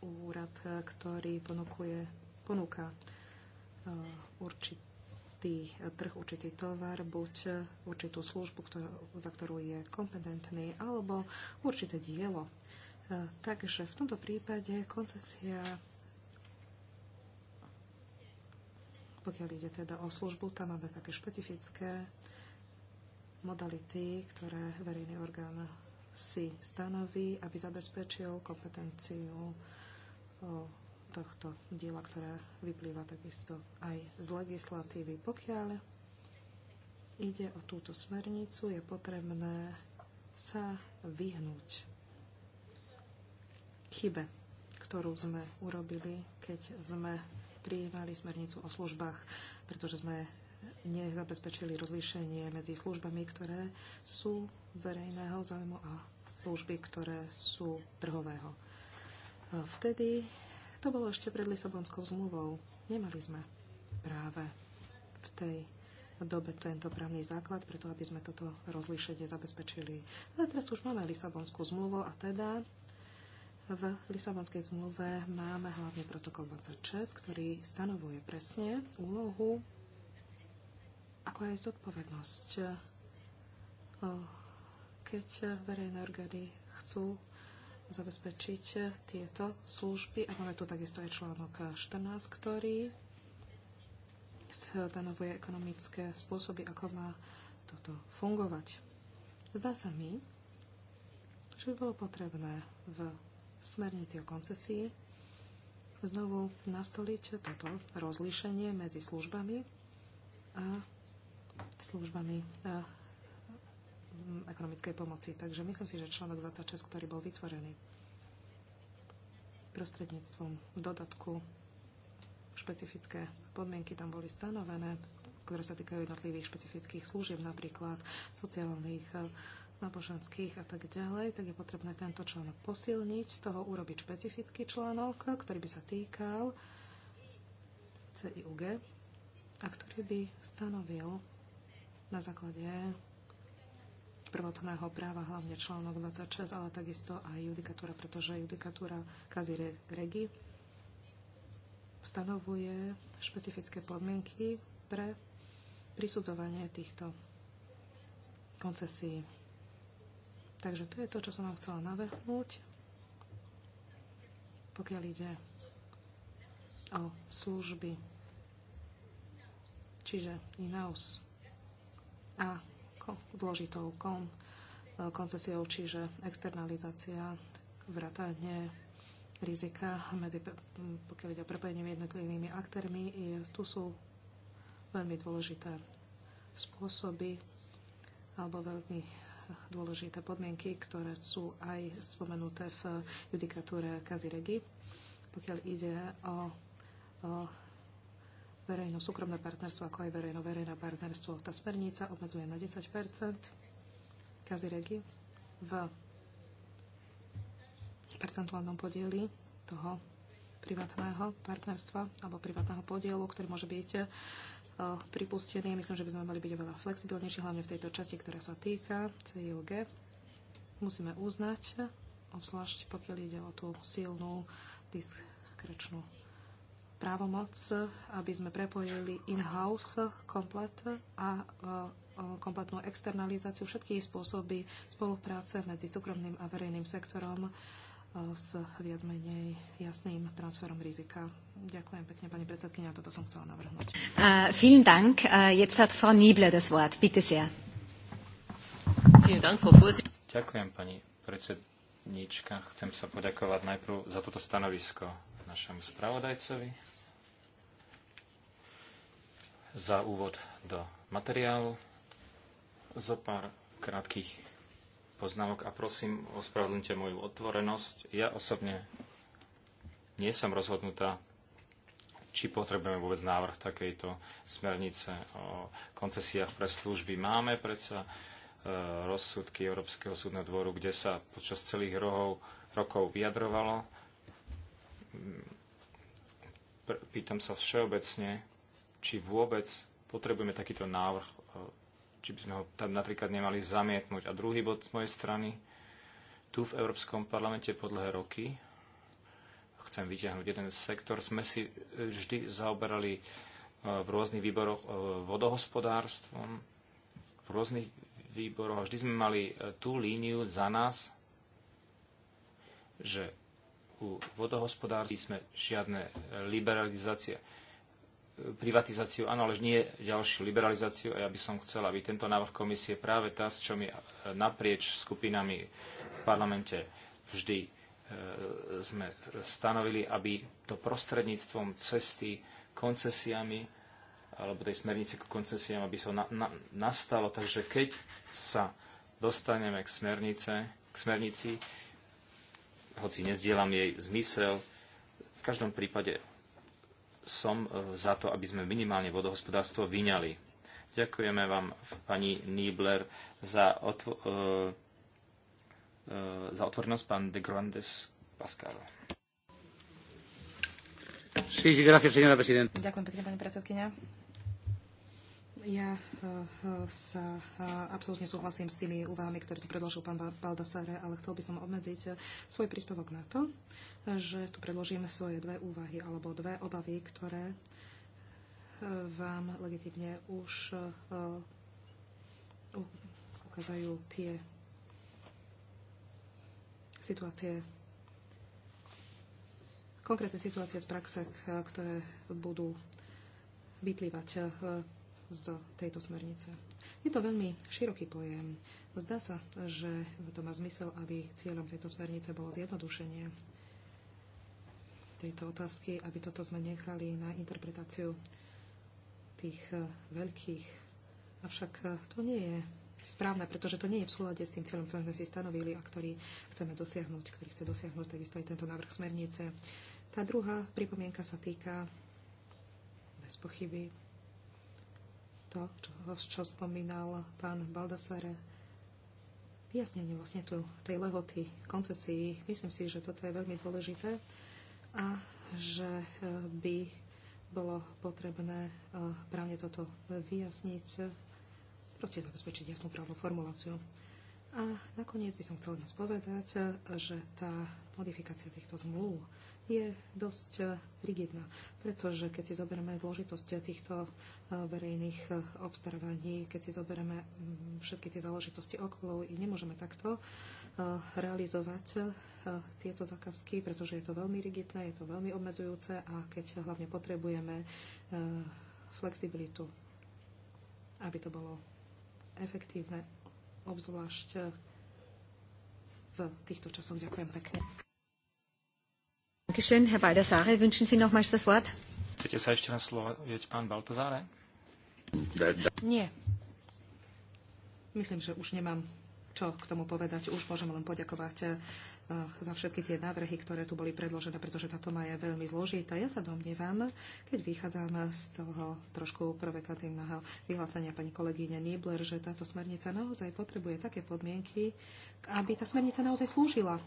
úrad, ktorý ponúkuje, ponúka eh, určitý trh, určitý tovar, buď určitú službu, ktorú, za ktorú je kompetentný, alebo určité dielo. Eh, takže v tomto prípade koncesia, pokiaľ ide teda o službu, tam máme také špecifické modality, ktoré verejný orgán si stanoví, aby zabezpečil kompetenciu tohto diela, ktoré vyplýva takisto aj z legislatívy. Pokiaľ ide o túto smernicu, je potrebné sa vyhnúť chybe, ktorú sme urobili, keď sme prijímali smernicu o službách, pretože sme nezabezpečili rozlíšenie medzi službami, ktoré sú verejného záujmu a služby, ktoré sú trhového. Vtedy to bolo ešte pred Lisabonskou zmluvou. Nemali sme práve v tej dobe tento právny základ, preto aby sme toto rozlíšenie zabezpečili. Ale teraz už máme Lisabonskú zmluvu a teda v Lisabonskej zmluve máme hlavne protokol 26, ktorý stanovuje presne úlohu ako aj zodpovednosť. Keď verejné orgány chcú zabezpečiť tieto služby, a máme tu takisto aj článok 14, ktorý stanovuje ekonomické spôsoby, ako má toto fungovať. Zdá sa mi, že by bolo potrebné v smernici o koncesii znovu nastoliť toto rozlíšenie medzi službami a službami e, ekonomickej pomoci. Takže myslím si, že článok 26, ktorý bol vytvorený prostredníctvom dodatku špecifické podmienky tam boli stanovené, ktoré sa týkajú jednotlivých špecifických služieb, napríklad sociálnych, e, náboženských a tak ďalej, tak je potrebné tento článok posilniť, z toho urobiť špecifický článok, ktorý by sa týkal CIUG a ktorý by stanovil na základe prvotného práva, hlavne článok 26, ale takisto aj judikatúra, pretože judikatúra kazi regi stanovuje špecifické podmienky pre prisudzovanie týchto koncesií. Takže to je to, čo som vám chcela navrhnúť, pokiaľ ide o služby, čiže in-house a dôležitou kon, koncesiou, čiže externalizácia vrátane rizika medzi, pokiaľ ide o prepojenie jednotlivými aktérmi, je, tu sú veľmi dôležité spôsoby alebo veľmi dôležité podmienky, ktoré sú aj spomenuté v judikatúre Kaziregi. Pokiaľ ide o, o verejno-súkromné partnerstvo, ako aj verejno-verejné partnerstvo. Tá smernica obmedzuje na 10 Kaziregi v percentuálnom podieli toho privátneho partnerstva alebo privátneho podielu, ktorý môže byť eh, pripustený. Myslím, že by sme mali byť oveľa flexibilnejší, hlavne v tejto časti, ktorá sa týka CIUG. Musíme uznať, obzvlášť pokiaľ ide o tú silnú diskrečnú právomoc, aby sme prepojili in-house komplet a e, e, kompletnú externalizáciu všetky spôsoby spolupráce medzi súkromným a verejným sektorom e, s viac menej jasným transferom rizika. Ďakujem pekne, pani predsedkynia, toto som chcela navrhnúť. Uh, vielen Dank. Uh, jetzt hat Frau Nieble das Wort. Bitte sehr. Ďakujem, pani predsednička. Chcem sa poďakovať najprv za toto stanovisko našemu spravodajcovi za úvod do materiálu. Zo pár krátkých poznámok a prosím, ospravedlňte moju otvorenosť. Ja osobne nie som rozhodnutá, či potrebujeme vôbec návrh takejto smernice o koncesiách pre služby. Máme predsa e, rozsudky Európskeho súdneho dvoru, kde sa počas celých rohov, rokov vyjadrovalo pýtam sa všeobecne, či vôbec potrebujeme takýto návrh, e, či by sme ho tam napríklad nemali zamietnúť. A druhý bod z mojej strany, tu v Európskom parlamente po dlhé roky, chcem vyťahnuť jeden sektor, sme si e, vždy zaoberali e, v rôznych výboroch vodohospodárstvom, v rôznych výboroch, vždy sme mali tú líniu za nás, že u vodohospodárstva sme žiadne liberalizácie privatizáciu, áno, ale nie ďalšiu liberalizáciu a ja by som chcel, aby tento návrh komisie práve tá, s čo my naprieč skupinami v parlamente vždy e, sme stanovili, aby to prostredníctvom cesty koncesiami alebo tej smernice k koncesiám, aby sa na, na, nastalo. Takže keď sa dostaneme k, smernice, k smernici, hoci nezdielam jej zmysel. V každom prípade som e, za to, aby sme minimálne vodohospodárstvo vyňali. Ďakujeme vám, pani Niebler, za, otvo- e, e, za otvornosť, pán de Grandes Pascal. Sí, sí, gracias, señora Ďakujem pekne, pani predsedkynia. Ja eh, eh, sa eh, absolútne súhlasím s tými úvahami, ktoré tu predložil pán Baldassare, ale chcel by som obmedziť svoj príspevok na to, že tu predložím svoje dve úvahy alebo dve obavy, ktoré vám legitimne už ukazajú tie situácie, konkrétne situácie z praxe, ktoré budú vyplývať z tejto smernice. Je to veľmi široký pojem. Zdá sa, že to má zmysel, aby cieľom tejto smernice bolo zjednodušenie tejto otázky, aby toto sme nechali na interpretáciu tých eh, veľkých. Avšak eh, to nie je správne, pretože to nie je v súlade s tým cieľom, ktorý sme si stanovili a ktorý chceme dosiahnuť, ktorý chce dosiahnuť takisto aj tento návrh smernice. Tá druhá pripomienka sa týka bez pochyby to, čo, čo spomínal pán Baldasare, vyjasnenie vlastne tu, tej lehoty koncesií, myslím si, že toto je veľmi dôležité a že e, by bolo potrebné e, právne toto vyjasniť, proste zabezpečiť jasnú právnu formuláciu. A nakoniec by som chcel dnes povedať, e, že tá modifikácia týchto zmluv je dosť eh, rigidná, pretože keď si zoberieme zložitosť eh, týchto eh, verejných obstarávaní, keď si zoberieme mm, všetky tie záležitosti okolo, nemôžeme takto realizovať tieto zákazky, pretože je to veľmi rigidné, je to veľmi obmedzujúce a keď hlavne potrebujeme flexibilitu, aby to bolo efektívne, obzvlášť v týchto časoch. Ďakujem pekne. Dankeschön, Herr Baldassare. Wünschen Sie nochmals das Wort? Chcete sa ešte raz slovo pán Baltazáre? Nie. Myslím, že už nemám čo k tomu povedať. Už môžem len poďakovať eh, za všetky tie návrhy, ktoré tu boli predložené, pretože tá má je veľmi zložitá. Ja sa domnievam, keď vychádzam z toho trošku provokatívneho vyhlásenia pani kolegyne Niebler, že táto smernica naozaj potrebuje také podmienky, aby tá smernica naozaj slúžila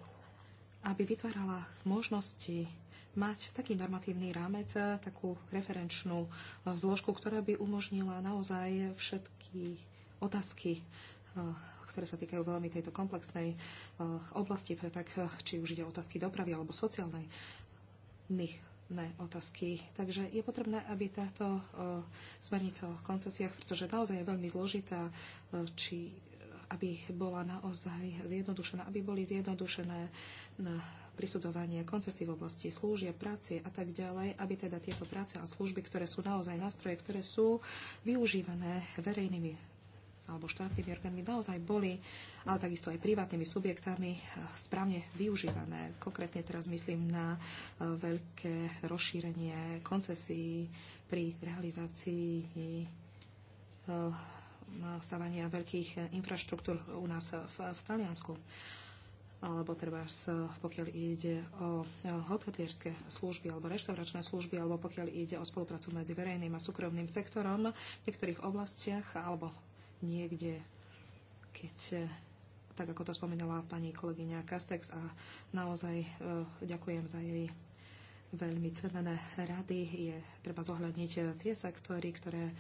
aby vytvárala možnosti mať taký normatívny rámec, takú referenčnú eh, zložku, ktorá by umožnila naozaj všetky otázky, eh, ktoré sa týkajú veľmi tejto komplexnej eh, oblasti, tak či už ide o otázky dopravy alebo sociálnej ne otázky. Takže je potrebné, aby táto smernica o koncesiách, pretože naozaj je veľmi zložitá, či aby bola naozaj zjednodušená, aby boli zjednodušené na eh, prisudzovanie koncesí v oblasti slúžie, práce a tak ďalej, aby teda tieto práce a služby, ktoré sú naozaj nástroje, ktoré sú využívané verejnými alebo štátnymi orgánmi naozaj boli, ale takisto aj privátnymi subjektami eh, správne využívané. Konkrétne teraz myslím na eh, veľké rozšírenie koncesí pri realizácii stavania veľkých infraštruktúr u nás v, v Taliansku alebo treba, pokiaľ ide o hotelierské služby alebo reštauračné služby, alebo pokiaľ ide o spoluprácu medzi verejným a súkromným sektorom v niektorých oblastiach alebo niekde, keď tak ako to spomínala pani kolegyňa Kastex a naozaj e, ďakujem za jej veľmi cenené rady. Je treba zohľadniť tie sektory, ktoré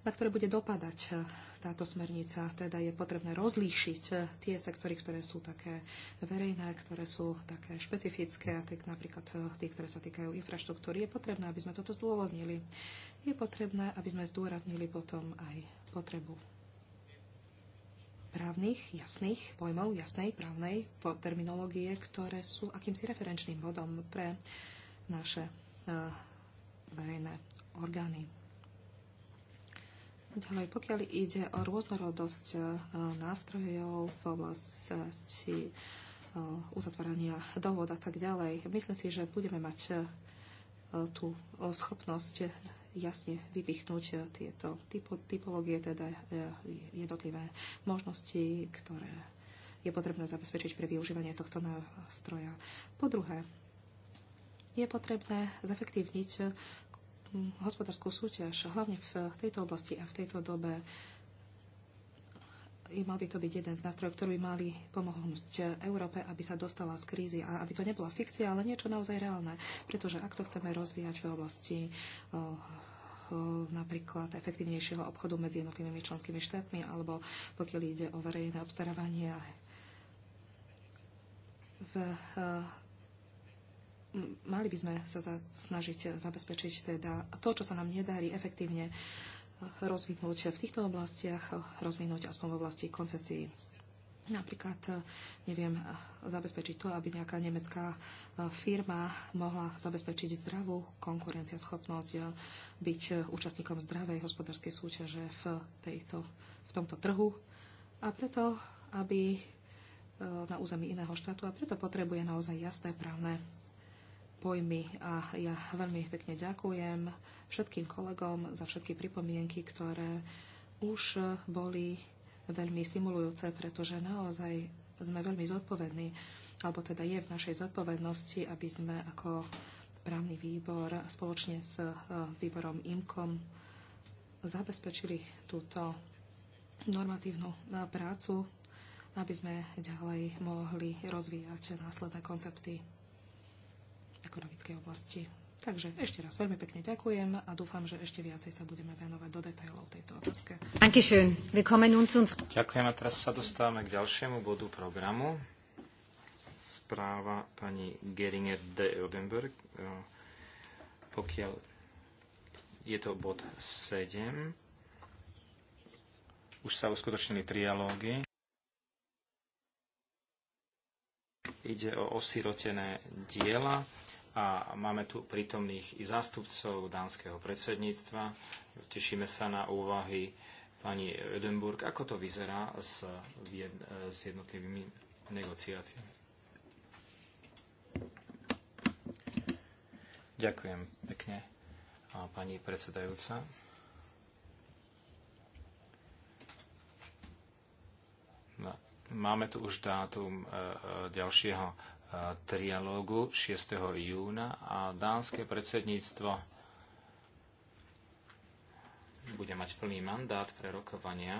na ktoré bude dopadať eh, táto smernica. Teda je potrebné rozlíšiť eh, tie sektory, ktoré sú také verejné, ktoré sú také špecifické, tak napríklad eh, tie, ktoré sa týkajú infraštruktúry. Je potrebné, aby sme toto zdôvodnili. Je potrebné, aby sme zdôraznili potom aj potrebu právnych, jasných pojmov, jasnej právnej terminológie, ktoré sú akýmsi referenčným bodom pre naše verejné orgány Ďalej, pokiaľ ide o rôznorodosť e, nástrojov v oblasti e, uzatvárania dohod a tak ďalej, myslím si, že budeme mať e, tú schopnosť jasne vypichnúť tieto typo, typológie, teda jednotlivé možnosti, ktoré je potrebné zabezpečiť pre využívanie tohto nástroja. Po druhé, je potrebné zefektívniť hospodárskú súťaž, hlavne v tejto oblasti a v tejto dobe, i mal by to byť jeden z nástrojov, ktorý by mali pomôcť Európe, aby sa dostala z krízy a aby to nebola fikcia, ale niečo naozaj reálne. Pretože ak to chceme rozvíjať v oblasti eh, eh, napríklad efektívnejšieho obchodu medzi jednotlivými členskými štátmi, alebo pokiaľ ide o verejné obstarávanie v eh, mali by sme sa za, snažiť zabezpečiť teda to, čo sa nám nedarí efektívne rozvinúť v týchto oblastiach, rozvinúť aspoň v oblasti koncesií. Napríklad, eh, neviem, zabezpečiť to, aby nejaká nemecká eh, firma mohla zabezpečiť zdravú konkurenciaschopnosť, eh, byť účastníkom zdravej hospodárskej súťaže v, tejto, v tomto trhu. A preto, aby na území iného štátu a preto potrebuje naozaj jasné právne pojmy a ja veľmi pekne ďakujem všetkým kolegom za všetky pripomienky, ktoré už boli veľmi stimulujúce, pretože naozaj sme veľmi zodpovední, alebo teda je v našej zodpovednosti, aby sme ako právny výbor spoločne s e, výborom IMKOM zabezpečili túto normatívnu e, prácu, aby sme ďalej mohli rozvíjať následné koncepty ekonomickej oblasti. Takže ešte raz veľmi pekne ďakujem a dúfam, že ešte viacej sa budeme venovať do detajlov tejto otázke. Ďakujem a teraz sa dostávame k ďalšiemu bodu programu. Správa pani Geringer de Odenberg. Eh, pokiaľ je to bod 7, už sa uskutočnili trialógy. Ide o osirotené diela a máme tu prítomných i zástupcov dánskeho predsedníctva. Tešíme sa na úvahy pani Ödenburg. Ako to vyzerá s, s jednotlivými negociáciami? Ďakujem pekne, pani predsedajúca. Máme tu už dátum e, e, ďalšieho trialógu 6. júna a dánske predsedníctvo bude mať plný mandát pre rokovania.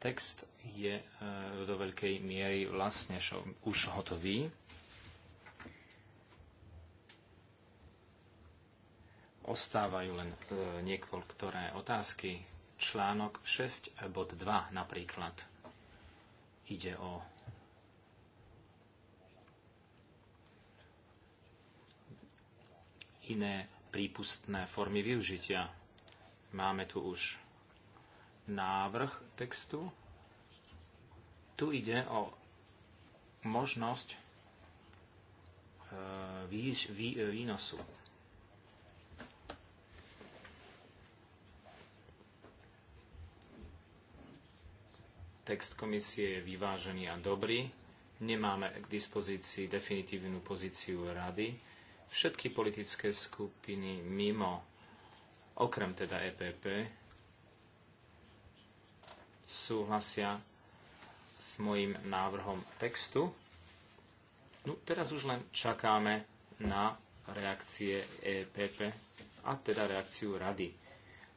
Text je e, do veľkej miery vlastne už hotový. Ostávajú len e, niektoré otázky. Článok 6.2 napríklad ide o iné prípustné formy využitia. Máme tu už návrh textu. Tu ide o možnosť e, výnosu Text komisie je vyvážený a dobrý. Nemáme k dispozícii definitívnu pozíciu rady. Všetky politické skupiny mimo, okrem teda EPP, súhlasia s mojim návrhom textu. No, teraz už len čakáme na reakcie EPP a teda reakciu rady.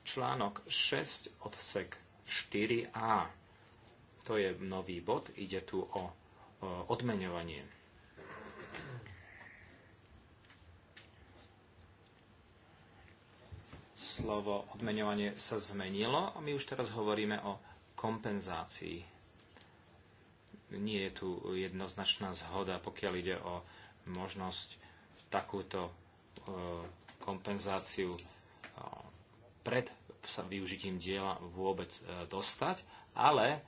Článok 6 odsek 4a. To je nový bod, ide tu o, odmeňovanie. Slovo odmeňovanie sa zmenilo a my už teraz hovoríme o kompenzácii. Nie je tu jednoznačná zhoda, pokiaľ ide o možnosť takúto e, kompenzáciu e, pred sa využitím diela vôbec e, dostať, ale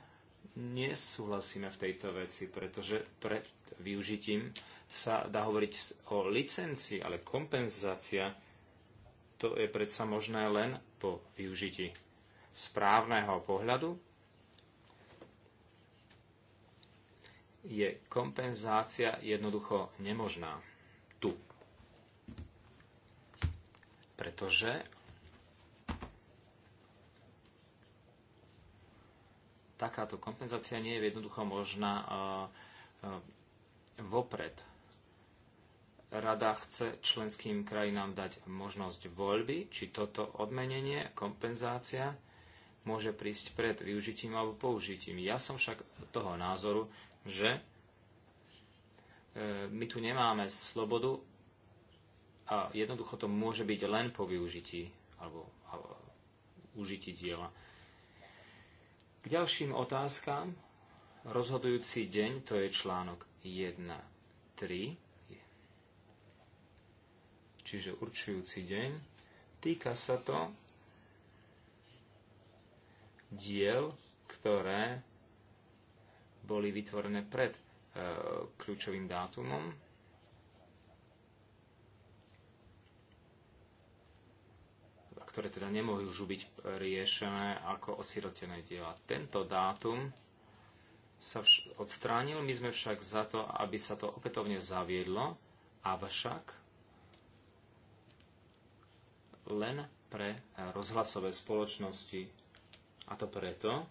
nesúhlasíme v tejto veci, pretože pred využitím sa dá hovoriť o licencii, ale kompenzácia to je predsa možné len po využití správneho pohľadu. Je kompenzácia jednoducho nemožná tu. Pretože takáto kompenzácia nie je jednoducho možná vopred. Rada chce členským krajinám dať možnosť voľby, či toto odmenenie, kompenzácia môže prísť pred využitím alebo použitím. Ja som však toho názoru, že e, my tu nemáme slobodu a jednoducho to môže byť len po využití alebo, alebo užití diela. K ďalším otázkam. Rozhodujúci deň, to je článok 1.3, čiže určujúci deň. Týka sa to diel, ktoré boli vytvorené pred e, kľúčovým dátumom ktoré teda nemôžu už byť riešené ako osirotené diela. Tento dátum sa vš- odstránil, my sme však za to, aby sa to opätovne zaviedlo, avšak len pre rozhlasové spoločnosti. A to preto,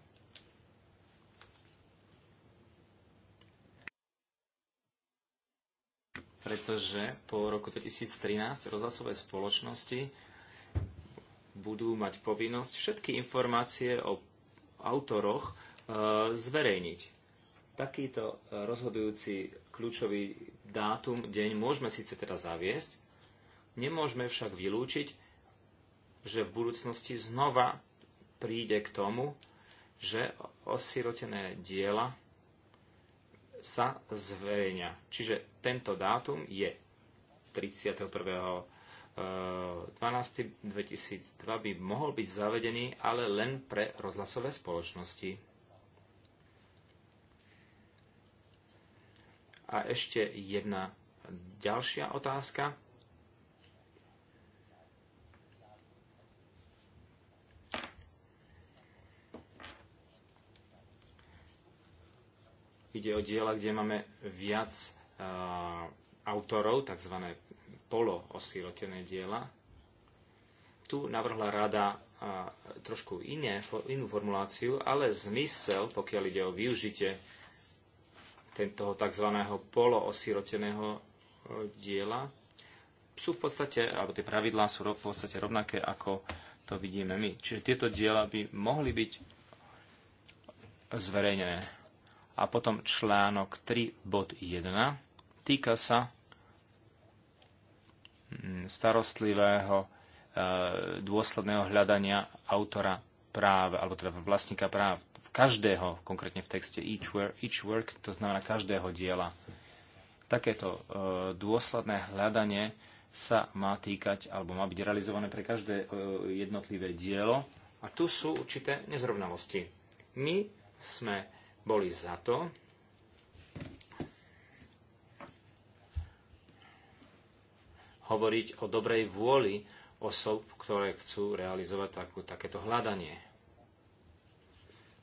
pretože po roku 2013 rozhlasové spoločnosti budú mať povinnosť všetky informácie o autoroch e, zverejniť. Takýto e, rozhodujúci kľúčový dátum, deň môžeme síce teda zaviesť, nemôžeme však vylúčiť, že v budúcnosti znova príde k tomu, že osirotené diela sa zverejňa. Čiže tento dátum je 31. 12. by mohol byť zavedený, ale len pre rozhlasové spoločnosti. A ešte jedna ďalšia otázka. Ide o diela, kde máme viac uh, autorov, tzv poloosirotené diela. Tu navrhla rada a trošku iné, inú formuláciu, ale zmysel, pokiaľ ide o využitie tento tzv. poloosiroteného e, diela, sú v podstate, alebo tie pravidlá sú v podstate rovnaké, ako to vidíme my. Čiže tieto diela by mohli byť zverejnené. A potom článok 3.1 týka sa Mm, starostlivého, e, dôsledného hľadania autora práv, alebo teda vlastníka práv, každého, konkrétne v texte each work, each work to znamená každého diela. Takéto e, dôsledné hľadanie sa má týkať alebo má byť realizované pre každé e, jednotlivé dielo. A tu sú určité nezrovnalosti. My sme boli za to, hovoriť o dobrej vôli osob, ktoré chcú realizovať takú, takéto hľadanie.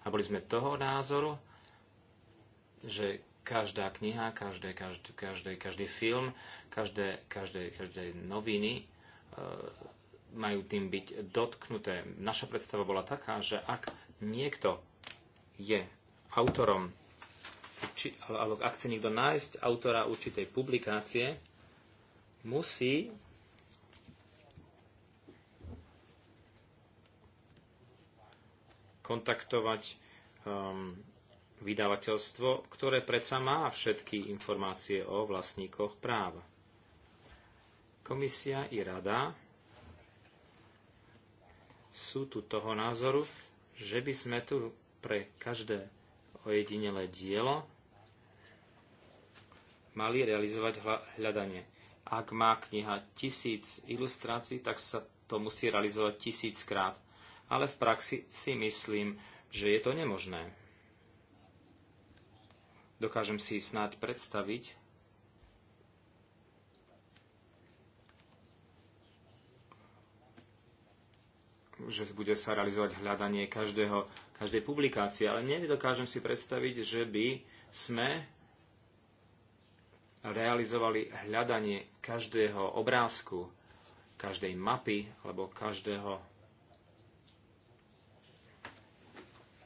A boli sme toho názoru, že každá kniha, každé, každý, každý, každý film, každé, každé, každé noviny e, majú tým byť dotknuté. Naša predstava bola taká, že ak niekto je autorom, či, alebo ak chce niekto nájsť autora určitej publikácie, musí kontaktovať um, vydavateľstvo, ktoré predsa má všetky informácie o vlastníkoch práv. Komisia i rada sú tu toho názoru, že by sme tu pre každé ojedinelé dielo mali realizovať hľadanie ak má kniha tisíc ilustrácií, tak sa to musí realizovať tisíckrát. Ale v praxi si myslím, že je to nemožné. Dokážem si snáď predstaviť, že bude sa realizovať hľadanie každého, každej publikácie, ale nedokážem si predstaviť, že by sme realizovali hľadanie každého obrázku, každej mapy alebo každého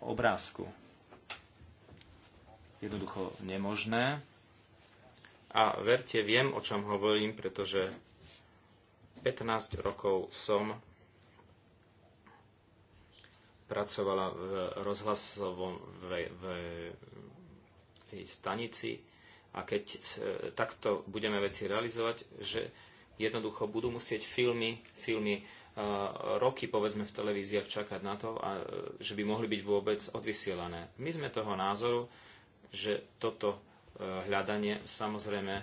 obrázku. Jednoducho nemožné. A verte, viem, o čom hovorím, pretože 15 rokov som pracovala v rozhlasovom v, v, v stanici a keď e, takto budeme veci realizovať, že jednoducho budú musieť filmy, filmy e, roky, povedzme, v televíziách čakať na to, a, e, že by mohli byť vôbec odvysielané. My sme toho názoru, že toto hľadanie samozrejme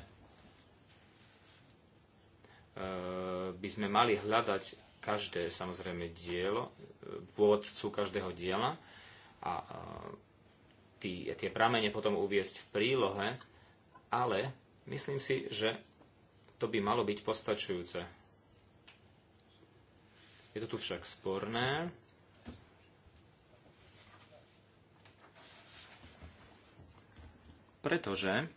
by sme mali hľadať každé samozrejme dielo, pôvodcu každého diela a tie pramene potom uviesť v prílohe, ale myslím si, že to by malo byť postačujúce. Je to tu však sporné. Pretože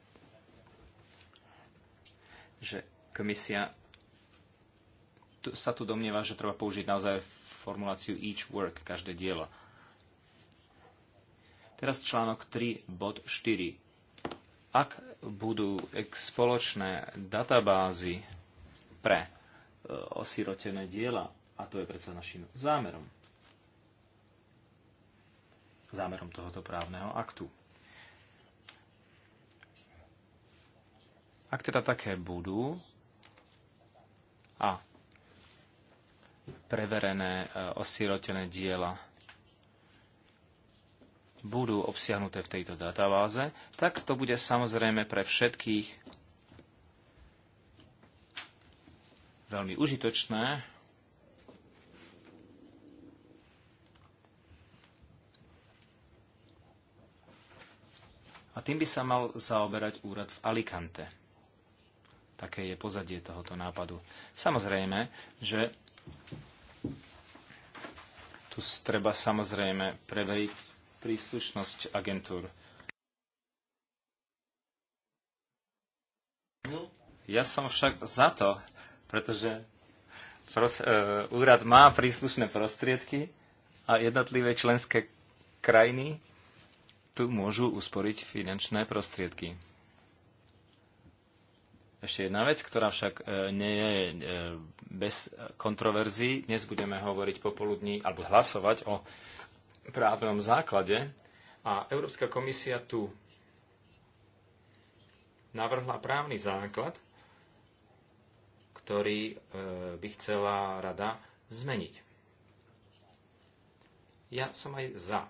že komisia sa tu domnieva, že treba použiť naozaj formuláciu each work, každé dielo. Teraz článok 3, bod 4 ak budú spoločné databázy pre e, osirotené diela, a to je predsa našim zámerom, zámerom tohoto právneho aktu. Ak teda také budú a preverené e, osirotené diela budú obsiahnuté v tejto databáze, tak to bude samozrejme pre všetkých veľmi užitočné. A tým by sa mal zaoberať úrad v Alicante. Také je pozadie tohoto nápadu. Samozrejme, že tu treba samozrejme preveriť príslušnosť agentúr. Ja som však za to, pretože pros, e, úrad má príslušné prostriedky a jednotlivé členské krajiny tu môžu usporiť finančné prostriedky. Ešte jedna vec, ktorá však e, nie je e, bez kontroverzií. Dnes budeme hovoriť popoludní, alebo hlasovať o právnom základe a Európska komisia tu navrhla právny základ, ktorý e, by chcela rada zmeniť. Ja som aj za.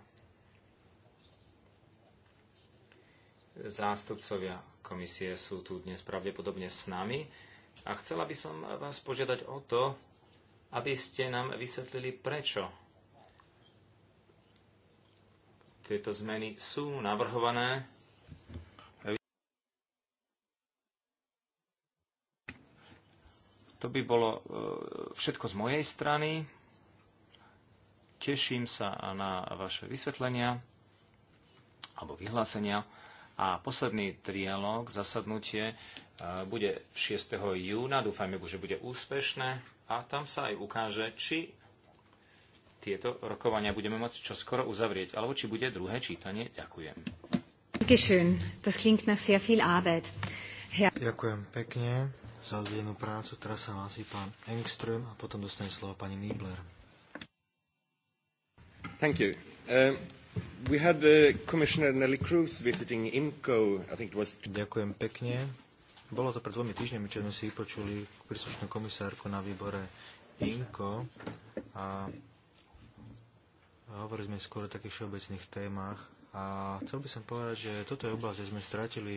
Zástupcovia komisie sú tu dnes pravdepodobne s nami a chcela by som vás požiadať o to, aby ste nám vysvetlili, prečo tieto zmeny sú navrhované. To by bolo e, všetko z mojej strany. Teším sa na vaše vysvetlenia alebo vyhlásenia. A posledný trialóg, zasadnutie, e, bude 6. júna. Dúfajme, že bude úspešné. A tam sa aj ukáže, či tieto rokovania budeme môcť čoskoro uzavrieť, alebo či bude druhé čítanie. Ďakujem. Ďakujem pekne za odvedenú prácu. Teraz sa hlási pán Engström a potom dostane slovo pani Niebler. Thank you. Um... we had the uh, Commissioner Nelly Cruz visiting IMCO, I think it was... Ďakujem pekne. Bolo to pred dvomi týždňami, čo sme si vypočuli príslušnú komisárku na výbore IMCO. a Hovorili sme skôr o takých všeobecných témach a chcel by som povedať, že toto je oblasť, kde sme stratili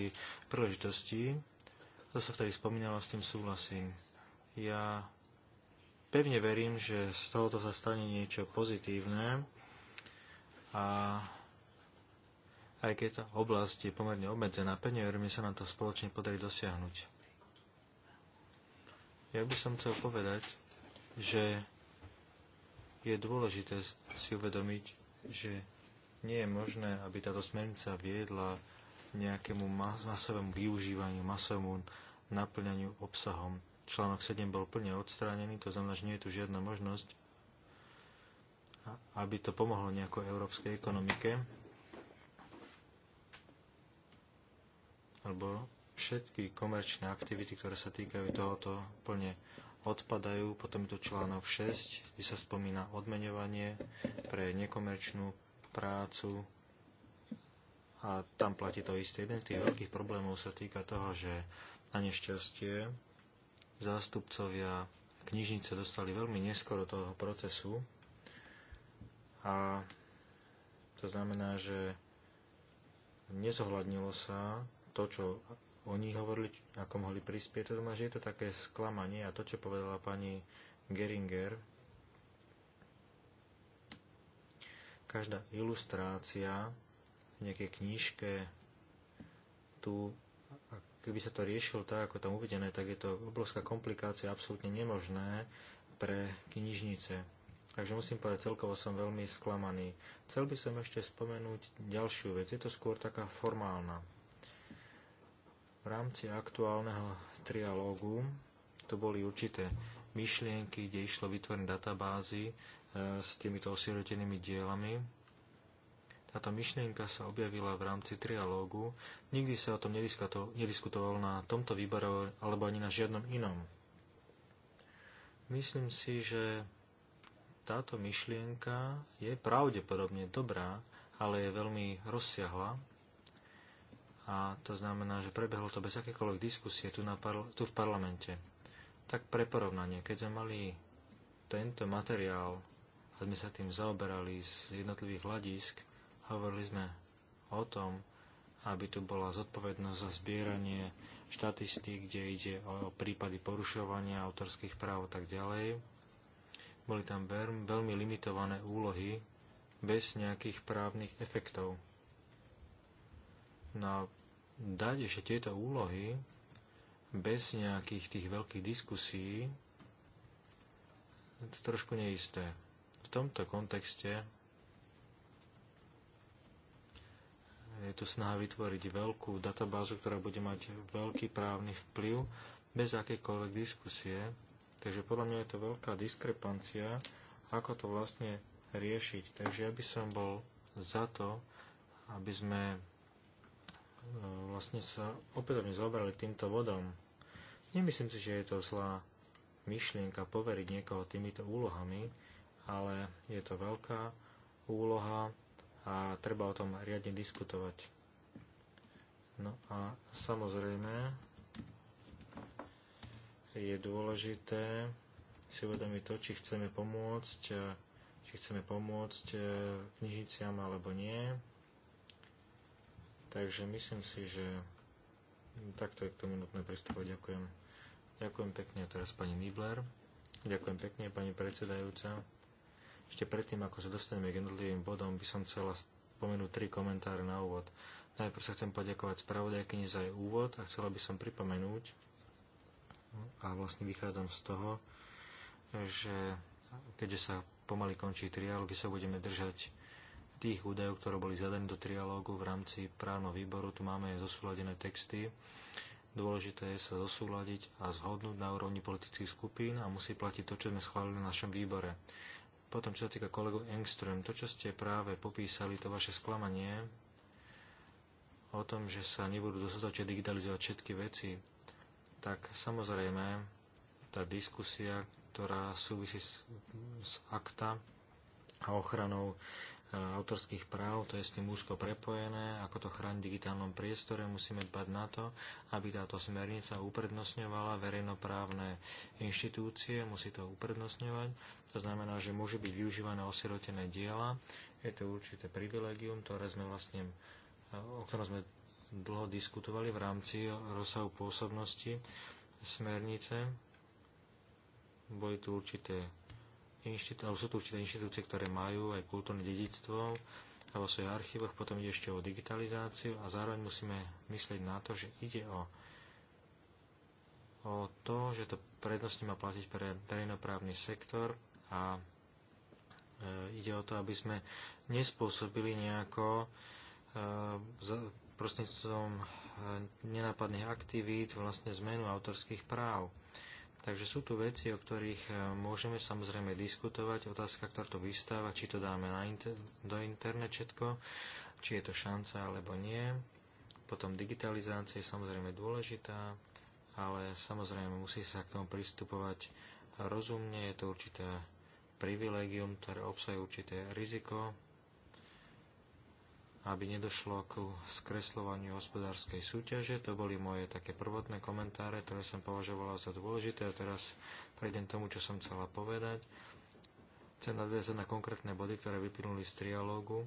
príležitosti. To sa vtedy spomínalo, s tým súhlasím. Ja pevne verím, že z tohoto sa stane niečo pozitívne a aj keď tá oblasť je pomerne obmedzená, pevne verím, že sa nám to spoločne podarí dosiahnuť. Ja by som chcel povedať, že je dôležité si uvedomiť, že nie je možné, aby táto smernica viedla nejakému masovému využívaniu, masovému naplňaniu obsahom. Článok 7 bol plne odstránený, to znamená, že nie je tu žiadna možnosť, aby to pomohlo nejako európskej ekonomike. Alebo všetky komerčné aktivity, ktoré sa týkajú tohoto, plne odpadajú. Potom je tu článok 6, kde sa spomína odmeňovanie pre nekomerčnú prácu. A tam platí to isté. Jeden z tých veľkých problémov sa týka toho, že na nešťastie zástupcovia knižnice dostali veľmi neskoro toho procesu. A to znamená, že nezohľadnilo sa to, čo oni hovorili, ako mohli prispieť. To znamená, že je to také sklamanie a to, čo povedala pani Geringer, každá ilustrácia v nejakej knižke tu, keby sa to riešilo tak, ako tam uvedené, tak je to obrovská komplikácia, absolútne nemožné pre knižnice. Takže musím povedať, celkovo som veľmi sklamaný. Chcel by som ešte spomenúť ďalšiu vec. Je to skôr taká formálna v rámci aktuálneho trialógu to boli určité myšlienky, kde išlo vytvoriť databázy e, s týmito osirotenými dielami. Táto myšlienka sa objavila v rámci trialógu. Nikdy sa o tom nediskutovalo na tomto výbore alebo ani na žiadnom inom. Myslím si, že táto myšlienka je pravdepodobne dobrá, ale je veľmi rozsiahla a to znamená, že prebehlo to bez akékoľvek diskusie tu, na parl- tu v parlamente. Tak pre porovnanie, keď sme mali tento materiál a sme sa tým zaoberali z jednotlivých hľadisk, hovorili sme o tom, aby tu bola zodpovednosť za zbieranie štatistík, kde ide o prípady porušovania autorských práv a tak ďalej. Boli tam veľmi limitované úlohy bez nejakých právnych efektov na no, dať ešte tieto úlohy bez nejakých tých veľkých diskusí, je to trošku neisté. V tomto kontexte je tu snaha vytvoriť veľkú databázu, ktorá bude mať veľký právny vplyv bez akékoľvek diskusie. Takže podľa mňa je to veľká diskrepancia, ako to vlastne riešiť. Takže ja by som bol za to, aby sme vlastne sa opätovne zaoberali týmto vodom. Nemyslím si, že je to zlá myšlienka poveriť niekoho týmito úlohami, ale je to veľká úloha a treba o tom riadne diskutovať. No a samozrejme je dôležité si uvedomiť to, či chceme pomôcť, či chceme pomôcť eh, knižniciam alebo nie Takže myslím si, že takto je k tomu nutné pristupovať. Ďakujem. Ďakujem pekne a teraz pani Nibler. Ďakujem pekne, pani predsedajúca. Ešte predtým, ako sa dostaneme k jednotlivým bodom, by som chcela spomenúť tri komentáre na úvod. Najprv sa chcem poďakovať spravodajkyni za jej úvod a chcela by som pripomenúť, a vlastne vychádzam z toho, že keďže sa pomaly končí trialog, sa budeme držať tých údajov, ktoré boli zadané do trialógu v rámci právneho výboru. Tu máme zosúladené texty. Dôležité je sa zosúľadiť a zhodnúť na úrovni politických skupín a musí platiť to, čo sme schválili na našom výbore. Potom, čo sa týka kolegu Engström, to, čo ste práve popísali, to vaše sklamanie o tom, že sa nebudú dostatočne digitalizovať všetky veci, tak samozrejme tá diskusia, ktorá súvisí s, s akta a ochranou autorských práv, to je s tým úzko prepojené, ako to chrániť v digitálnom priestore, musíme dbať na to, aby táto smernica uprednostňovala verejnoprávne inštitúcie, musí to uprednostňovať, to znamená, že môže byť využívané osirotené diela, je to určité privilegium, ktoré sme vlastne, o ktorom sme dlho diskutovali v rámci rozsahu pôsobnosti smernice. Boli tu určité inštitú, sú tu určité inštitúcie, ktoré majú aj kultúrne dedictvo a vo svojich archívoch, potom ide ešte o digitalizáciu a zároveň musíme myslieť na to, že ide o, o to, že to prednostne má platiť pre verejnoprávny sektor a e, ide o to, aby sme nespôsobili nejako e, prostredníctvom e, nenápadných aktivít vlastne zmenu autorských práv. Takže sú tu veci, o ktorých e, môžeme samozrejme diskutovať. Otázka, ktorá to vystáva, či to dáme na inter- do internet všetko, či je to šanca alebo nie. Potom digitalizácia je samozrejme dôležitá, ale samozrejme musí sa k tomu pristupovať rozumne. Je to určité privilegium, ktoré obsahuje určité riziko aby nedošlo k skresľovaniu hospodárskej súťaže. To boli moje také prvotné komentáre, ktoré som považovala za dôležité. A teraz prejdem tomu, čo som chcela povedať. Chcem nadviazať na konkrétne body, ktoré vyplynuli z trialógu.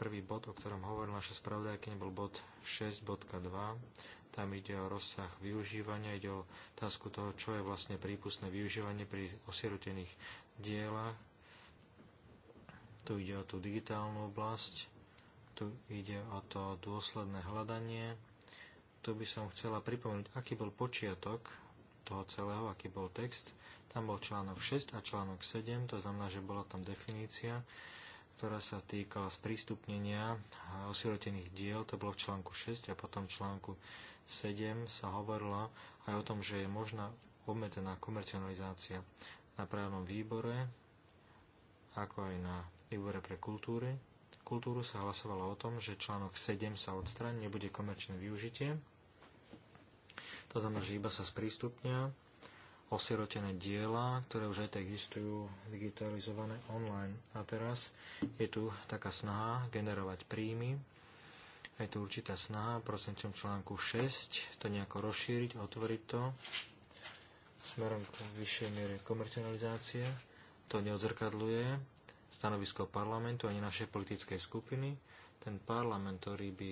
Prvý bod, o ktorom hovorila naša spravodajkyňa, bol bod 6.2. Tam ide o rozsah využívania, ide o otázku toho, čo je vlastne prípustné využívanie pri osierotených dielach. Tu ide o tú digitálnu oblasť, tu ide o to dôsledné hľadanie. Tu by som chcela pripomenúť, aký bol počiatok toho celého, aký bol text. Tam bol článok 6 a článok 7, to znamená, že bola tam definícia, ktorá sa týkala sprístupnenia osirotených diel, to bolo v článku 6 a potom v článku 7 sa hovorilo aj o tom, že je možná obmedzená komercionalizácia na právnom výbore, ako aj na výbore pre kultúry kultúru sa hlasovalo o tom, že článok 7 sa odstráni, nebude komerčné využitie. To znamená, že iba sa sprístupnia osirotené diela, ktoré už aj tak existujú digitalizované online. A teraz je tu taká snaha generovať príjmy. Je tu určitá snaha prostredníctvom článku 6 to nejako rozšíriť, otvoriť to smerom k vyššej miere komercializácie. To neodzrkadluje stanovisko parlamentu ani našej politickej skupiny. Ten parlament, ktorý by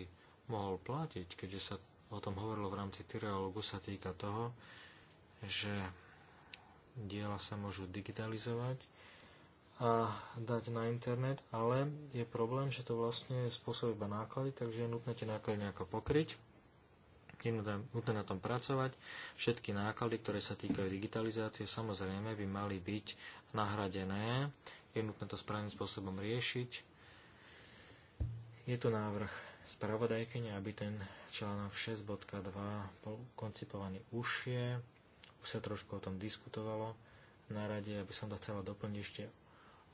mohol platiť, keďže sa o tom hovorilo v rámci Tyreologu, sa týka toho, že diela sa môžu digitalizovať a dať na internet, ale je problém, že to vlastne spôsobí iba náklady, takže je nutné tie náklady nejako pokryť, je nutné na tom pracovať. Všetky náklady, ktoré sa týkajú digitalizácie, samozrejme by mali byť nahradené je nutné to správnym spôsobom riešiť. Je tu návrh spravodajkyne, aby ten článok 6.2 bol koncipovaný užšie. Už sa trošku o tom diskutovalo na rade, aby som to chcela doplniť ešte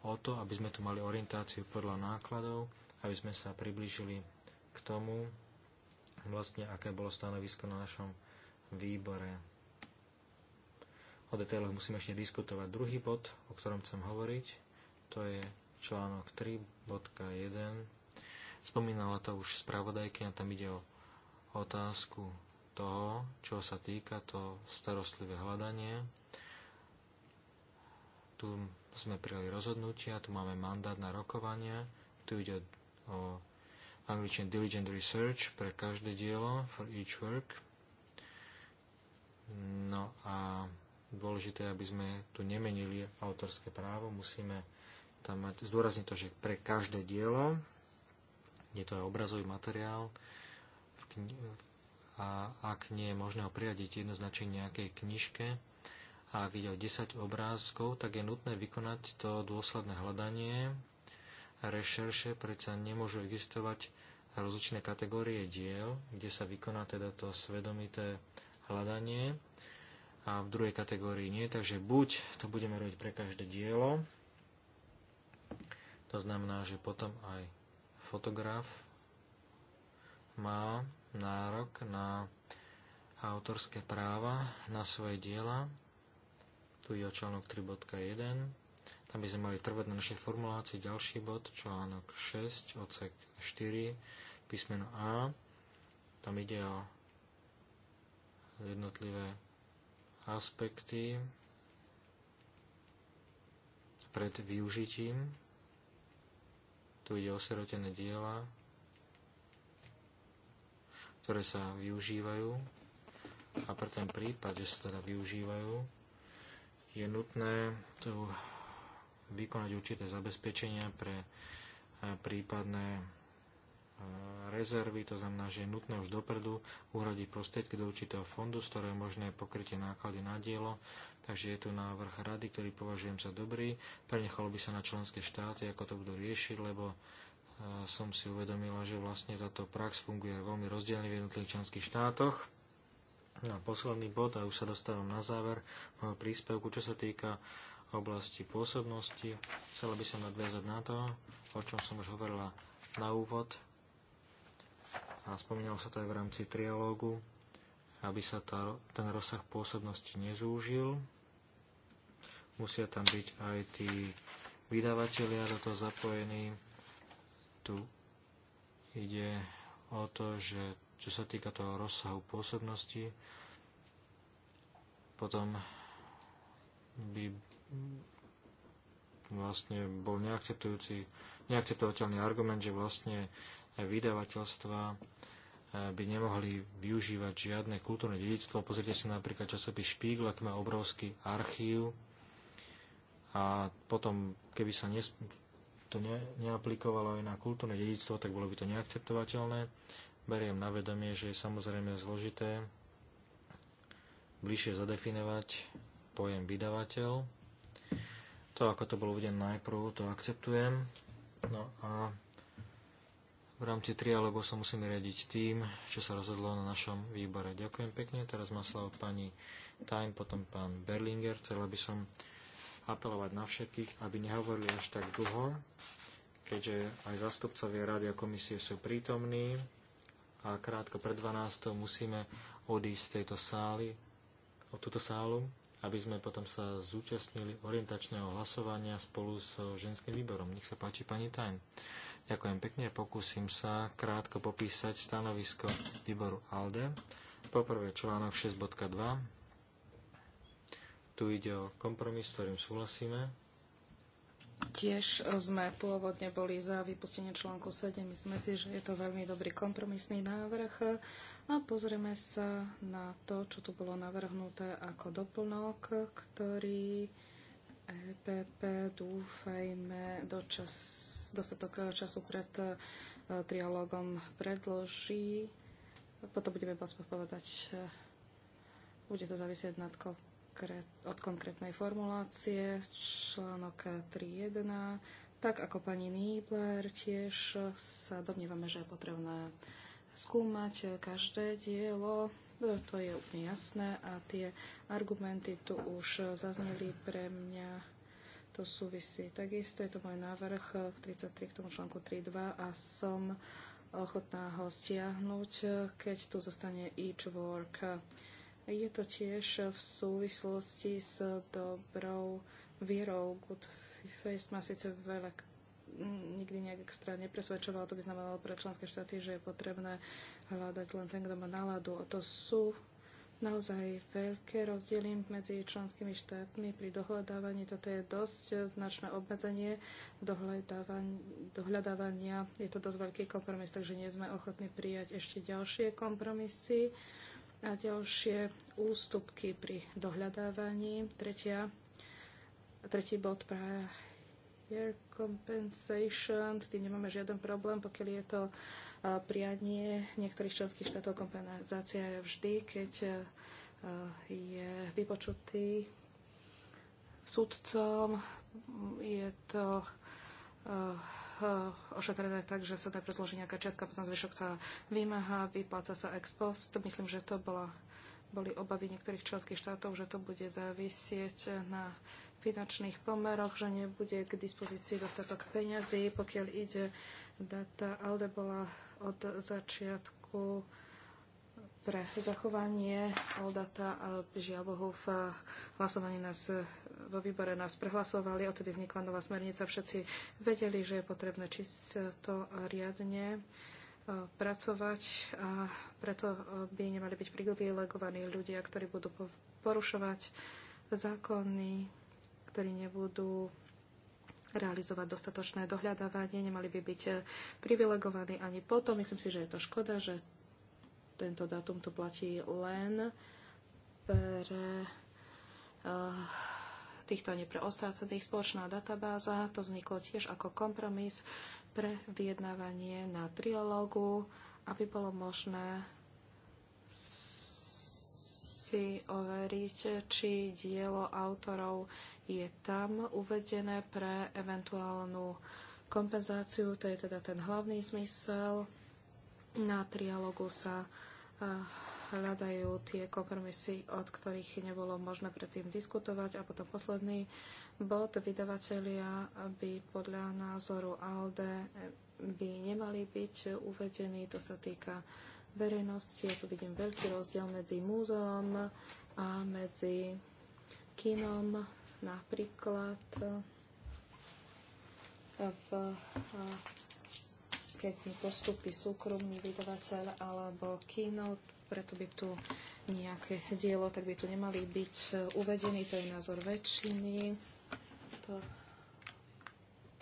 o to, aby sme tu mali orientáciu podľa nákladov, aby sme sa priblížili k tomu, vlastne aké bolo stanovisko na našom výbore. O detailoch musíme ešte diskutovať. Druhý bod, o ktorom chcem hovoriť, to je článok 3.1. Spomínala to už spravodajky a tam ide o otázku toho, čo sa týka to starostlivé hľadanie. Tu sme prijali rozhodnutia, tu máme mandát na rokovania, tu ide o angličtine diligent research pre každé dielo, for each work. No a dôležité, aby sme tu nemenili autorské právo, musíme tam mať, zdôrazniť to, že pre každé dielo, je to aj obrazový materiál, a ak nie je možné ho priradiť jednoznačne nejakej knižke, a ak ide o 10 obrázkov, tak je nutné vykonať to dôsledné hľadanie a rešerše, predsa nemôžu existovať rozličné kategórie diel, kde sa vykoná teda to svedomité hľadanie a v druhej kategórii nie, takže buď to budeme robiť pre každé dielo, to znamená, že potom aj fotograf má nárok na autorské práva na svoje diela. Tu je článok 3.1. Tam by sme mali trvať na našej formulácii ďalší bod, článok 6, odsek 4, písmeno A. Tam ide o jednotlivé aspekty pred využitím tu ide o serotené diela, ktoré sa využívajú a pre ten prípad, že sa teda využívajú, je nutné tu vykonať určité zabezpečenia pre eh, prípadné rezervy, to znamená, že je nutné už dopredu uhradiť prostriedky do určitého fondu, z ktorého je možné pokrytie náklady na dielo. Takže je tu návrh rady, ktorý považujem za dobrý. Prenechalo by sa na členské štáty, ako to budú riešiť, lebo e, som si uvedomila, že vlastne táto prax funguje veľmi rozdielne v jednotlivých členských štátoch. No a posledný bod, a už sa dostávam na záver môjho príspevku, čo sa týka oblasti pôsobnosti. Chcela by som nadviazať na to, o čom som už hovorila na úvod a spomínalo sa to aj v rámci trialógu, aby sa tá, ten rozsah pôsobnosti nezúžil. Musia tam byť aj tí vydavatelia do toho zapojení. Tu ide o to, že čo sa týka toho rozsahu pôsobnosti, potom by vlastne bol neakceptujúci, neakceptovateľný argument, že vlastne vydavateľstva eh, by nemohli využívať žiadne kultúrne dedictvo. Pozrite si napríklad časopis Špígl, aký má obrovský archív a potom, keby sa nes- to ne- neaplikovalo aj na kultúrne dedičstvo, tak bolo by to neakceptovateľné. Beriem na vedomie, že je samozrejme zložité bližšie zadefinovať pojem vydavateľ. To, ako to bolo uvedené najprv, to akceptujem. No a v rámci trialogu sa musíme riadiť tým, čo sa rozhodlo na našom výbore. Ďakujem pekne. Teraz má slovo pani Time, potom pán Berlinger. Chcela by som apelovať na všetkých, aby nehovorili až tak dlho, keďže aj zastupcovia rady a komisie sú prítomní a krátko pred 12. musíme odísť z tejto sály, od túto sálu aby sme potom sa zúčastnili orientačného hlasovania spolu s ženským výborom. Nech sa páči, pani Tajn. Ďakujem pekne, pokúsim sa krátko popísať stanovisko výboru ALDE. Poprvé článok 6.2. Tu ide o kompromis, s ktorým súhlasíme. Tiež sme pôvodne boli za vypustenie článku 7. Myslíme si, že je to veľmi dobrý kompromisný návrh a pozrieme sa na to, čo tu bolo navrhnuté ako doplnok, ktorý EPP dúfajme dostatok času pred e, trialogom predloží. Potom budeme vás povedať, e, bude to závisieť nad od konkrétnej formulácie, článok 3.1. Tak ako pani Niebler, tiež sa domnievame, že je potrebné skúmať každé dielo, e, to je úplne jasné a tie argumenty tu už zazneli pre mňa to súvisí. Takisto je to môj návrh 33 e, k tomu článku 3.2 a som ochotná ho stiahnuť, e, keď tu zostane each work. Je to tiež v súvislosti s dobrou vierou. Good face má síce veľa nikdy nejak extra nepresvedčovala, To by znamenalo pre členské štáty, že je potrebné hľadať len ten, kto má náladu. A to sú naozaj veľké rozdiely medzi členskými štátmi pri dohľadávaní. Toto je dosť značné obmedzenie dohľadávania. Je to dosť veľký kompromis, takže nie sme ochotní prijať ešte ďalšie kompromisy a ďalšie ústupky pri dohľadávaní. Tretia, tretí bod práve air compensation, s tým nemáme žiaden problém, pokiaľ je to prianie niektorých členských štátov. Kompenzácia je vždy, keď je vypočutý sudcom. Je to ošetrené tak, že sa najprv zloží nejaká čiastka, potom zvyšok sa vymáha, vypláca sa ex post. Myslím, že to bola, boli obavy niektorých členských štátov, že to bude závisieť na uh, finančných pomeroch, že nebude k dispozícii dostatok peňazí, pokiaľ ide data ALDE bola od začiatku pre zachovanie Aldata a žiaľ Bohu v hlasovaní nás vo výbore nás prehlasovali, odtedy vznikla nová smernica, všetci vedeli, že je potrebné to riadne e, pracovať a preto e, by nemali byť privilegovaní ľudia, ktorí budú porušovať zákony ktorí nebudú realizovať dostatočné dohľadávanie, nemali by byť eh, privilegovaní ani potom. Myslím si, že je to škoda, že tento dátum tu platí len pre eh, týchto, nie pre ostatných. Spoločná databáza, to vzniklo tiež ako kompromis pre vyjednávanie na trilógu, aby bolo možné si overiť, či dielo autorov je tam uvedené pre eventuálnu kompenzáciu, to je teda ten hlavný zmysel. Na trialogu sa eh, hľadajú tie kompromisy, od ktorých nebolo možné predtým diskutovať. A potom posledný bod vydavatelia by podľa názoru ALDE eh, by nemali byť uvedení. To sa týka verejnosti. Ja tu vidím veľký rozdiel medzi múzeom a medzi kinom Napríklad eh, v, eh, keď postupí súkromný vydavateľ alebo keynote, preto by tu nejaké dielo, tak by tu nemali byť eh, uvedení, to je názor väčšiny. To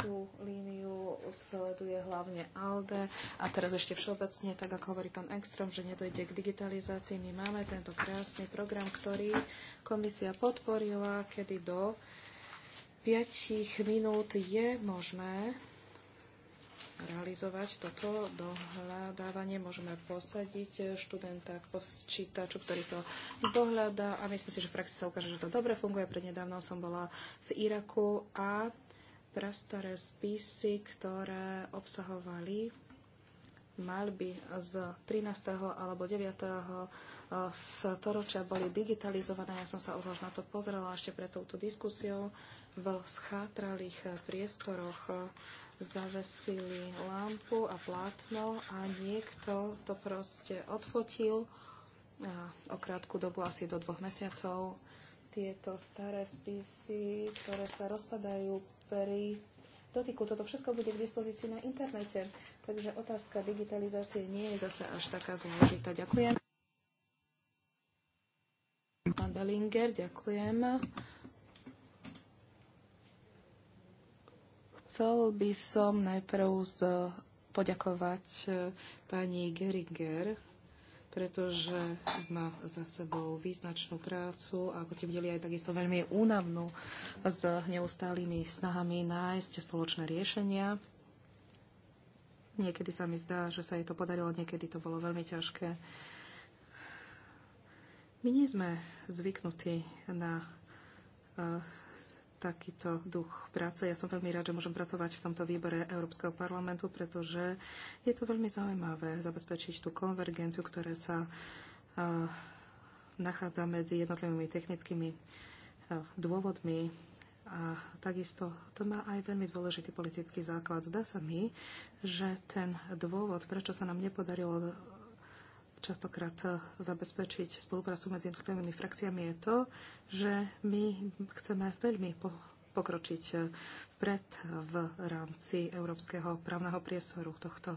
tú líniu sleduje hlavne ALDE a teraz ešte všeobecne, tak ako hovorí pán Ekstrom, že nedojde k digitalizácii. My máme tento krásny program, ktorý komisia podporila, kedy do 5 minút je možné realizovať toto dohľadávanie. Môžeme posadiť študenta k počítaču, ktorý to dohľadá a myslím si, že v praxi sa ukáže, že to dobre funguje. Prednedávno som bola v Iraku a prastaré spisy, ktoré obsahovali malby z 13. alebo 9. E, storočia boli digitalizované. Ja som sa obzvlášť na to pozrela ešte pre touto diskusiou. V schátralých priestoroch zavesili lampu a plátno a niekto to proste odfotil e, o krátku dobu, asi do dvoch mesiacov. Tieto staré spisy, ktoré sa rozpadajú pri dotyku. Toto všetko bude k dispozícii na internete. Takže otázka digitalizácie nie je zase až taká zložitá. Ďakujem. Pán Bellinger, ďakujem. Chcel by som najprv poďakovať eh, pani Geringer pretože má za sebou význačnú prácu a ako ste videli aj takisto veľmi únavnú s neustálými snahami nájsť spoločné riešenia. Niekedy sa mi zdá, že sa jej to podarilo, niekedy to bolo veľmi ťažké. My nie sme zvyknutí na eh, takýto duch práce. Ja som veľmi rád, že môžem pracovať v tomto výbore Európskeho parlamentu, pretože je to veľmi zaujímavé zabezpečiť tú konvergenciu, ktoré sa eh, nachádza medzi jednotlivými technickými eh, dôvodmi a takisto to má aj veľmi dôležitý politický základ. Zdá sa mi, že ten dôvod, prečo sa nám nepodarilo častokrát eh, zabezpečiť spoluprácu medzi jednotlivými frakciami, je to, že my chceme veľmi po pokročiť eh, vpred v rámci európskeho právneho priestoru tohto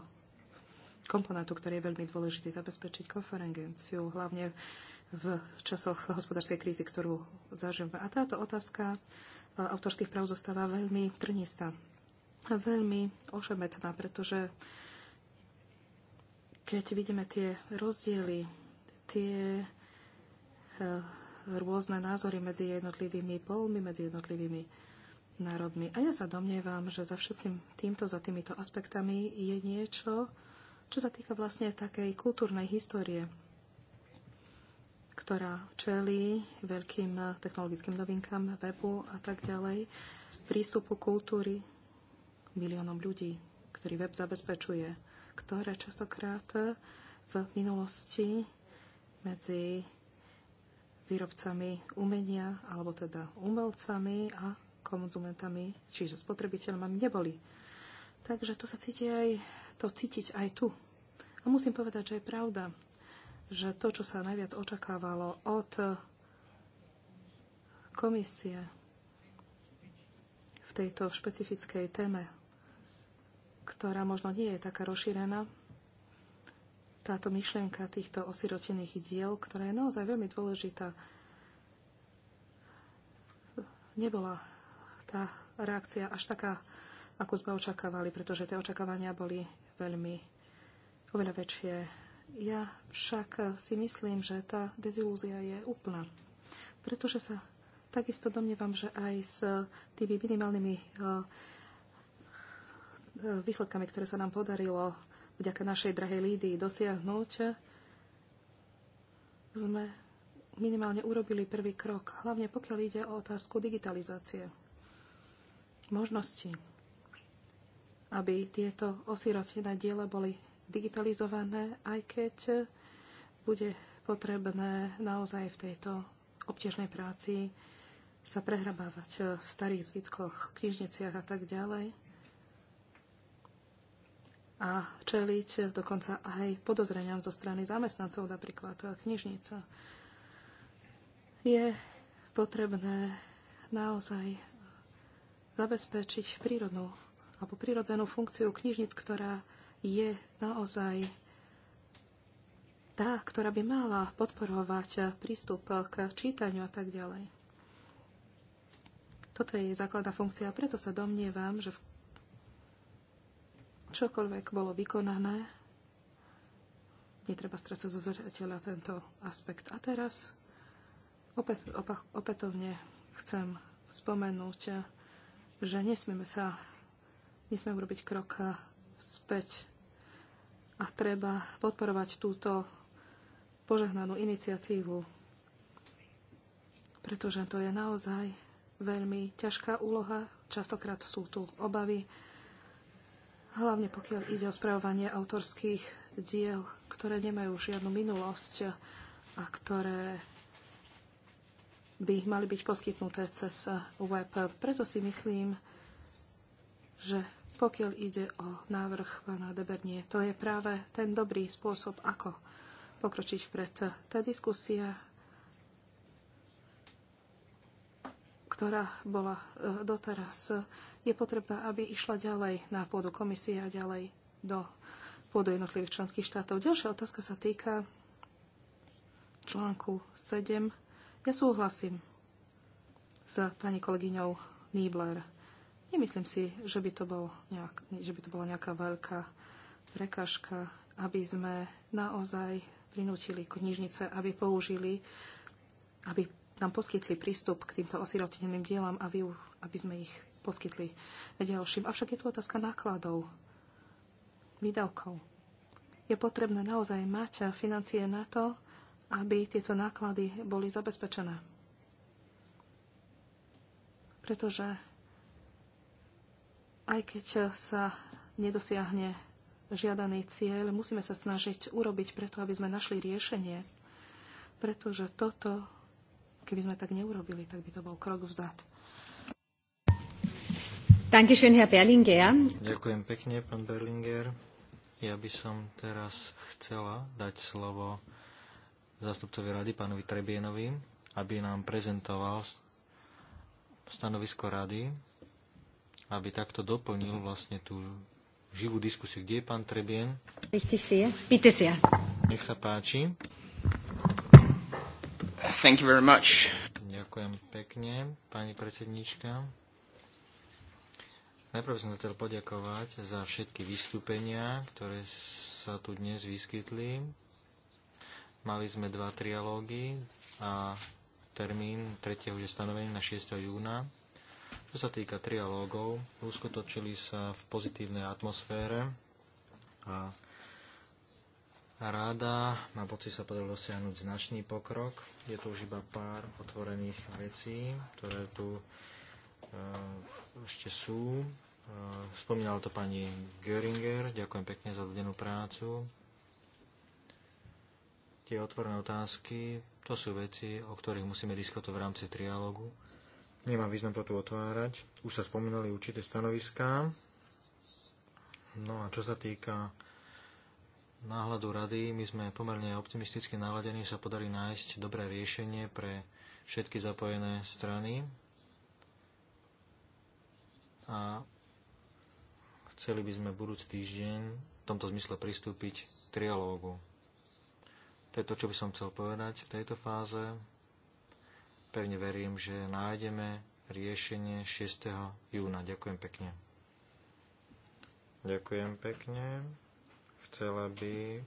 komponentu, ktorý je veľmi dôležitý zabezpečiť konferenciu, hlavne v časoch hospodárskej krízy, ktorú zažívame. A táto otázka eh, autorských práv zostáva veľmi trnista, veľmi ošemetná, pretože keď vidíme tie rozdiely, tie eh, rôzne názory medzi jednotlivými polmi, medzi jednotlivými národmi. A ja sa domnievam, že za všetkým týmto, za týmito aspektami je niečo, čo sa týka vlastne takej kultúrnej histórie, ktorá čelí veľkým eh, technologickým novinkám webu a tak ďalej, prístupu kultúry miliónom ľudí, ktorý web zabezpečuje ktoré častokrát v minulosti medzi výrobcami umenia, alebo teda umelcami a konzumentami, čiže spotrebiteľmi, neboli. Takže to sa cíti aj, to cítiť aj tu. A musím povedať, že je pravda, že to, čo sa najviac očakávalo od komisie v tejto špecifickej téme ktorá možno nie je taká rozšírená, táto myšlienka týchto osirotených diel, ktorá je naozaj veľmi dôležitá, nebola tá reakcia až taká, ako sme očakávali, pretože tie očakávania boli veľmi oveľa väčšie. Ja však si myslím, že tá dezilúzia je úplná, pretože sa takisto domnievam, že aj s tými minimálnymi uh, výsledkami, ktoré sa nám podarilo vďaka našej drahej Lídii dosiahnuť, sme minimálne urobili prvý krok, hlavne pokiaľ ide o otázku digitalizácie. Možnosti, aby tieto osirotené diele boli digitalizované, aj keď bude potrebné naozaj v tejto obtiežnej práci sa prehrabávať v starých zbytkoch, knižniciach a tak ďalej a čeliť dokonca aj podozreniam zo strany zamestnancov, napríklad knižnica. Je potrebné naozaj zabezpečiť prírodnú alebo prírodzenú funkciu knižnic, ktorá je naozaj tá, ktorá by mala podporovať prístup k čítaniu a tak ďalej. Toto je jej základná funkcia, preto sa domnievam, že v čokoľvek bolo vykonané, netreba strácať zo zreteľa tento aspekt. A teraz opäť, opak, opätovne chcem spomenúť, že nesmieme sa, nesmieme urobiť krok späť a treba podporovať túto požehnanú iniciatívu, pretože to je naozaj veľmi ťažká úloha. Častokrát sú tu obavy, hlavne pokiaľ ide o spravovanie autorských diel, ktoré nemajú žiadnu minulosť a ktoré by mali byť poskytnuté cez web. Preto si myslím, že pokiaľ ide o návrh pána Debernie, to je práve ten dobrý spôsob, ako pokročiť vpred. Tá diskusia, ktorá bola e, doteraz, je potrebná, aby išla ďalej na pôdu komisie a ďalej do pôdu jednotlivých členských štátov. Ďalšia otázka sa týka článku 7. Ja súhlasím s pani kolegyňou Niebler. Nemyslím si, že by to, bol nejak, že by to bola nejaká veľká prekažka, aby sme naozaj prinútili knižnice, aby použili, aby nám poskytli prístup k týmto osiroteným dielam a aby sme ich poskytli ďalším. Avšak je tu otázka nákladov, výdavkov. Je potrebné naozaj mať financie na to, aby tieto náklady boli zabezpečené. Pretože aj keď sa nedosiahne žiadaný cieľ, musíme sa snažiť urobiť preto, aby sme našli riešenie. Pretože toto, keby sme tak neurobili, tak by to bol krok vzad. Ďakujem pekne, pán Berlinger. Ja by som teraz chcela dať slovo zástupcovi rady, pánovi Trebienovi, aby nám prezentoval stanovisko rady, aby takto doplnil vlastne tú živú diskusiu. Kde je pán Trebien? Nech sa páči. Thank you very much. Ďakujem pekne, pani predsedníčka. Najprv som chcel poďakovať za všetky vystúpenia, ktoré sa tu dnes vyskytli. Mali sme dva trialógy a termín 3. je stanovený na 6. júna. Čo sa týka trialógov, uskutočili sa v pozitívnej atmosfére a ráda, na pocit sa podarilo dosiahnuť značný pokrok. Je tu už iba pár otvorených vecí, ktoré tu e, ešte sú. Eh, spomínala to pani Göringer. Ďakujem pekne za dodenú prácu. Tie otvorené otázky, to sú veci, o ktorých musíme diskutovať v rámci trialógu. Nemá význam to tu otvárať. Už sa spomínali určité stanoviská. No a čo sa týka náhľadu rady, my sme pomerne optimisticky naladení, sa podarí nájsť dobré riešenie pre všetky zapojené strany. A Chceli by sme budúci týždeň v tomto zmysle pristúpiť k trialógu. To je to, čo by som chcel povedať v tejto fáze. Pevne verím, že nájdeme riešenie 6. júna. Ďakujem pekne. Ďakujem pekne. Chcela by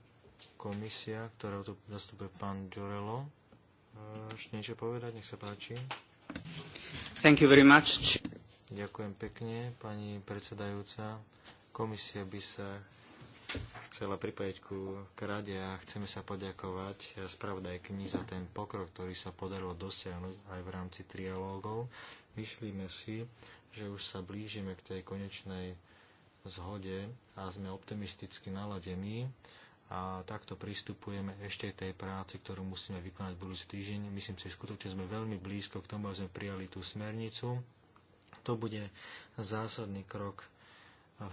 komisia, ktorá tu zastupuje pán Giorello, ešte niečo povedať? Nech sa páči. Thank you very much. Ďakujem pekne, pani predsedajúca. Komisia by sa chcela pripojiť ku rade a chceme sa poďakovať spravodajkyni za ten pokrok, ktorý sa podarilo dosiahnuť aj v rámci trialógov. Myslíme si, že už sa blížime k tej konečnej zhode a sme optimisticky naladení a takto pristupujeme ešte k tej práci, ktorú musíme vykonať v budúci týždeň. Myslím si, že skutočne sme veľmi blízko k tomu, aby sme prijali tú smernicu to bude zásadný krok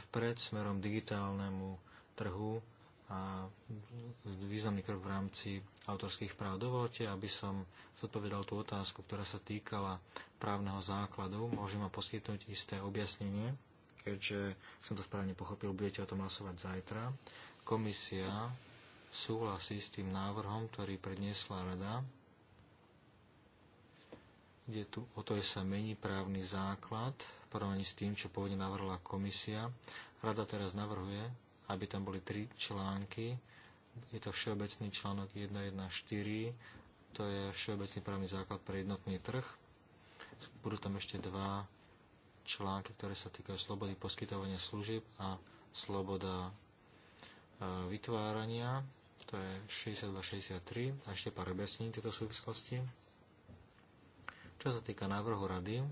vpred smerom digitálnemu trhu a významný krok v rámci autorských práv. Dovolte, aby som zodpovedal tú otázku, ktorá sa týkala právneho základu. Môžem vám poskytnúť isté objasnenie, keďže som to správne pochopil, budete o tom hlasovať zajtra. Komisia súhlasí s tým návrhom, ktorý predniesla Rada kde tu o to, že sa mení právny základ v porovnaní s tým, čo pôvodne navrhla komisia. Rada teraz navrhuje, aby tam boli tri články. Je to všeobecný článok 1.1.4, to je všeobecný právny základ pre jednotný trh. Budú tam ešte dva články, ktoré sa týkajú slobody poskytovania služieb a sloboda e, vytvárania. To je 6263 a ešte pár objasnení tieto súvislosti čo sa týka návrhu rady,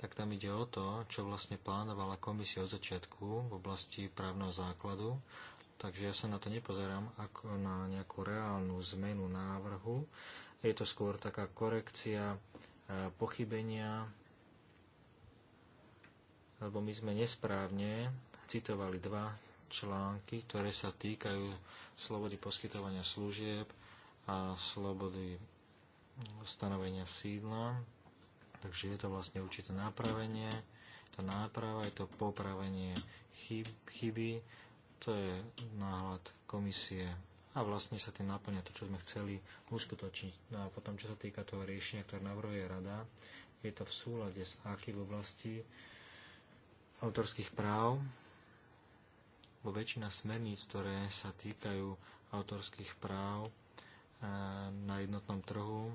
tak tam ide o to, čo vlastne plánovala komisia od začiatku v oblasti právneho základu. Takže ja sa na to nepozerám ako na nejakú reálnu zmenu návrhu. Je to skôr taká korekcia e, pochybenia, lebo my sme nesprávne citovali dva články, ktoré sa týkajú slobody poskytovania služieb a slobody stanovenia sídla. Takže je to vlastne určité nápravenie. Tá náprava je to popravenie chyb, chyby. To je náhľad komisie a vlastne sa tým naplňa to, čo sme chceli uskutočniť. No a potom, čo sa týka toho riešenia, ktoré navrhuje rada, je to v súlade s aký v oblasti autorských práv, bo väčšina smerníc, ktoré sa týkajú autorských práv, na jednotnom trhu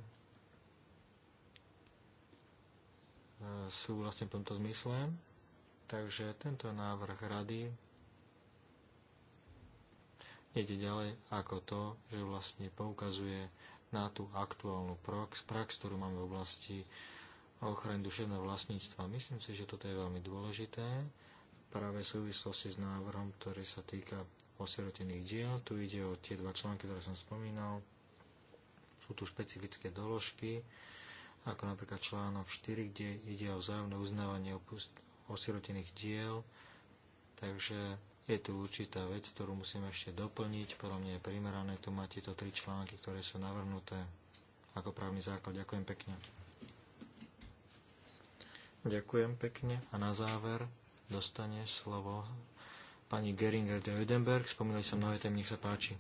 sú vlastne v tomto zmysle. Takže tento návrh rady ide ďalej ako to, že vlastne poukazuje na tú aktuálnu prax, prax ktorú máme v oblasti ochrany duševného vlastníctva. Myslím si, že toto je veľmi dôležité práve v súvislosti s návrhom, ktorý sa týka osirotených diel. Tu ide o tie dva články, ktoré som spomínal sú tu špecifické doložky, ako napríklad článok 4, kde ide o vzájomné uznávanie osirotených diel, takže je tu určitá vec, ktorú musíme ešte doplniť. Podľa mňa je primerané tu mať tieto tri články, ktoré sú navrhnuté ako právny základ. Ďakujem pekne. Ďakujem pekne. A na záver dostane slovo pani Geringer de Ödenberg. Spomínali sa mnohé témy, nech sa páči.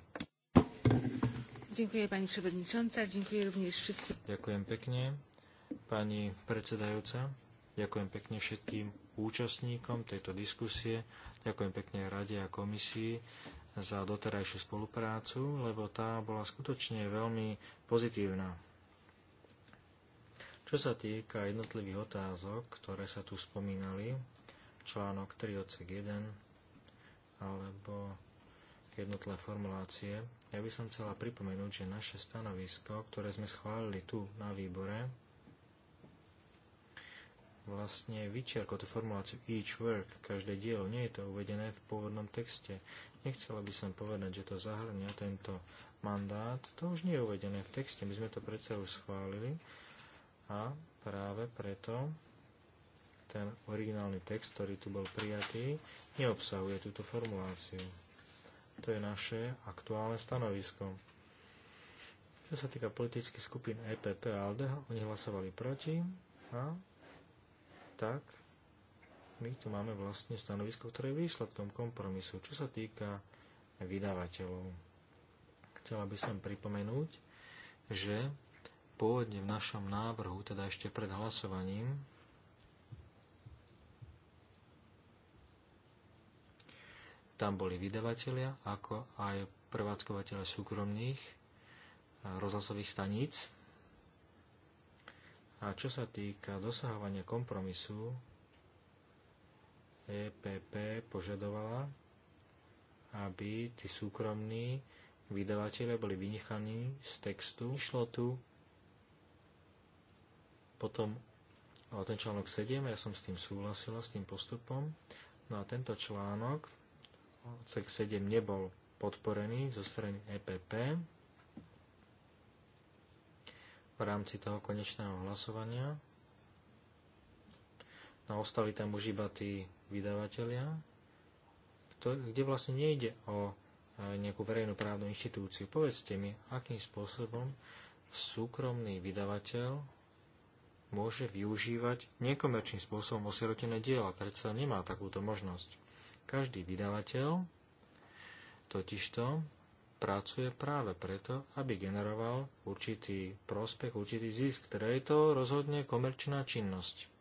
Dziękuję pani przewodnicząca, dziękuję również wszystkim. Ďakujem pekne, pani predsedajúca. Ďakujem pekne všetkým účastníkom tejto diskusie. Ďakujem pekne Rade a komisii za doterajšiu spoluprácu, lebo tá bola skutočne veľmi pozitívna. Čo sa týka jednotlivých otázok, ktoré sa tu spomínali, článok 3 odsek 1 alebo jednotlivé formulácie. Ja by som chcela pripomenúť, že naše stanovisko, ktoré sme schválili tu na výbore, vlastne vyčiarko tú formuláciu each work, každé dielo, nie je to uvedené v pôvodnom texte. Nechcela by som povedať, že to zahrňa tento mandát, to už nie je uvedené v texte, my sme to predsa už schválili a práve preto ten originálny text, ktorý tu bol prijatý, neobsahuje túto formuláciu. To je naše aktuálne stanovisko. Čo sa týka politických skupín EPP a ALDE, oni hlasovali proti a tak my tu máme vlastne stanovisko, ktoré je výsledkom kompromisu, čo sa týka vydavateľov. Chcela by som pripomenúť, že pôvodne v našom návrhu, teda ešte pred hlasovaním, Tam boli vydavatelia, ako aj prevádzkovateľe súkromných rozhlasových staníc. A čo sa týka dosahovania kompromisu, EPP požadovala, aby tí súkromní vydavatelia boli vynechaní z textu. Išlo tu potom o ten článok 7, ja som s tým súhlasila, s tým postupom. No a tento článok odsek 7 nebol podporený zo strany EPP v rámci toho konečného hlasovania. No ostali tam už iba tí vydavatelia, kde vlastne nejde o e, nejakú verejnú právnu inštitúciu. Povedzte mi, akým spôsobom súkromný vydavateľ môže využívať nekomerčným spôsobom osirotené diela. Predsa nemá takúto možnosť. Každý vydavateľ totižto pracuje práve preto, aby generoval určitý prospech, určitý zisk, teda je to rozhodne komerčná činnosť.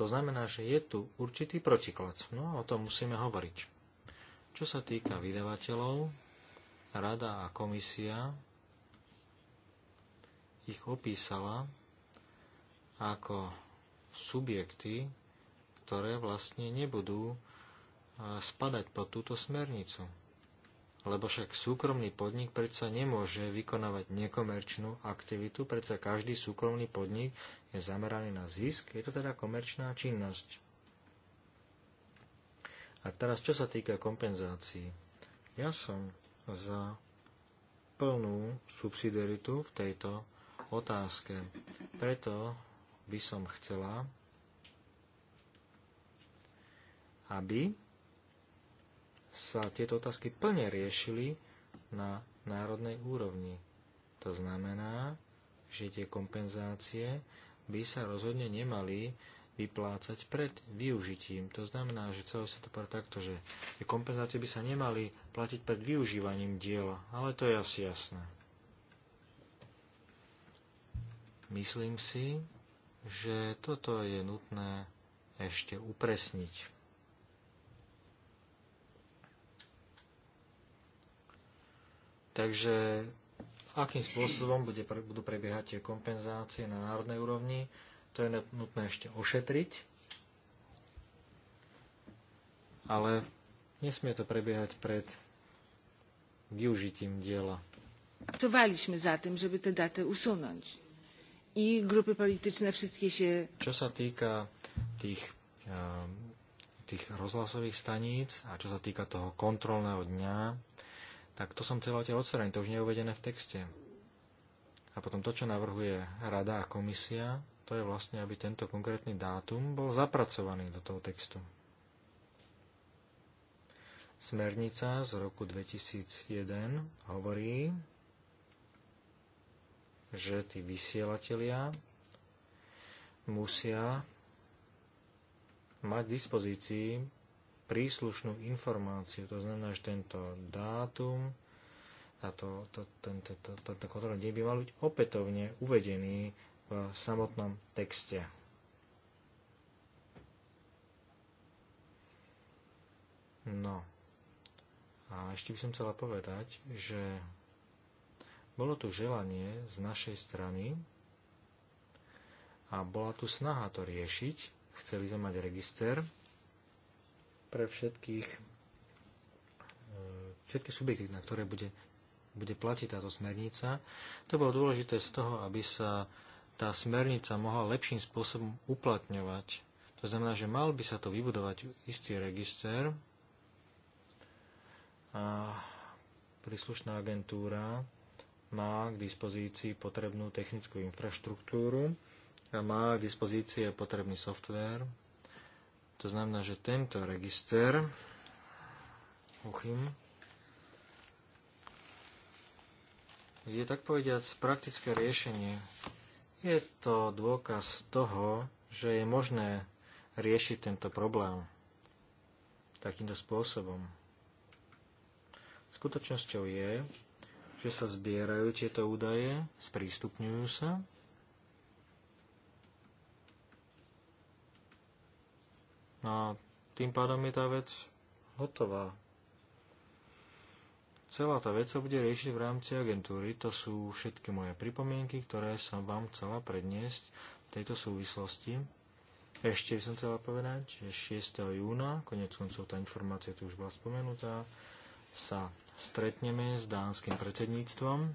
To znamená, že je tu určitý protiklad. No o tom musíme hovoriť. Čo sa týka vydavateľov, rada a komisia ich opísala ako subjekty, ktoré vlastne nebudú e, spadať pod túto smernicu. Lebo však súkromný podnik predsa nemôže vykonávať nekomerčnú aktivitu, predsa každý súkromný podnik je zameraný na zisk, je to teda komerčná činnosť. A teraz čo sa týka kompenzácií. Ja som za plnú subsidiaritu v tejto otázke. Preto by som chcela, aby sa tieto otázky plne riešili na národnej úrovni. To znamená, že tie kompenzácie by sa rozhodne nemali vyplácať pred využitím. To znamená, že celé sa to povedať takto, že tie kompenzácie by sa nemali platiť pred využívaním diela, ale to je asi jasné. Myslím si, že toto je nutné ešte upresniť. Takže akým spôsobom bude, budú prebiehať tie kompenzácie na národnej úrovni, to je nutné ešte ošetriť. Ale nesmie to prebiehať pred využitím diela. sme za že by tę datę usunúť. I grupy politické všetky si... Čo sa týka tých, ehm, tých rozhlasových staníc a čo sa týka toho kontrolného dňa, tak to som chcel odtiaľ odstrániť, to už nie je uvedené v texte. A potom to, čo navrhuje rada a komisia, to je vlastne, aby tento konkrétny dátum bol zapracovaný do toho textu. Smernica z roku 2001 hovorí, že tí vysielatelia musia mať dispozícii príslušnú informáciu. To znamená, že tento dátum a to, to, tento, to, tento kontrolný deň by mal byť opätovne uvedený v samotnom texte. No. A ešte by som chcela povedať, že bolo tu želanie z našej strany a bola tu snaha to riešiť. Chceli sme mať register pre všetkých, e, všetky subjekty, na ktoré bude, bude platiť táto smernica. To bolo dôležité z toho, aby sa tá smernica mohla lepším spôsobom uplatňovať. To znamená, že mal by sa to vybudovať istý register a príslušná agentúra má k dispozícii potrebnú technickú infraštruktúru a má k dispozícii potrebný software, to znamená, že tento register Uchym je tak povediac praktické riešenie. Je to dôkaz toho, že je možné riešiť tento problém takýmto spôsobom. Skutočnosťou je, že sa zbierajú tieto údaje, sprístupňujú sa No a tým pádom je tá vec hotová. Celá tá vec sa bude riešiť v rámci agentúry. To sú všetky moje pripomienky, ktoré som vám chcela predniesť v tejto súvislosti. Ešte by som chcela povedať, že 6. júna, konec koncov tá informácia tu už bola spomenutá, sa stretneme s dánskym predsedníctvom.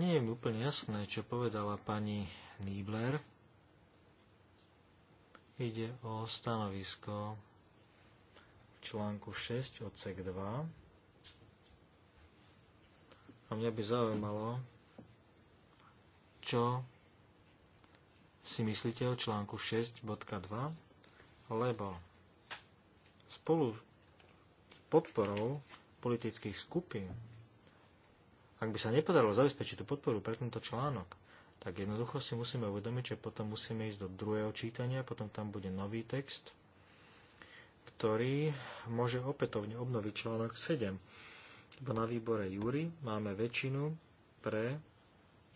Nie je mi úplne jasné, čo povedala pani Niebler, Ide o stanovisko článku 6 odsek 2. A mňa by zaujímalo, čo si myslíte o článku 6.2, lebo spolu s podporou politických skupín, ak by sa nepodarilo zabezpečiť tú podporu pre tento článok, tak jednoducho si musíme uvedomiť, že potom musíme ísť do druhého čítania, potom tam bude nový text, ktorý môže opätovne obnoviť článok 7. Lebo na výbore Júry máme väčšinu pre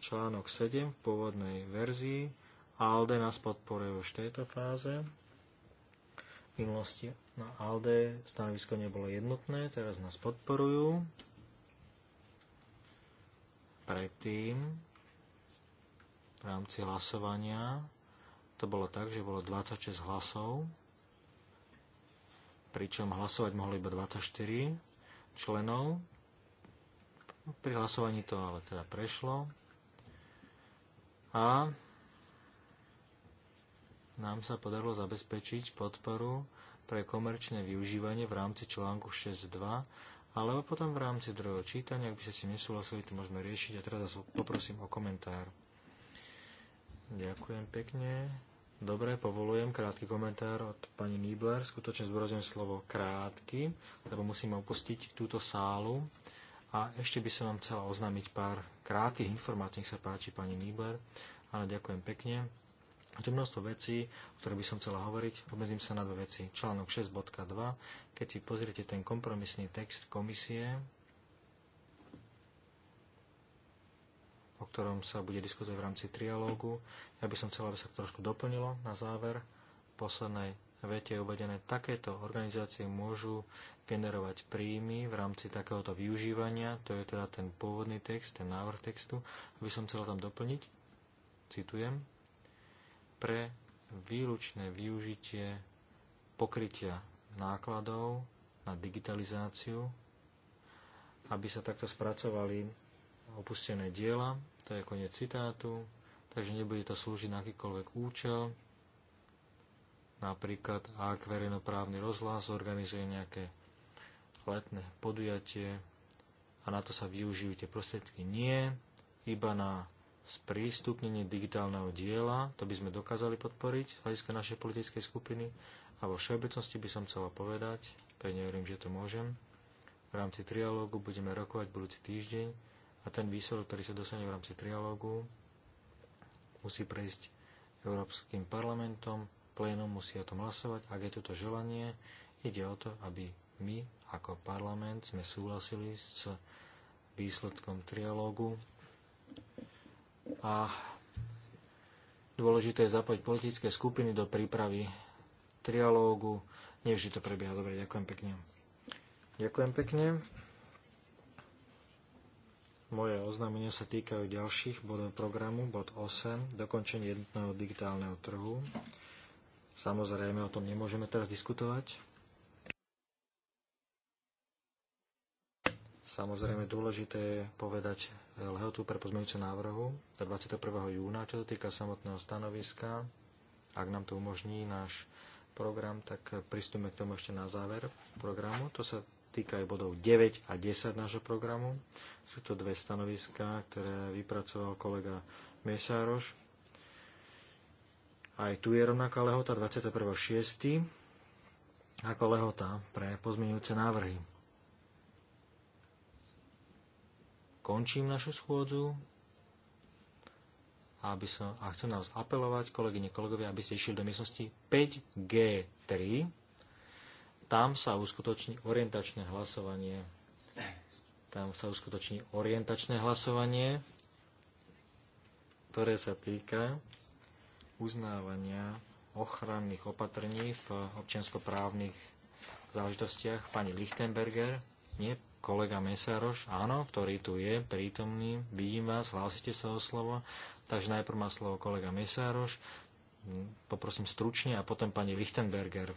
článok 7 v pôvodnej verzii. ALDE nás podporuje už v tejto fáze. V minulosti na ALDE stanovisko nebolo jednotné, teraz nás podporujú. Predtým rámci hlasovania. To bolo tak, že bolo 26 hlasov, pričom hlasovať mohlo iba 24 členov. Pri hlasovaní to ale teda prešlo. A nám sa podarilo zabezpečiť podporu pre komerčné využívanie v rámci článku 6.2, alebo potom v rámci druhého čítania, ak by ste si nesúhlasili, to môžeme riešiť. A teraz vás poprosím o komentár. Ďakujem pekne. Dobre, povolujem krátky komentár od pani Nibler. Skutočne zborozujem slovo krátky, lebo musím opustiť túto sálu. A ešte by som vám chcela oznámiť pár krátkych informácií, nech sa páči pani Nibler. Áno, ďakujem pekne. A to množstvo vecí, o ktorých by som chcela hovoriť. Obmedzím sa na dve veci. Článok 6.2. Keď si pozriete ten kompromisný text komisie, ktorom sa bude diskutovať v rámci trialógu. Ja by som chcela, aby sa to trošku doplnilo na záver. V poslednej vete je uvedené, takéto organizácie môžu generovať príjmy v rámci takéhoto využívania, to je teda ten pôvodný text, ten návrh textu, aby som chcela tam doplniť, citujem, pre výlučné využitie pokrytia nákladov na digitalizáciu, aby sa takto spracovali opustené diela, to je koniec citátu, takže nebude to slúžiť na akýkoľvek účel. Napríklad, ak verejnoprávny rozhlas organizuje nejaké letné podujatie a na to sa využijú tie prostriedky, nie, iba na sprístupnenie digitálneho diela, to by sme dokázali podporiť z hľadiska našej politickej skupiny a vo všeobecnosti by som chcela povedať, pevne verím, že to môžem, v rámci trialógu budeme rokovať budúci týždeň a ten výsledok, ktorý sa dosahne v rámci trialógu, musí prejsť Európskym parlamentom, plénom musí o tom hlasovať. Ak je toto želanie, ide o to, aby my ako parlament sme súhlasili s výsledkom trialógu a dôležité je zapojiť politické skupiny do prípravy trialógu. Nevždy to prebieha dobre. Ďakujem pekne. Ďakujem pekne. Moje oznámenia sa týkajú ďalších bodov programu, bod 8, dokončenie jednotného digitálneho trhu. Samozrejme, o tom nemôžeme teraz diskutovať. Samozrejme, dôležité je povedať eh, lehotu pre pozmeňujúce návrhu do 21. júna, čo sa týka samotného stanoviska. Ak nám to umožní náš program, tak pristúme k tomu ešte na záver programu. To sa aj bodov 9 a 10 nášho programu. Sú to dve stanoviská, ktoré vypracoval kolega Mesároš. Aj tu je rovnaká lehota 21.6. ako lehota pre pozmeňujúce návrhy. Končím našu schôdzu a, aby som, a chcem nás apelovať, kolegyne, kolegovia, aby ste išli do miestnosti 5G3 tam sa uskutoční orientačné hlasovanie. Tam sa uskutoční orientačné hlasovanie, ktoré sa týka uznávania ochranných opatrní v občianskoprávnych záležitostiach. Pani Lichtenberger, nie, kolega Mesároš, áno, ktorý tu je, prítomný, vidím vás, hlásite sa o slovo. Takže najprv má slovo kolega Mesároš, poprosím stručne a potom pani Lichtenberger.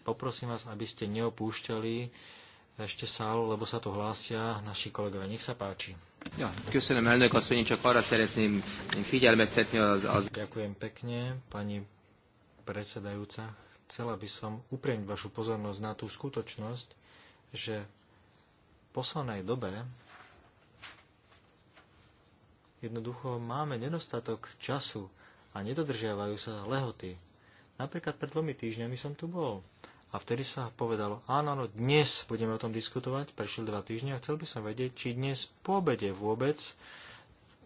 Poprosím vás, aby ste neopúšťali ešte sálu, lebo sa tu hlásia naši kolegovia. Nech sa páči. Ja, elnök asszony, arra szeretném figyelmeztetni az, az... Ďakujem pekne, pani predsedajúca. Chcela by som uprieť vašu pozornosť na tú skutočnosť, že v poslednej dobe jednoducho máme nedostatok času a nedodržiavajú sa lehoty. Napríklad pred dvomi týždňami som tu bol a vtedy sa povedalo, áno, áno, dnes budeme o tom diskutovať, prešli dva týždne a chcel by som vedieť, či dnes po obede vôbec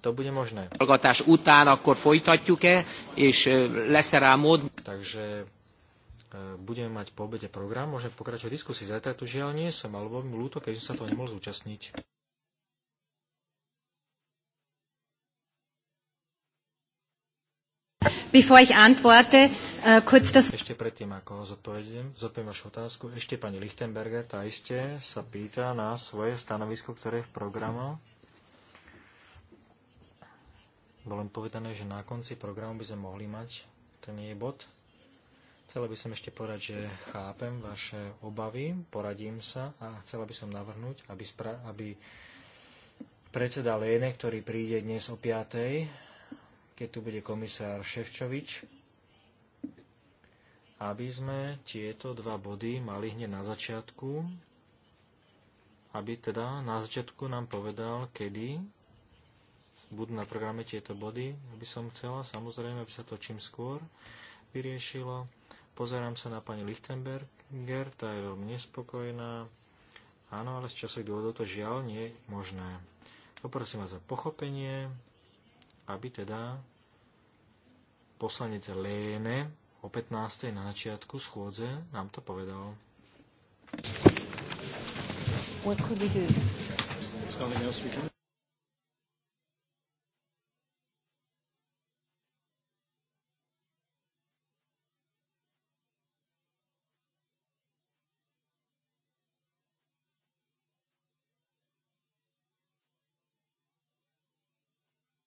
to bude možné. Takže budeme mať po obede program, môžem pokračovať diskusii. Zajtra tu žiaľ nie som, alebo by mi ľúto, keď som sa toho nemohol zúčastniť. Bevor ich antworte, uh, kurz das... Ešte predtým, ako zodpovedem, zodpovedem vašu otázku, ešte pani Lichtenberger, tá iste, sa pýta na svoje stanovisko, ktoré je v programu. Bolo len povedané, že na konci programu by sme mohli mať ten jej bod. Chcela by som ešte povedať, že chápem vaše obavy, poradím sa a chcela by som navrhnúť, aby, spra- aby predseda Lene, ktorý príde dnes o 5 keď tu bude komisár Ševčovič, aby sme tieto dva body mali hneď na začiatku, aby teda na začiatku nám povedal, kedy budú na programe tieto body. aby som chcela, samozrejme, aby sa to čím skôr vyriešilo. Pozerám sa na pani Lichtenberger, tá je veľmi nespokojná. Áno, ale z časových dôvodov to žiaľ nie je možné. Poprosím vás o pochopenie aby teda poslanec Léne o 15. na začiatku schôdze nám to povedal. What could we do? There's nothing else we can...